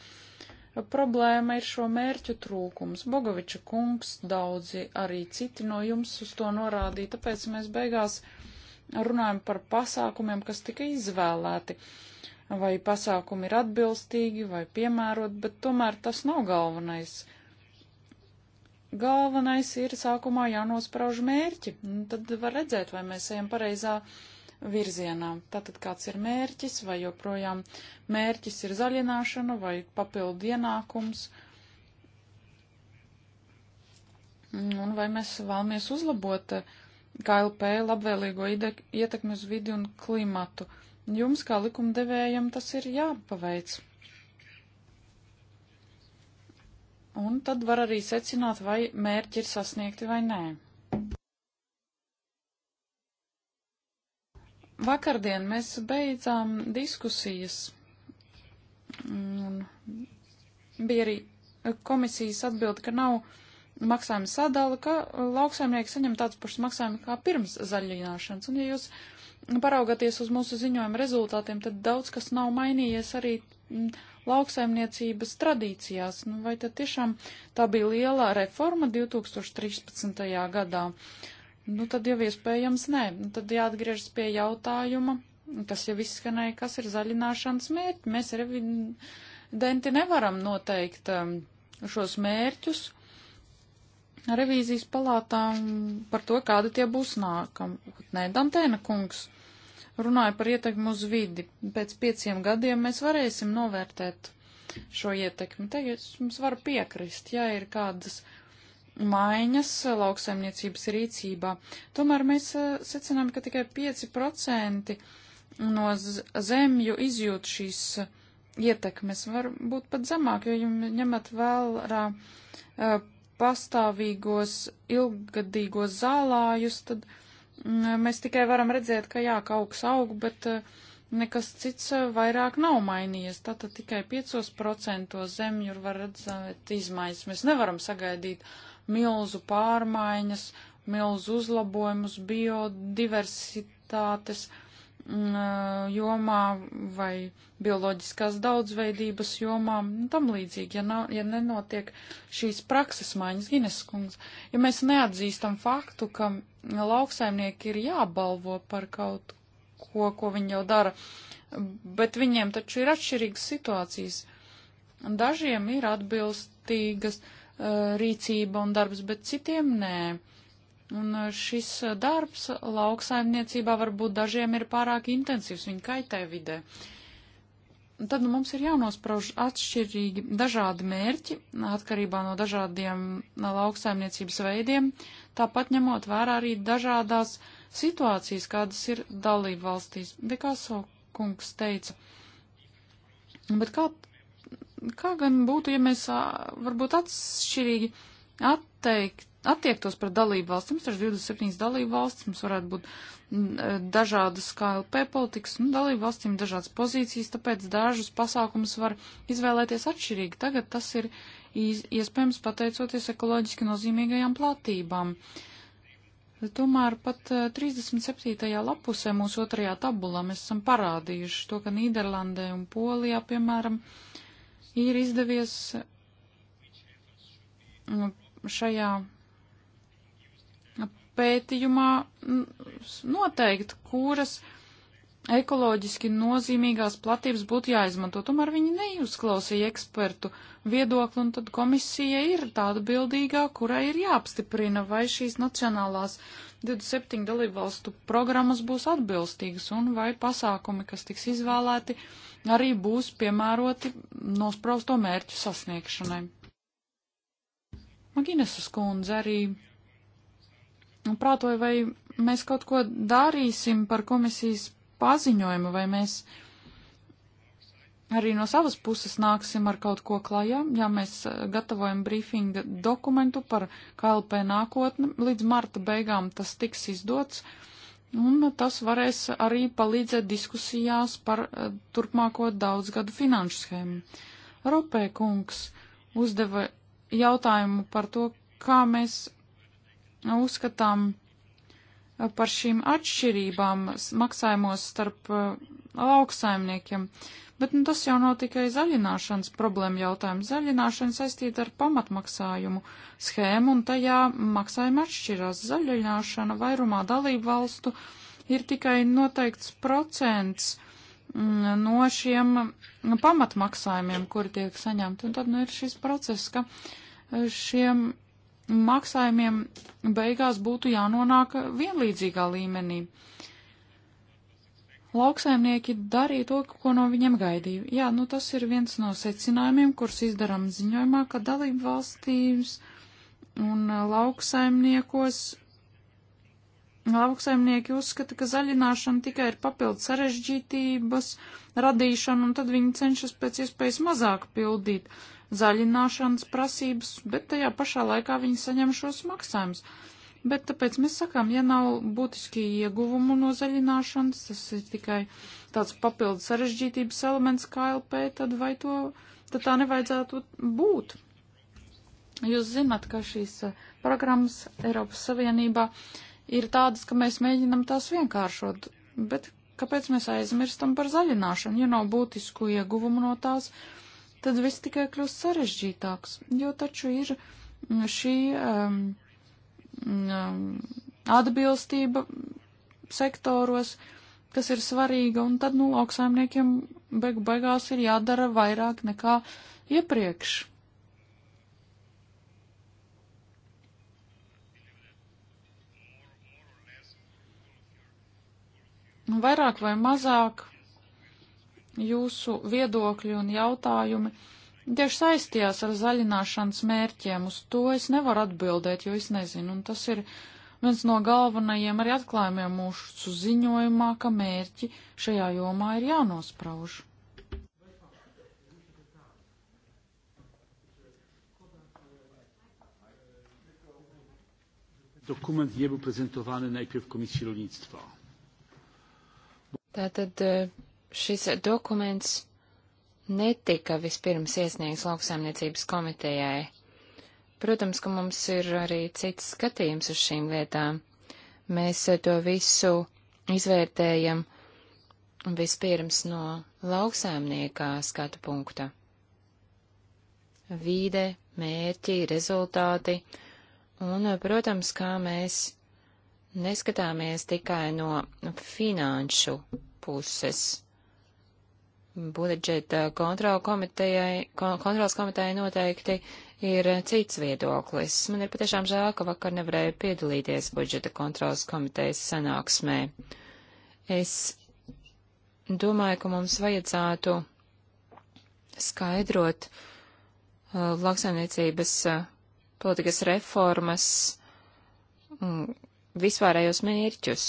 Nu, problēma ir šo mērķu trūkums. Bogoviča kungs, daudzi arī citi no jums uz to norādīja, tāpēc mēs beigās runājam par pasākumiem, kas tika izvēlēti. Vai pasākumi ir atbilstīgi vai piemērot, bet tomēr tas nav galvenais. Galvenais ir sākumā jānosprauž mērķi, un nu, tad var redzēt, vai mēs ejam pareizā uh, virzienā. Tātad kāds ir mērķis, vai joprojām mērķis ir zaļināšana vai papildu ienākums, un vai mēs vēlamies uzlabot eh, KLP labvēlīgo ietekmi uz vidi un klimatu. Jums, kā likumdevējam, tas ir jāpaveic. Un tad var arī secināt, vai mērķi ir sasniegti vai nē. Vakardien mēs beidzām diskusijas, un bija arī komisijas atbilde, ka nav maksājuma sadala, ka lauksaimnieki saņem tāds pašs maksājumi kā pirms zaļināšanas. Un ja jūs paraugaties uz mūsu ziņojuma rezultātiem, tad daudz kas nav mainījies arī mm, lauksaimniecības tradīcijās. Nu, vai tad tiešām tā bija liela reforma 2013. gadā? Uh, nu tad jau iespējams nē. Nu, tad jāatgriežas pie jautājuma, kas jau izskanēja, kas ir zaļināšanas mērķi. Mēs revidenti nevaram noteikt um, šos mērķus revīzijas palātām par to, kāda tie būs nākamnē. Dantēna kungs runāja par ietekmi uz vidi. Pēc pieciem gadiem mēs varēsim novērtēt šo ietekmi. Tagad es jums varu piekrist, ja ir kādas maiņas lauksaimniecības rīcībā. Tomēr mēs eh, secinām, ka tikai 5% no zemju izjūt šīs eh, ietekmes, varbūt pat zemāk, jo jums ņemat vērā eh, pastāvīgos ilgadīgos zālājus, tad mm, mēs tikai varam redzēt, ka jā, ka augs aug, bet nekas cits vairāk nav mainījies. Tātad tikai 5% zemju var redzēt izmaiņas. Mēs nevaram sagaidīt uh, milzu pārmaiņas, milzu uzlabojumus biodiversitātes mm, jomā vai bioloģiskās daudzveidības jomā un tam līdzīgi, ja, nav, ja nenotiek šīs prakses maiņas, Gineskungs. Ja mēs neatzīstam faktu, ka lauksaimnieki ir jābalvo par kaut ko, ko viņi jau dara, bet viņiem taču ir atšķirīgas situācijas. Dažiem ir atbilstīgas uh, Eh, rīcība un darbs, bet citiem nē. Un eh, šis eh, darbs lauksaimniecībā varbūt dažiem ir pārāk intensīvs, viņi kaitē vidē. Un tad nu, mums ir jānosprauž atšķirīgi dažādi mērķi atkarībā no dažādiem lauksaimniecības veidiem, tāpat ņemot vērā arī dažādās situācijas, kādas ir dalību valstīs. Dekaso kungs teica, bet kā kā gan būtu, ja mēs varbūt atšķirīgi atteikt, attiektos pret dalību valstīm, tas ir 27 dalību valsts, mums varētu būt mm, dažādas KLP politikas, un nu, dalību valstīm dažādas pozīcijas, tāpēc dažus pasākumus var izvēlēties atšķirīgi. Tagad tas ir iespējams pateicoties ekoloģiski nozīmīgajām platībām. Tomēr pat 37. lapusē mūsu otrajā tabulā mēs esam parādījuši to, ka Nīderlandē un Polijā, piemēram, uh, ir izdevies mm, šajā pētījumā mm, noteikt, kuras ekoloģiski nozīmīgās platības būtu jāizmanto. Tomēr viņi neuzklausīja ekspertu viedokli, un tad komisija ir tāda bildīgā, kurai ir jāapstiprina, vai šīs nacionālās 27 dalībvalstu programmas būs atbilstīgas, un vai pasākumi, kas tiks izvēlēti, uh, arī būs piemēroti nosprausto mērķu sasniegšanai. Maginesas kundze arī prātoja, vai mēs kaut ko darīsim par komisijas paziņojumu, vai mēs arī no savas puses nāksim ar kaut ko klajā, ja mēs eh, gatavojam brīfinga dokumentu par KLP nākotni. Līdz marta beigām tas tiks izdots. Uh, Un tas varēs arī palīdzēt diskusijās par eh, turpmāko daudzgadu finanšu schēmu. Ropē kungs uzdeva jautājumu par to, kā mēs uzskatām par šīm atšķirībām maksājumos starp uh, lauksaimniekiem. Bet nu, tas jau nav tikai zaļināšanas problēma jautājums. Zaļināšana saistīta ar pamatmaksājumu schēmu, un tajā maksājumi atšķirās. Zaļināšana vairumā dalību valstu ir tikai noteikts procents mm, no šiem mm, pamatmaksājumiem, kuri tiek saņemti. Un tad nu, ir šis process, ka uh, šiem maksājumiem beigās būtu jānonāk vienlīdzīgā līmenī. Lauksaimnieki darīja to, ko no viņiem gaidīja. Jā, nu tas ir viens no secinājumiem, kurus izdarām ziņojumā, ka dalību valstīs un lauksaimniekos Lauksaimnieki uzskata, ka zaļināšana tikai ir papildu sarežģītības radīšana, un tad viņi cenšas pēc iespējas mazāk pildīt uh, zaļināšanas prasības, bet tajā pašā laikā viņi saņem šos maksājumus. Bet tāpēc mēs sakām, ja nav būtiski ieguvumu no zaļināšanas, tas ir tikai tāds papildu sarežģītības elements KLP, tad vai to, tad tā nevajadzētu būt. Jūs zināt, ka šīs eh, programmas Eiropas Savienībā ir tādas, ka mēs mēģinam tās vienkāršot, bet kāpēc mēs aizmirstam par zaļināšanu, ja nav būtisku ieguvumu no tās? Uh, tad viss tikai kļūst sarežģītāks, jo taču ir mm, šī um, um, atbilstība sektoros, kas ir svarīga, un tad, nu, lauksaimniekiem beigu beigās ir jādara vairāk nekā iepriekš. Vairāk vai mazāk jūsu viedokļi un jautājumi tieši saistījās ar zaļināšanas mērķiem. Uz to es nevaru atbildēt, jo es nezinu. Un tas ir viens no galvenajiem arī atklājumiem mūsu ziņojumā, ka mērķi šajā jomā ir jānosprauž. Dokument nie był prezentowany najpierw Komisji Rolnictwa. Tātad šis dokuments netika vispirms iesniegts lauksaimniecības komitejai. Protams, ka mums ir arī cits skatījums uz šīm lietām. Mēs to visu izvērtējam vispirms no lauksaimniekā skatu punkta. Vīde, mērķi, rezultāti, un, protams, kā mēs neskatāmies tikai no finanšu puses budžeta kontrola komitejai, kontrolas komitejai noteikti ir cits viedoklis. Man ir patiešām žēl, ka vakar nevarēju piedalīties budžeta kontrolas komitejas sanāksmē. Es domāju, ka mums vajadzētu skaidrot uh, lauksaimniecības uh, politikas reformas um, vispārējos mērķus.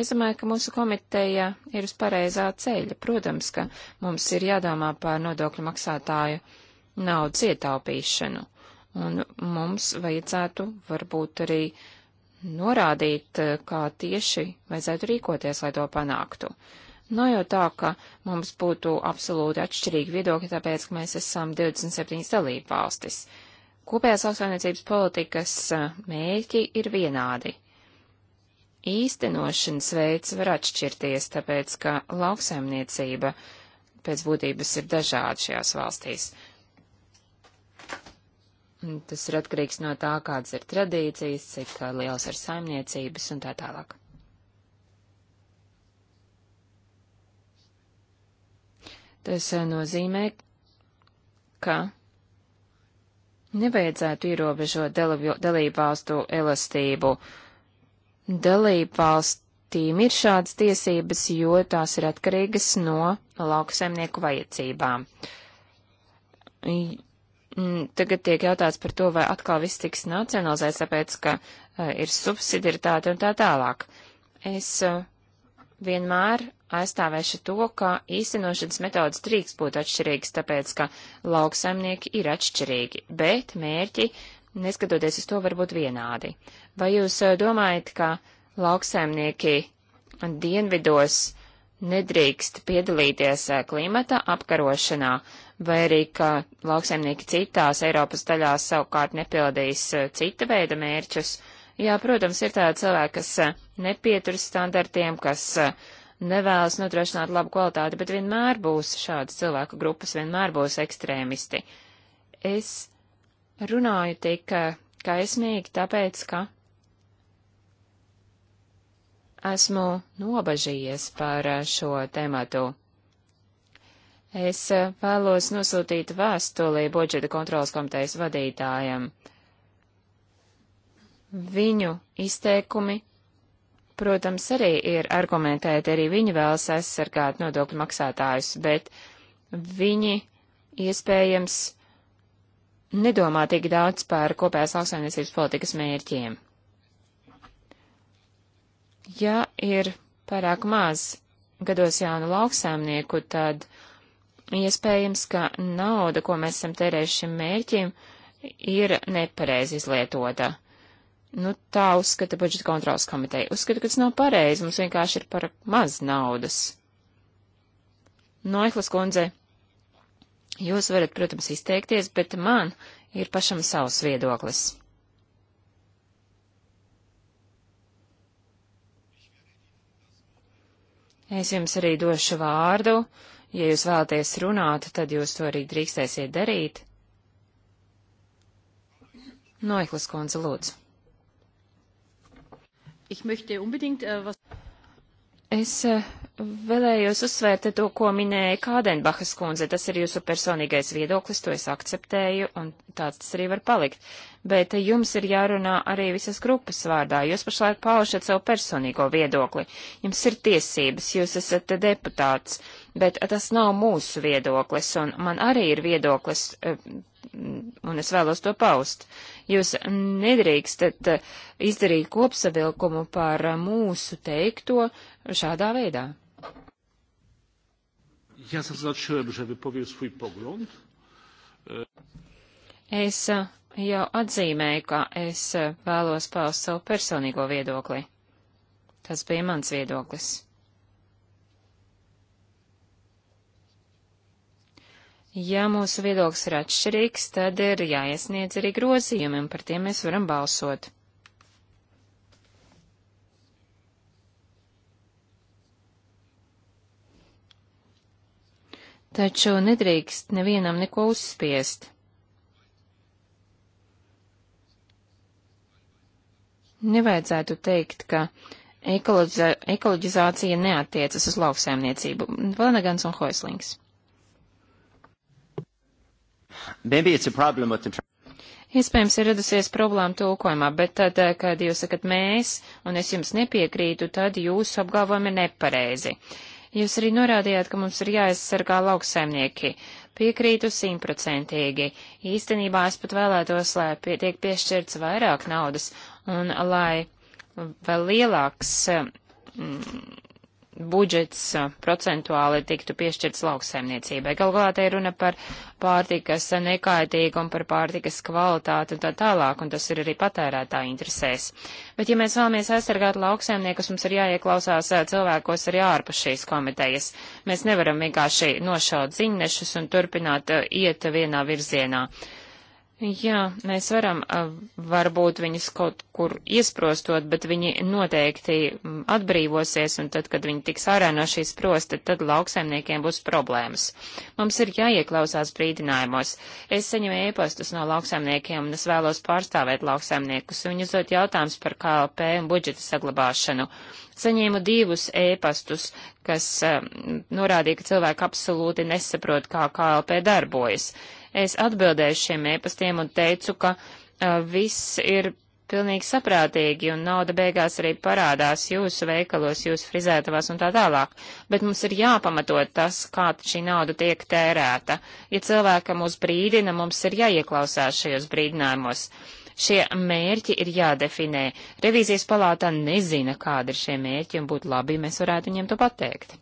Es domāju, ka mūsu komiteja ir uz pareizā ceļa. Protams, ka mums ir jādomā par nodokļu maksātāju naudas ietaupīšanu. Un mums vajadzētu varbūt arī norādīt, eh, kā tieši vajadzētu rīkoties, lai to panāktu. Nav no jau tā, ka mums būtu absolūti atšķirīgi viedokļi, tāpēc, ka mēs esam 27 dalību valstis. Kopējās lauksaimniecības politikas eh, mērķi ir vienādi īstenošanas veids var atšķirties, tāpēc, ka lauksaimniecība pēc būtības ir dažāda šajās valstīs. Tas ir atkarīgs no tā, kādas ir tradīcijas, cik liels ir saimniecības un tā tālāk. Tas eh, nozīmē, ka nevajadzētu ierobežot dalību valstu elastību uh, dalību valstīm ir šādas tiesības, jo tās ir atkarīgas no lauksaimnieku vajadzībām. Mm, tagad tiek jautāts par to, vai atkal viss tiks nacionalizēts, tāpēc, ka uh, ir subsidiritāte un tā tālāk. Es uh, vienmēr aizstāvēšu to, ka īstenošanas metodas drīkst būt atšķirīgas, tāpēc, ka lauksaimnieki ir atšķirīgi, bet mērķi neskatoties uz to, var būt vienādi. Vai jūs eh, domājat, ka lauksaimnieki dienvidos nedrīkst piedalīties eh, klimata apkarošanā, vai arī, ka lauksaimnieki citās Eiropas daļās savukārt nepildīs eh, cita veida mērķus? Jā, protams, ir tādi cilvēki, kas nepieturas standartiem, kas nevēlas nodrošināt labu kvalitāti, bet vienmēr būs šādas cilvēku grupas, vienmēr būs ekstrēmisti. Es runāju tik eh, kaismīgi, tāpēc, ka esmu nobažījies par eh, šo tematu. Es eh, vēlos nosūtīt vēstuli budžeta kontrolas komitejas vadītājam. Viņu izteikumi, protams, arī ir argumentēti, arī viņi vēlas aizsargāt nodokļu maksātājus, bet viņi iespējams nedomā tik daudz par kopējās lauksaimniecības politikas mērķiem. Ja ir pārāk maz gados jaunu lauksaimnieku, tad iespējams, ka nauda, ko mēs esam tērējuši šim mērķim, ir nepareizi izlietota. Nu, tā uzskata budžeta kontrolas komiteja. Uzskata, ka tas nav pareizi, mums vienkārši ir par maz naudas. Noihlas kundze, Jūs varat, protams, izteikties, bet man ir pašam savs viedoklis. Es jums arī došu vārdu. Ja jūs vēlaties runāt, tad jūs to arī drīkstēsiet darīt. Noiklis Konze, lūdzu. Äh, es äh, Vēlējos uzsvērt to, ko minēja Kādenbahas kundze. Tas ir jūsu personīgais viedoklis, to es akceptēju, un tāds tas arī var palikt. Bet jums ir jārunā arī visas grupas vārdā. Jūs pašlaik paušat savu personīgo viedokli. Jums ir tiesības, jūs esat deputāts, bet tas nav mūsu viedoklis, un man arī ir viedoklis, eh, un es vēlos to paust. Jūs nedrīkstat eh, izdarīt kopsavilkumu par mūsu teikto šādā veidā. Ja zaznaczyłem, że wypowiem swój pogląd. Es e, jau atzīmēju, ka es e, vēlos paust savu personīgo viedokli. Tas bija mans viedoklis. Ja mūsu viedoklis ir atšķirīgs, tad ir jāiesniedz arī grozījumi, un par tiem mēs varam balsot. taču nedrīkst nevienam neko uzspiest. Nevajadzētu teikt, ka ekoloģizā, ekoloģizācija neatiecas uz lauksaimniecību. Vanagans un Hoislings. The... Iespējams, ir radusies problēma tulkojumā, bet tad, eh, kad jūs sakat mēs, un es jums nepiekrītu, tad jūsu apgalvojumi ir nepareizi. Uh, Jūs arī norādījāt, ka mums ir jāaizsargā lauksaimnieki. Piekrītu simtprocentīgi. Īstenībā es pat vēlētos, lai pie, tiek piešķirts vairāk naudas un lai vēl lielāks mm, budžets procentuāli tiktu piešķirts lauksaimniecībai. Galu galā te ir runa par pārtikas nekaitīgumu, par pārtikas kvalitāti un tā tālāk, un tas ir arī patērētāji interesēs. Bet ja mēs vēlamies aizsargāt lauksaimniekus, mums ir jāieklausās cilvēkos arī ārpus šīs komitejas. Mēs nevaram vienkārši nošaut ziņnešus un turpināt iet vienā virzienā. Uh, Jā, mēs varam varbūt viņus kaut kur iesprostot, bet viņi noteikti atbrīvosies, un tad, kad viņi tiks ārā no šīs prosta, tad lauksaimniekiem būs problēmas. Mums ir jāieklausās brīdinājumos. Es saņemu ēpastus no lauksaimniekiem, un es vēlos pārstāvēt lauksaimniekus, un uzdot jautājums par KLP un budžeta saglabāšanu. Saņēmu divus ēpastus, kas uh, norādīja, ka cilvēki absolūti nesaprot, kā KLP darbojas. Es atbildēju šiem ēpastiem un teicu, ka uh, viss ir pilnīgi saprātīgi, un nauda beigās arī parādās jūsu veikalos, jūsu frizētavās un tā tālāk. Bet mums ir jāpamatot tas, kā šī nauda tiek tērēta. Ja cilvēkam uz brīdina, mums ir jāieklausās šajos brīdinājumos. Uh, Šie mērķi ir jādefinē. Revīzijas palātā nezina, kādi ir šie mērķi, un būtu labi, ja mēs varētu viņiem to pateikt.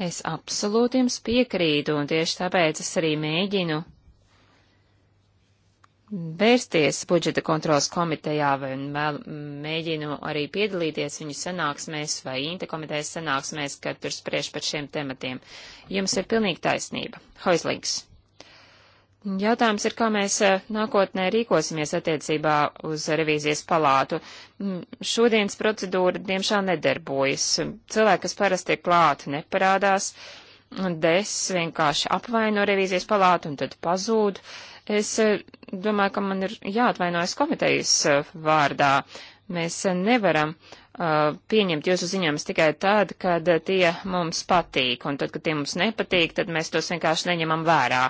Es absolūti jums piekrītu, un tieši tāpēc es arī mēģinu vērsties budžeta kontrolas komitejā vai vēl mēģinu arī piedalīties viņu sanāksmēs vai interkomitejas sanāksmēs, kad tur spriež par šiem tematiem. Jums ir pilnīgi taisnība. Hoizlīgs. Jautājums ir, kā mēs eh, nākotnē rīkosimies attiecībā uz revīzijas palātu. Mm, šodienas procedūra, diemžēl, nedarbojas. Cilvēki, kas parasti ir klāt, neparādās. Des vienkārši apvaino revīzijas palātu un tad pazūd. Es eh, domāju, ka man ir jāatvainojas komitejas eh, vārdā. Mēs nevaram Uh, pieņemt jūsu ziņojumus tikai tad, kad uh, tie mums patīk, un tad, kad tie mums nepatīk, tad mēs tos vienkārši neņemam vērā.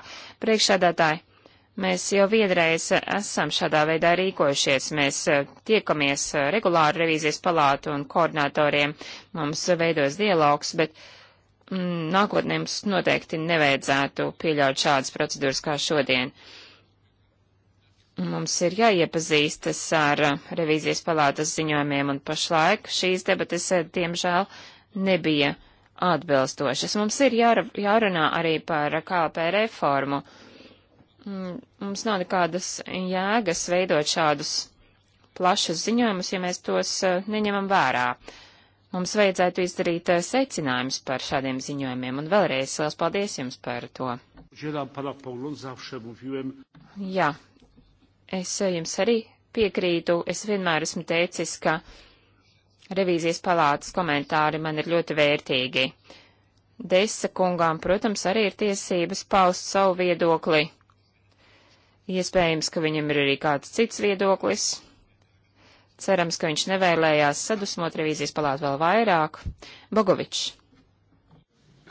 Priekšsēdētāji, mēs jau viedreiz esam šādā veidā rīkojušies, mēs uh, tiekamies regulāri revīzijas palātu un koordinatoriem, mums veidos dialogs, bet mm, nākotnē mums noteikti nevajadzētu pieļaut šādas procedūras kā šodien. Uh, Mums ir jāiepazīstas ar revīzijas palātas ziņojumiem, un pašlaik šīs debates, eh, diemžēl, nebija atbilstošas. Mums ir jāra, jārunā arī par KLP reformu. Mm, mums nav nekādas jēgas veidot šādus plašus ziņojumus, ja mēs tos eh, neņemam vērā. Mums vajadzētu izdarīt eh, secinājumus par šādiem ziņojumiem, un vēlreiz liels paldies jums par to. Jā, Es eh, jums arī piekrītu, es vienmēr esmu teicis, ka revīzijas palātas komentāri man ir ļoti vērtīgi. Desa kungām, protams, arī ir tiesības paust savu viedokli. Iespējams, ka viņam ir arī kāds cits viedoklis. Cerams, ka viņš nevēlējās sadusmot revīzijas palātu vēl vairāk. Bogovičs.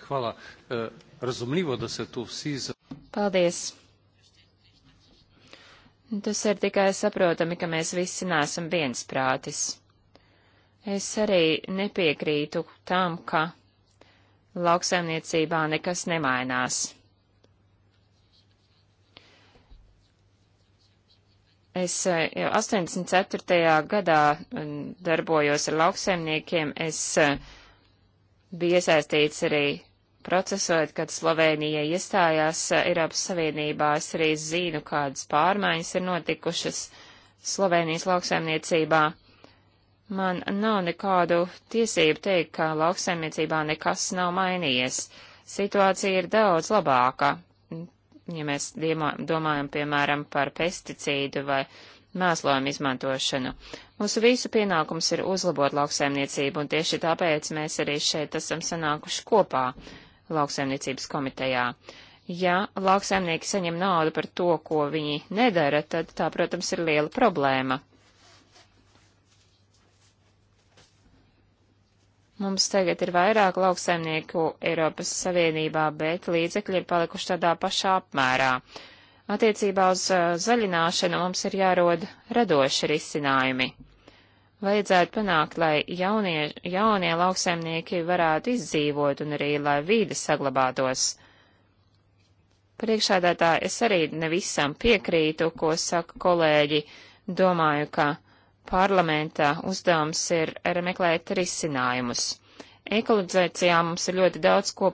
Hvala. Eh, razumljivo, da se tu vsi. Paldies. Tas ir tikai saprotami, ka mēs visi nesam viensprātis. Es arī nepiekrītu tam, ka lauksaimniecībā nekas nemainās. Es eh, jau 84. gadā mm, darbojos ar lauksaimniekiem, es eh, biju iesaistīts arī procesā, kad Slovēnija iestājās Eiropas Savienībā, es arī zinu, kādas pārmaiņas ir notikušas Slovēnijas lauksaimniecībā. Man nav nekādu tiesību teikt, ka lauksaimniecībā nekas nav mainījies. Situācija ir daudz labāka, ja mēs domājam, piemēram, par pesticīdu vai mēslojumu izmantošanu. Mūsu visu pienākums ir uzlabot lauksaimniecību, un tieši tāpēc mēs arī šeit esam sanākuši kopā lauksaimniecības komitejā. Ja lauksaimnieki saņem naudu par to, ko viņi nedara, tad tā, protams, ir liela problēma. Mums tagad ir vairāk lauksaimnieku Eiropas Savienībā, bet līdzekļi ir palikuši tādā pašā apmērā. Attiecībā uz uh, zaļināšanu mums ir jārod radoši risinājumi vajadzētu panākt, lai jaunie, jaunie lauksaimnieki varētu izdzīvot un arī, lai vīde saglabātos. Priekšādātā es arī nevisam piekrītu, ko saka kolēģi. Domāju, ka parlamentā uzdevums ir meklēt risinājumus. Ekoloģizācijā mums ir ļoti daudz ko